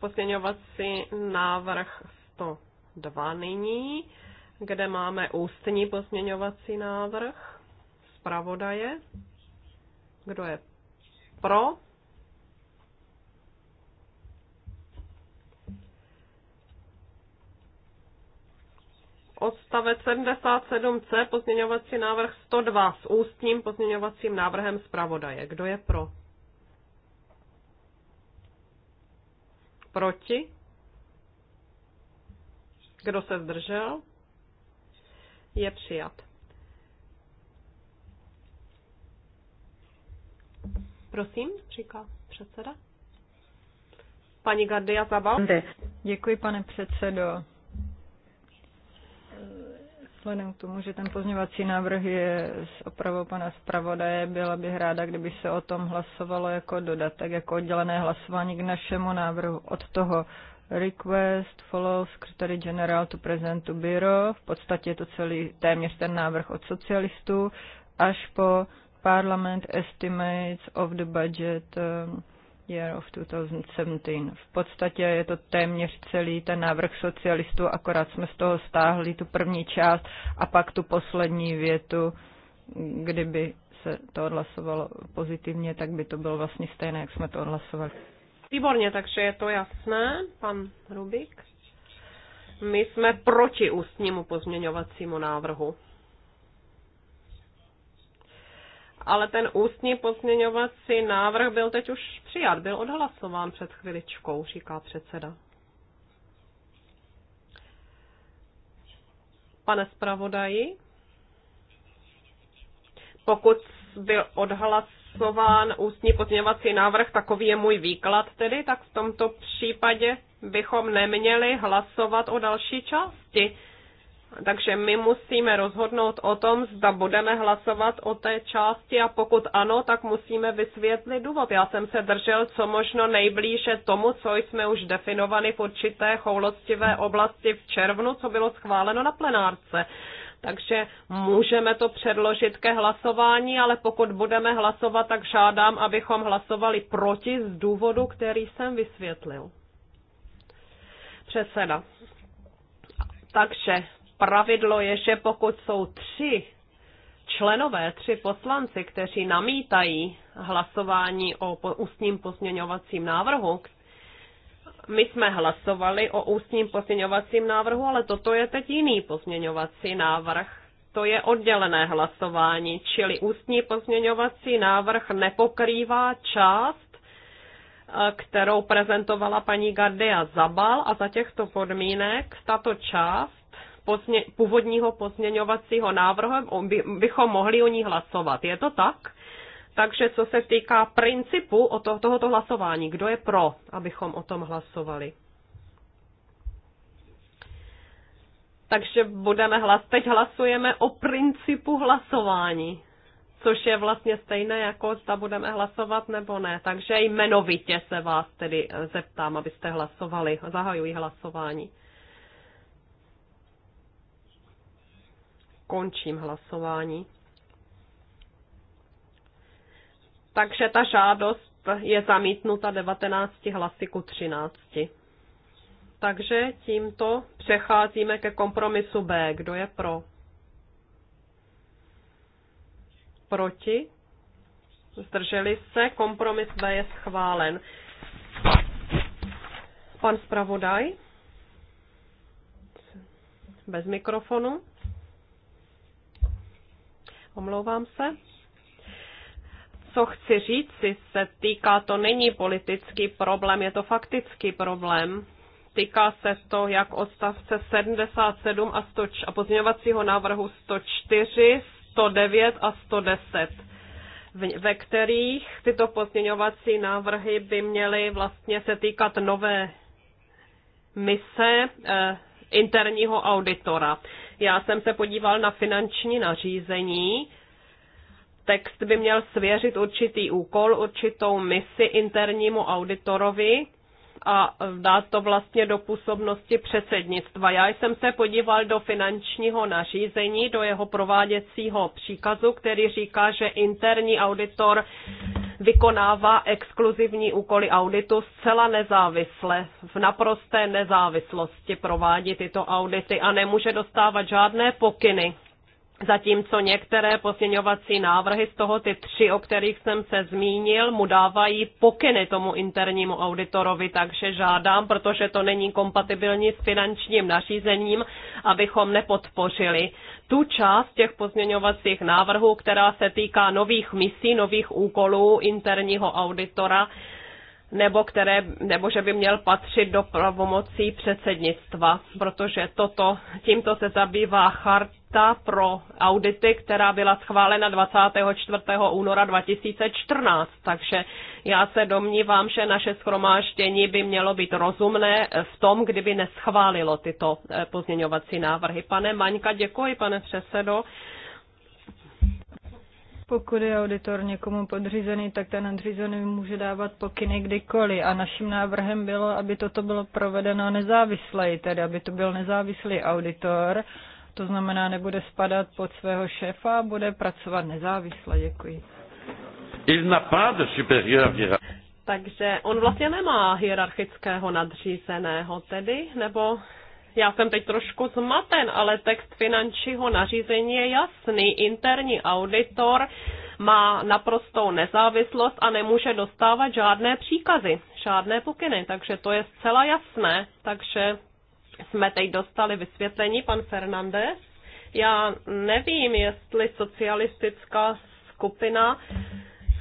Posměňovací návrh 102 nyní, kde máme ústní posměňovací návrh zpravodaje. Kdo je pro? Odstavec 77c, pozměňovací návrh 102 s ústním pozměňovacím návrhem zpravodaje. Kdo je pro? Proti? Kdo se zdržel? Je přijat. Prosím, říká předseda. Paní Gardia Zabal. Děkuji, pane předsedo vzhledem k tomu, že ten pozměvací návrh je s opravou pana zpravodaje, byla bych ráda, kdyby se o tom hlasovalo jako dodatek, jako oddělené hlasování k našemu návrhu. Od toho request, follow, secretary general to present to bureau, v podstatě je to celý téměř ten návrh od socialistů, až po Parliament Estimates of the Budget eh, Year of 2017. V podstatě je to téměř celý ten návrh socialistů, akorát jsme z toho stáhli tu první část a pak tu poslední větu, kdyby se to odhlasovalo pozitivně, tak by to bylo vlastně stejné, jak jsme to odhlasovali. Výborně, takže je to jasné, pan Rubik. My jsme proti ústnímu pozměňovacímu návrhu. ale ten ústní pozměňovací návrh byl teď už přijat, byl odhlasován před chviličkou, říká předseda. Pane zpravodaji, pokud byl odhlasován ústní pozměňovací návrh, takový je můj výklad tedy, tak v tomto případě bychom neměli hlasovat o další části takže my musíme rozhodnout o tom, zda budeme hlasovat o té části a pokud ano, tak musíme vysvětlit důvod. Já jsem se držel co možno nejblíže tomu, co jsme už definovali v určité choulostivé oblasti v červnu, co bylo schváleno na plenárce. Takže můžeme to předložit ke hlasování, ale pokud budeme hlasovat, tak žádám, abychom hlasovali proti z důvodu, který jsem vysvětlil. Předseda. Takže pravidlo je, že pokud jsou tři členové, tři poslanci, kteří namítají hlasování o ústním pozměňovacím návrhu, my jsme hlasovali o ústním pozměňovacím návrhu, ale toto je teď jiný pozměňovací návrh. To je oddělené hlasování, čili ústní pozměňovací návrh nepokrývá část, eh, kterou prezentovala paní Gardia Zabal a za těchto podmínek tato část pozně, původního pozměňovacího návrhu, by, bychom mohli o ní hlasovat. Je to tak? Takže co se týká principu o to, tohoto hlasování, kdo je pro, abychom o tom hlasovali? Takže budeme hlas, teď hlasujeme o principu hlasování, což je vlastně stejné, jako zda budeme hlasovat nebo ne. Takže jmenovitě se vás tedy zeptám, abyste hlasovali. Zahajuji hlasování. Končím hlasování. Takže ta žádost je zamítnuta 19 hlasy ku 13. Takže tímto přecházíme ke kompromisu B. Kdo je pro? Proti? Zdrželi se? Kompromis B je schválen. Pan zpravodaj? Bez mikrofonu. Omlouvám se co chci říct, si se týká, to není politický problém, je to faktický problém. Týká se to jak odstavce 77 a, 100, a pozměňovacího návrhu 104, 109 a 110, ve kterých tyto pozměňovací návrhy by měly vlastně se týkat nové mise eh, interního auditora. Já jsem se podíval na finanční nařízení. Text by měl svěřit určitý úkol, určitou misi internímu auditorovi a dát to vlastně do působnosti předsednictva. Já jsem se podíval do finančního nařízení, do jeho prováděcího příkazu, který říká, že interní auditor vykonává exkluzivní úkoly auditu zcela nezávisle, v naprosté nezávislosti provádí tyto audity a nemůže dostávat žádné pokyny Zatímco některé pozměňovací návrhy z toho, ty tři, o kterých jsem se zmínil, mu dávají pokyny tomu internímu auditorovi, takže žádám, protože to není kompatibilní s finančním nařízením, abychom nepodpořili tu část těch pozměňovacích návrhů, která se týká nových misí, nových úkolů interního auditora, nebo, které, nebo že by měl patřit do pravomocí předsednictva, protože toto, tímto se zabývá chart lhůta pro audity, která byla schválena 24. února 2014. Takže já se domnívám, že naše schromáždění by mělo být rozumné v tom, kdyby neschválilo tyto eh, pozměňovací návrhy. Pane Maňka, děkuji, pane předsedo. Pokud je auditor někomu podřízený, tak ten nadřízený může dávat pokyny kdykoliv. A naším návrhem bylo, aby toto bylo provedeno nezávisle, tedy aby to byl nezávislý auditor, to znamená, nebude spadat pod svého šéfa a bude pracovat nezávisle. Děkuji. Il n'a pas de supérieur takže on vlastně nemá hierarchického nadřízeného tedy, nebo já jsem teď trošku zmaten, ale text finančního nařízení je jasný. Interní auditor má naprostou nezávislost a nemůže dostávat žádné příkazy, žádné pokyny, takže to je zcela jasné. Takže jsme teď dostali vysvětlení, pan Fernandez. Já nevím, jestli socialistická skupina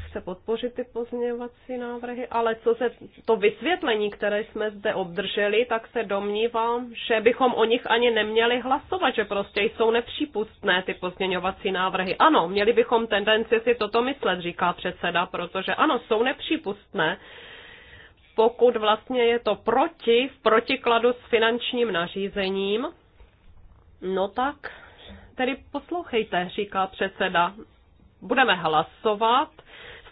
chce podpořit ty pozměňovací návrhy, ale co se to vysvětlení, které jsme zde obdrželi, tak se domnívám, že bychom o nich ani neměli hlasovat, že prostě jsou nepřípustné ty pozměňovací návrhy. Ano, měli bychom tendenci si toto myslet, říká předseda, protože ano, jsou nepřípustné pokud vlastně je to proti, v protikladu s finančním nařízením, no tak tedy poslouchejte, říká předseda. Budeme hlasovat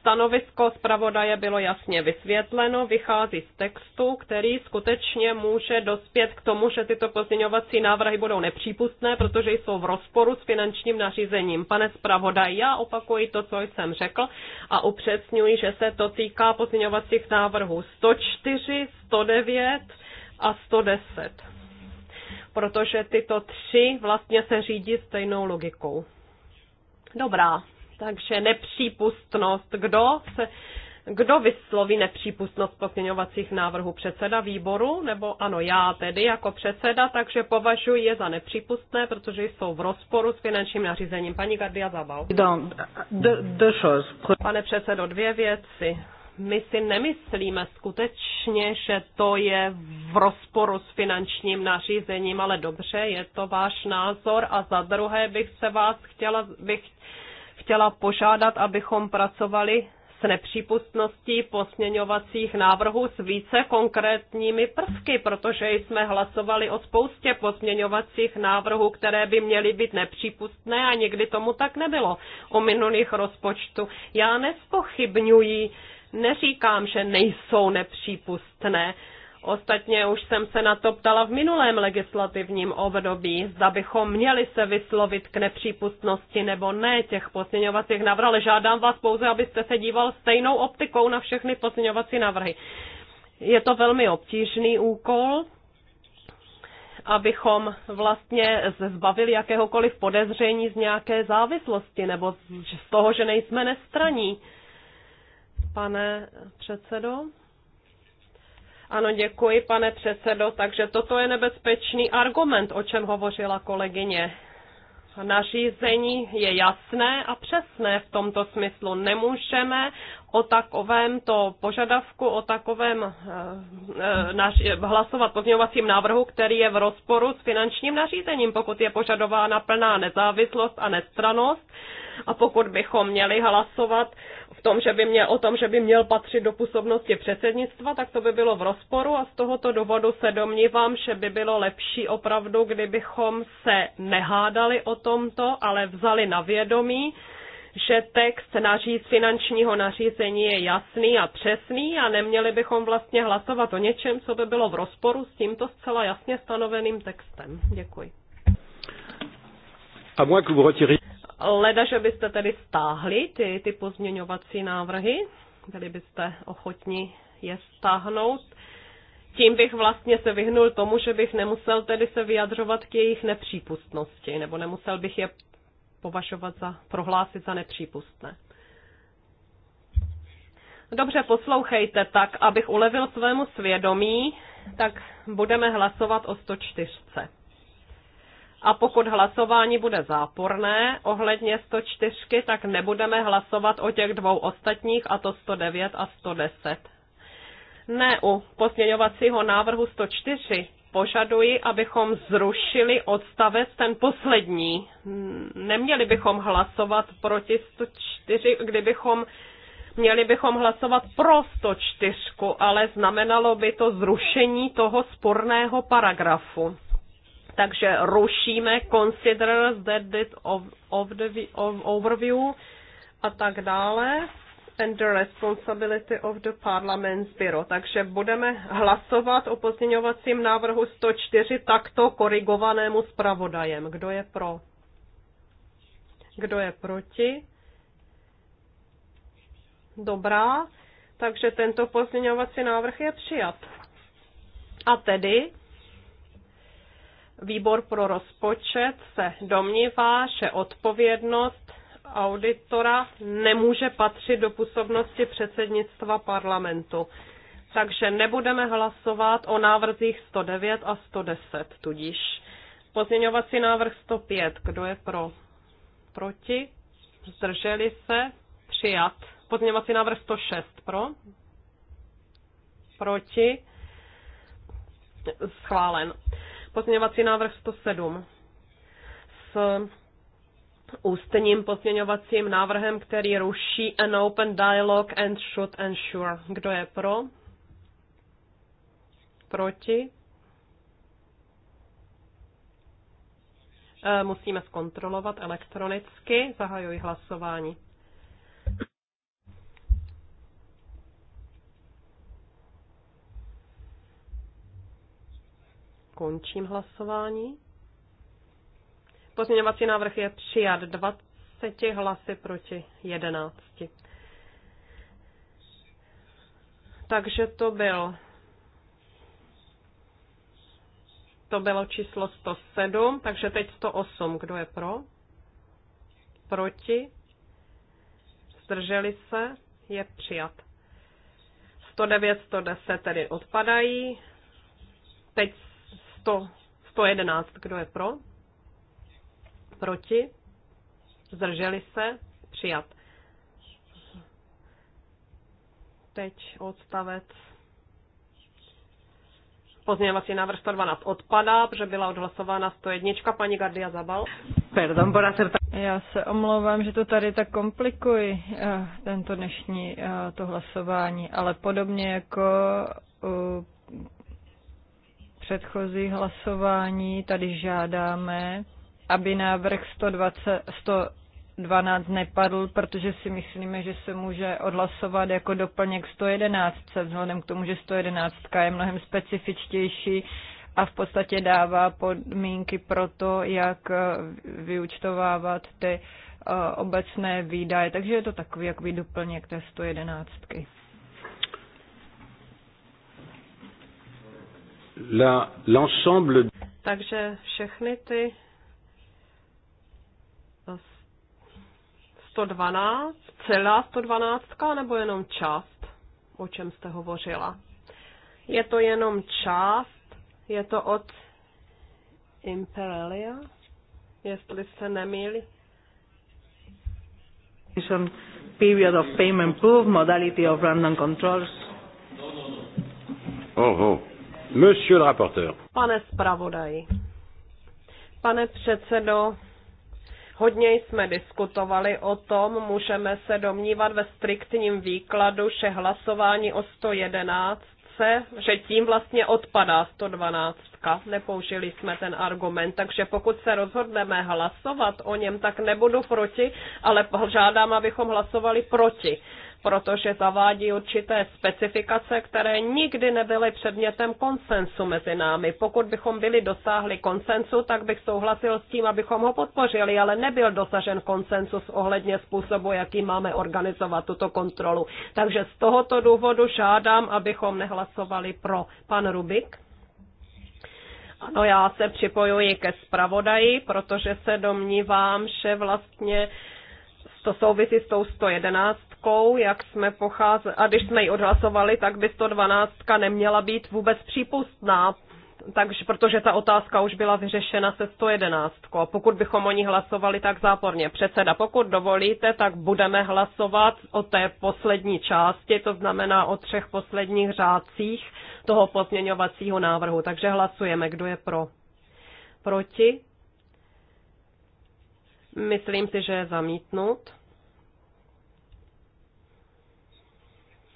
Stanovisko zpravodaje bylo jasně vysvětleno, vychází z textu, který skutečně může dospět k tomu, že tyto pozměňovací návrhy budou nepřípustné, protože jsou v rozporu s finančním nařízením. Pane zpravodaj, já opakuji to, co jsem řekl a upřesňuji, že se to týká pozměňovacích návrhů 104, 109 a 110, protože tyto tři vlastně se řídí stejnou logikou. Dobrá, takže nepřípustnost. Kdo se, kdo vysloví nepřípustnost pozměňovacích návrhů? Předseda výboru? Nebo ano, já tedy jako předseda, takže považuji je za nepřípustné, protože jsou v rozporu s finančním nařízením. Paní Gardia Zabal. Pane předsedo, dvě věci. My si nemyslíme skutečně, že to je v rozporu s finančním nařízením, ale dobře, je to váš názor. A za druhé bych se vás chtěla, bych chtěla požádat, abychom pracovali s nepřípustností posměňovacích návrhů s více konkrétními prvky, protože jsme hlasovali o spoustě posměňovacích návrhů, které by měly být nepřípustné a někdy tomu tak nebylo o minulých rozpočtu. Já nespochybňuji, neříkám, že nejsou nepřípustné, Ostatně už jsem se na to ptala v minulém legislativním období, zda bychom měli se vyslovit k nepřípustnosti nebo ne těch pozměňovacích návrhů, ale žádám vás pouze, abyste se díval stejnou optikou na všechny pozměňovací návrhy. Je to velmi obtížný úkol, abychom vlastně zbavili jakéhokoliv podezření z nějaké závislosti nebo z toho, že nejsme nestraní. Pane předsedo? Ano, děkuji, pane předsedo. Takže toto je nebezpečný argument, o čem hovořila kolegyně. Nařízení je jasné a přesné v tomto smyslu. Nemůžeme o takovémto požadavku, o takovém eh, eh hlasovat pozměňovacím návrhu, který je v rozporu s finančním nařízením, pokud je požadována plná nezávislost a nestranost. A pokud bychom měli hlasovat v tom, že by měl, o tom, že by měl patřit do působnosti předsednictva, tak to by bylo v rozporu a z tohoto důvodu se domnívám, že by bylo lepší opravdu, kdybychom se nehádali o tomto, ale vzali na vědomí, že text naříz, finančního nařízení je jasný a přesný a neměli bychom vlastně hlasovat o něčem, co by bylo v rozporu s tímto zcela jasně stanoveným textem. Děkuji. A moi, que vous retiriez... Leda, že byste tedy stáhli ty, ty pozměňovací návrhy, byli byste ochotni je stáhnout. Tím bych vlastně se vyhnul tomu, že bych nemusel tedy se vyjadřovat k jejich nepřípustnosti, nebo nemusel bych je považovat za, prohlásit za nepřípustné. Dobře, poslouchejte tak, abych ulevil svému svědomí, tak budeme hlasovat o 104 a pokud hlasování bude záporné ohledně 104, tak nebudeme hlasovat o těch dvou ostatních, a to 109 a 110. Ne, u posměňovacího návrhu 104 požaduji, abychom zrušili odstavec ten poslední. Neměli bychom hlasovat proti 104, kdybychom měli bychom hlasovat pro 104, ale znamenalo by to zrušení toho sporného paragrafu. Takže rušíme consider the date of, of the of overview a tak dále and the responsibility of the Parliament's Bureau. Takže budeme hlasovat o pozměňovacím návrhu 104 takto korigovanému zpravodajem. Kdo je pro? Kdo je proti? Dobrá, takže tento pozměňovací návrh je přijat. A tedy Výbor pro rozpočet se domnívá, že odpovědnost auditora nemůže patřit do působnosti předsednictva parlamentu. Takže nebudeme hlasovat o návrzích 109 a 110, tudíž pozměňovací návrh 105. Kdo je pro? Proti? Zdrželi se? Přijat. Pozměňovací návrh 106. Pro? Proti? Schválen pozměňovací návrh 107 s ústním pozměňovacím návrhem, který ruší an open dialogue and should ensure. Kdo je pro? Proti? Eh, musíme zkontrolovat elektronicky. Zahajuji hlasování. Končím hlasování. Pozměňovací návrh je přijat 20 hlasy proti 11. Takže to byl to bylo číslo 107, takže teď 108. Kdo je pro? Proti? Zdrželi se? Je přijat. 109, 110 tedy odpadají. Teď 100, 111, kdo je pro? Proti? Zdrželi se? Přijat. Teď odstavec. Pozměňovací návrh 112 odpadá, protože byla odhlasována 101. Paní Gardia Zabal. Pardon, já se omlouvám, že to tady tak komplikuji, eh, tento dnešní eh, to hlasování, ale podobně jako předchozí hlasování tady žádáme, aby návrh 120, 112 nepadl, protože si myslíme, že se může odhlasovat jako doplněk 111, vzhledem k tomu, že 111 je mnohem specifičtější a v podstatě dává podmínky pro to, jak eh, vyučtovávat ty eh, obecné výdaje. Takže je to takový jakoby doplněk té 111. la, l'ensemble... Takže všechny ty 112, eh, celá 112, nebo jenom část, o čem jste hovořila? Je to jenom část, je to od Imperelia, jestli se nemýlí. Period of payment proof, modality of random controls. Oh, oh. Monsieur le rapporteur. Pane zpravodaj. Pane předsedo, Hodně jsme diskutovali o tom, můžeme se domnívat ve striktním výkladu, že hlasování o 111, že tím vlastně odpadá 112. Nepoužili jsme ten argument, takže pokud se rozhodneme hlasovat o něm, tak nebudu proti, ale žádám, abychom hlasovali proti protože zavádí určité specifikace, které nikdy nebyly předmětem konsensu mezi námi. Pokud bychom byli dosáhli konsensu, tak bych souhlasil s tím, abychom ho podpořili, ale nebyl dosažen konsensus ohledně způsobu, jaký máme organizovat tuto kontrolu. Takže z tohoto důvodu žádám, abychom nehlasovali pro. Pan Rubik? Ano, já se připojuji ke zpravodaji, protože se domnívám, že vlastně to souvisí s tou 111, 112, jak jsme pocházeli, a když jsme ji odhlasovali, tak by 112 neměla být vůbec přípustná, takže, protože ta otázka už byla vyřešena se 111. A pokud bychom o ní hlasovali, tak záporně. Předseda, pokud dovolíte, tak budeme hlasovat o té poslední části, to znamená o třech posledních řádcích toho pozměňovacího návrhu. Takže hlasujeme, kdo je pro. Proti? Myslím si, že je zamítnut.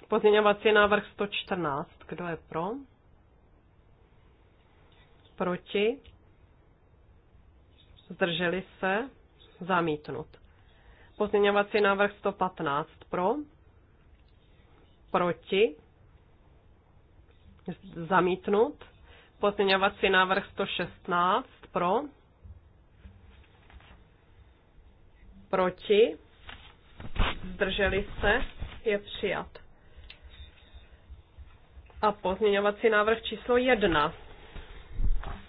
Pozměňovací návrh 114. Kdo je pro? Proti? Zdrželi se? Zamítnut. Pozměňovací návrh 115. Pro? Proti? Zamítnut. Pozměňovací návrh 116. Pro? Proti? Zdrželi se? Je přijat. A pozměňovací návrh číslo jedna,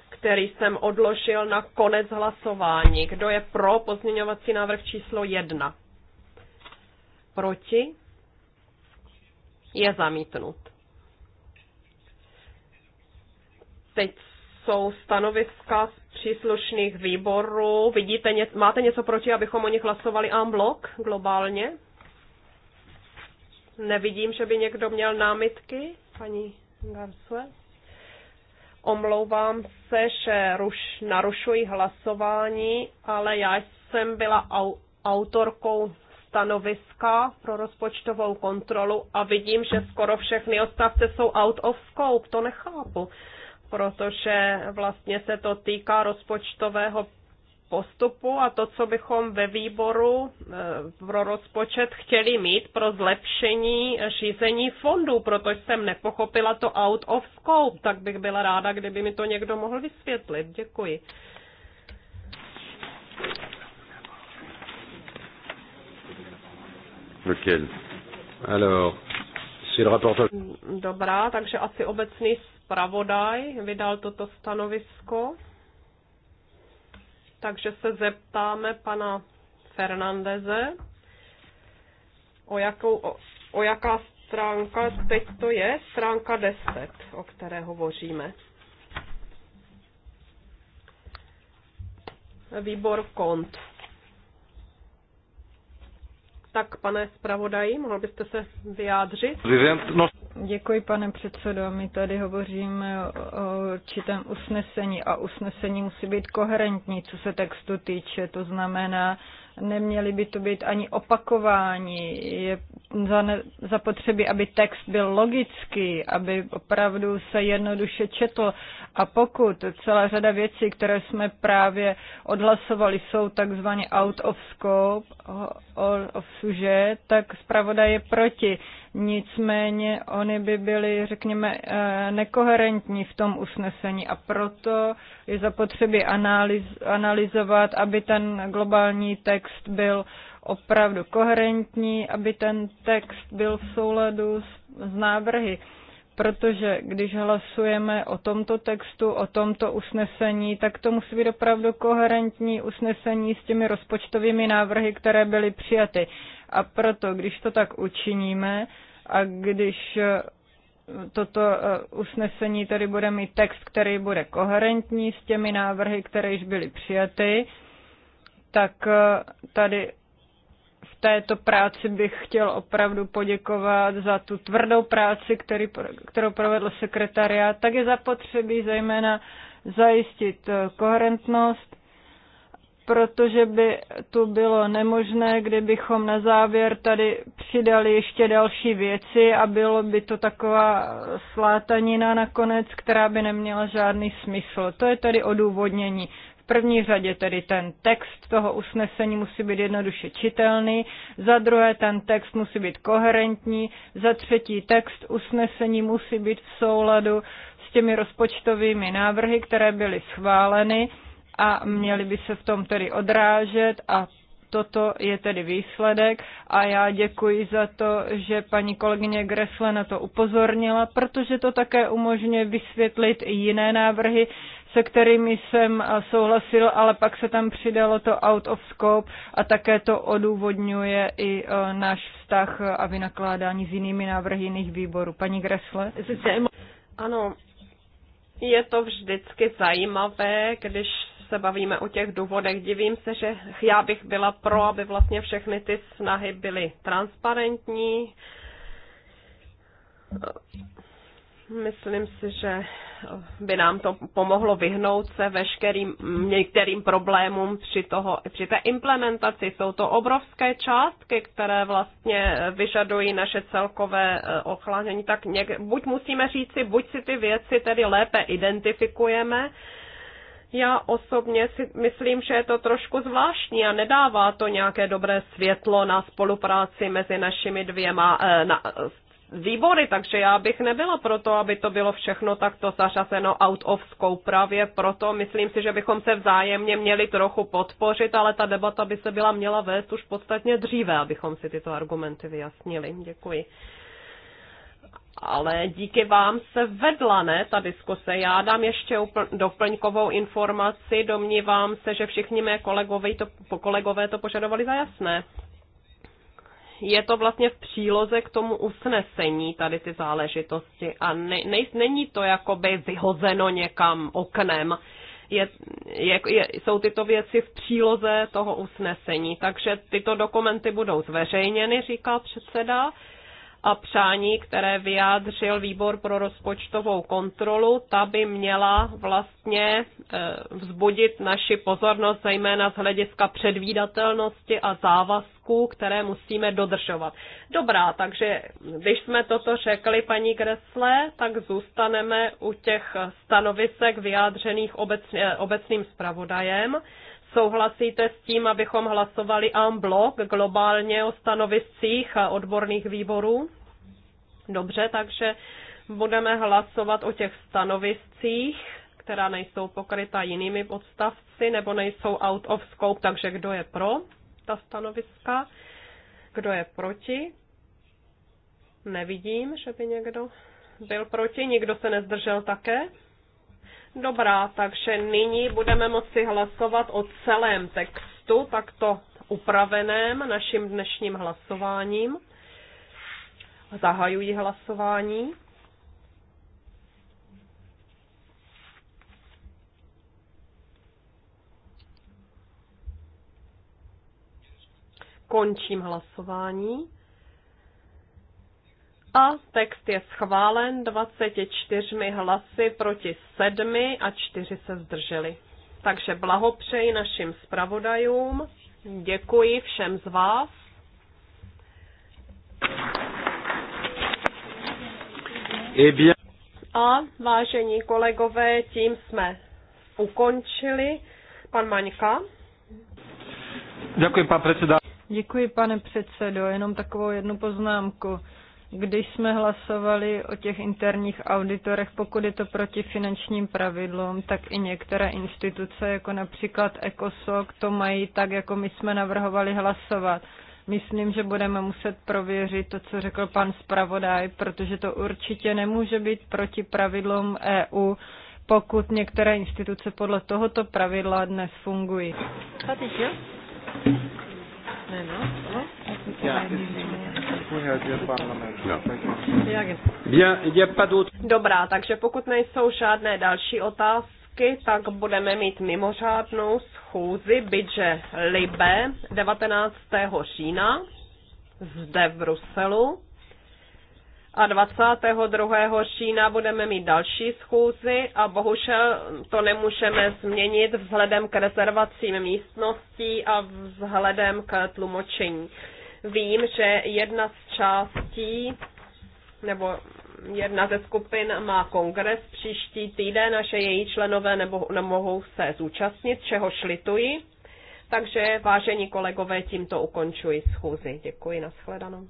který jsem odložil na konec hlasování. Kdo je pro pozměňovací návrh číslo jedna? Proti? Je zamítnut. Teď jsou stanoviska z příslušných výborů. Vidíte, máte něco proti, abychom o nich hlasovali en bloc globálně? Nevidím, že by někdo měl námitky paní Garsle. Omlouvám se, že ruš, narušuji hlasování, ale já jsem byla au, autorkou stanoviska pro rozpočtovou kontrolu a vidím, že skoro všechny odstavce jsou out of scope. To nechápu, protože vlastně se to týká rozpočtového postupu a to, co bychom ve výboru e, pro rozpočet chtěli mít pro zlepšení řízení fondů, protože jsem nepochopila to out of scope, tak bych byla ráda, kdyby mi to někdo mohl vysvětlit. Děkuji. Lequel Alors, le rapporteur. Dobrá, takže asi obecný zpravodaj vydal toto stanovisko. Takže se zeptáme pana Fernandeze, o, jakou, o, o jaká stránka teď to je, stránka 10, o které hovoříme. Výbor kont. Tak, pane zpravodaji, mohl byste se vyjádřit? Děkuji, pane předsedo. My tady hovoříme o určitém usnesení a usnesení musí být koherentní, co se textu týče. To znamená, neměly by to být ani opakování. Je zapotřebí, aby text byl logický, aby opravdu se jednoduše četl. A pokud celá řada věcí, které jsme právě odhlasovali, jsou takzvaně out of scope, out of suže, tak zpravodaj je proti. Nicméně oni by byli, řekněme, eh, nekoherentní v tom usnesení a proto je zapotřebí analyz, analyzovat, aby ten globální text byl opravdu koherentní, aby ten text byl v souladu s, s návrhy. Protože když hlasujeme o tomto textu, o tomto usnesení, tak to musí být opravdu koherentní usnesení s těmi rozpočtovými návrhy, které byly přijaty. A proto, když to tak učiníme a když toto eh, usnesení tedy bude mít text, který bude koherentní s těmi návrhy, které již byly přijaty, tak eh, tady v této práci bych chtěl opravdu poděkovat za tu tvrdou práci, který, kterou provedl sekretariát, tak je zapotřebí zejména zajistit eh, koherentnost protože by to bylo nemožné, kdybychom na závěr tady přidali ještě další věci a bylo by to taková slátanina nakonec, která by neměla žádný smysl. To je tady odůvodnění. V první řadě tedy ten text toho usnesení musí být jednoduše čitelný, za druhé ten text musí být koherentní, za třetí text usnesení musí být v souladu s těmi rozpočtovými návrhy, které byly schváleny a měly by se v tom tedy odrážet a toto je tedy výsledek a já děkuji za to, že paní kolegyně Gresle na to upozornila, protože to také umožňuje vysvětlit i jiné návrhy, se kterými jsem souhlasil, ale pak se tam přidalo to out of scope a také to odůvodňuje i e, náš vztah a vynakládání s jinými návrhy jiných výborů. Paní Gresle? Ano, je to vždycky zajímavé, když se bavíme o těch důvodech. Divím se, že já bych byla pro, aby vlastně všechny ty snahy byly transparentní. Myslím si, že by nám to pomohlo vyhnout se veškerým některým problémům při, toho, při té implementaci. Jsou to obrovské částky, které vlastně vyžadují naše celkové eh, ochlánění. Tak něk, buď musíme říci, buď si ty věci tedy lépe identifikujeme, já osobně si myslím, že je to trošku zvláštní a nedává to nějaké dobré světlo na spolupráci mezi našimi dvěma eh, na, výbory, takže já bych nebyla proto, aby to bylo všechno takto zařazeno out of scope. Právě proto myslím si, že bychom se vzájemně měli trochu podpořit, ale ta debata by se byla měla vést už podstatně dříve, abychom si tyto argumenty vyjasnili. Děkuji ale díky vám se vedla, ne, ta diskuse. Já dám ještě doplňkovou informaci, domnívám se, že všichni mé kolegové to, kolegové to požadovali za jasné. Je to vlastně v příloze k tomu usnesení tady ty záležitosti a ne, ne, není to jakoby vyhozeno někam oknem je, je, je, jsou tyto věci v příloze toho usnesení. Takže tyto dokumenty budou zveřejněny, říká předseda, a přání, které vyjádřil výbor pro rozpočtovou kontrolu, ta by měla vlastně e, vzbudit naši pozornost zejména z hlediska předvídatelnosti a závazků, které musíme dodržovat. Dobrá, takže když jsme toto řekli paní Gresle, tak zůstaneme u těch stanovisek vyjádřených obecně, obecným zpravodajem. Souhlasíte s tím, abychom hlasovali en bloc globálně o stanoviscích a odborných výborů? Dobře, takže budeme hlasovat o těch stanoviscích, která nejsou pokryta jinými odstavci nebo nejsou out of scope, takže kdo je pro ta stanoviska, kdo je proti. Nevidím, že by někdo byl proti, nikdo se nezdržel také. Dobrá, takže nyní budeme moci hlasovat o celém textu, takto upraveném naším dnešním hlasováním. Zahajuji hlasování. Končím hlasování. A text je schválen 24 hlasy proti 7 a 4 se zdrželi. Takže blahopřeji našim zpravodajům, děkuji všem z vás. Eh a vážení kolegové, tím jsme ukončili. Pan Maňka. Děkuji, pan předseda. Děkuji, pane předsedo. Jenom takovou jednu poznámku když jsme hlasovali o těch interních auditorech, pokud je to proti finančním pravidlům, tak i některé instituce, jako například ECOSOC, to mají tak, jako my jsme navrhovali hlasovat. Myslím, že budeme muset prověřit to, co řekl pan zpravodaj, protože to určitě nemůže být proti pravidlům EU, pokud některé instituce podle tohoto pravidla dnes fungují. Ne, no, no. No. Dobrá, takže pokud nejsou žádné další otázky, tak budeme mít mimořádnou schůzi Bidže Libe 19. října zde v Bruselu. A 22. října budeme mít další schůzi a bohužel to nemůžeme změnit vzhledem k rezervacím místností a vzhledem k tlumočení. Vím, že jedna z částí nebo jedna ze skupin má kongres příští týden a že její členové nebo, nemohou se zúčastnit, čeho šlituji. Takže vážení kolegové, tímto ukončuji schůzi. Děkuji, nashledanou.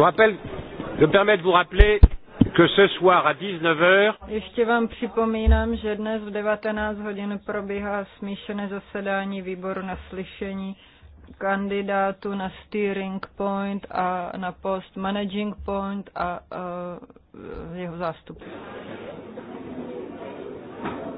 Je, rappelle, je me permets de vous rappeler que ce soir à 19h. Ještě vám připomínám, že dnes v 19 hodin probíhá smíšené zasedání výboru na slyšení kandidátu na steering point a na post managing point a uh, jeho zástupce.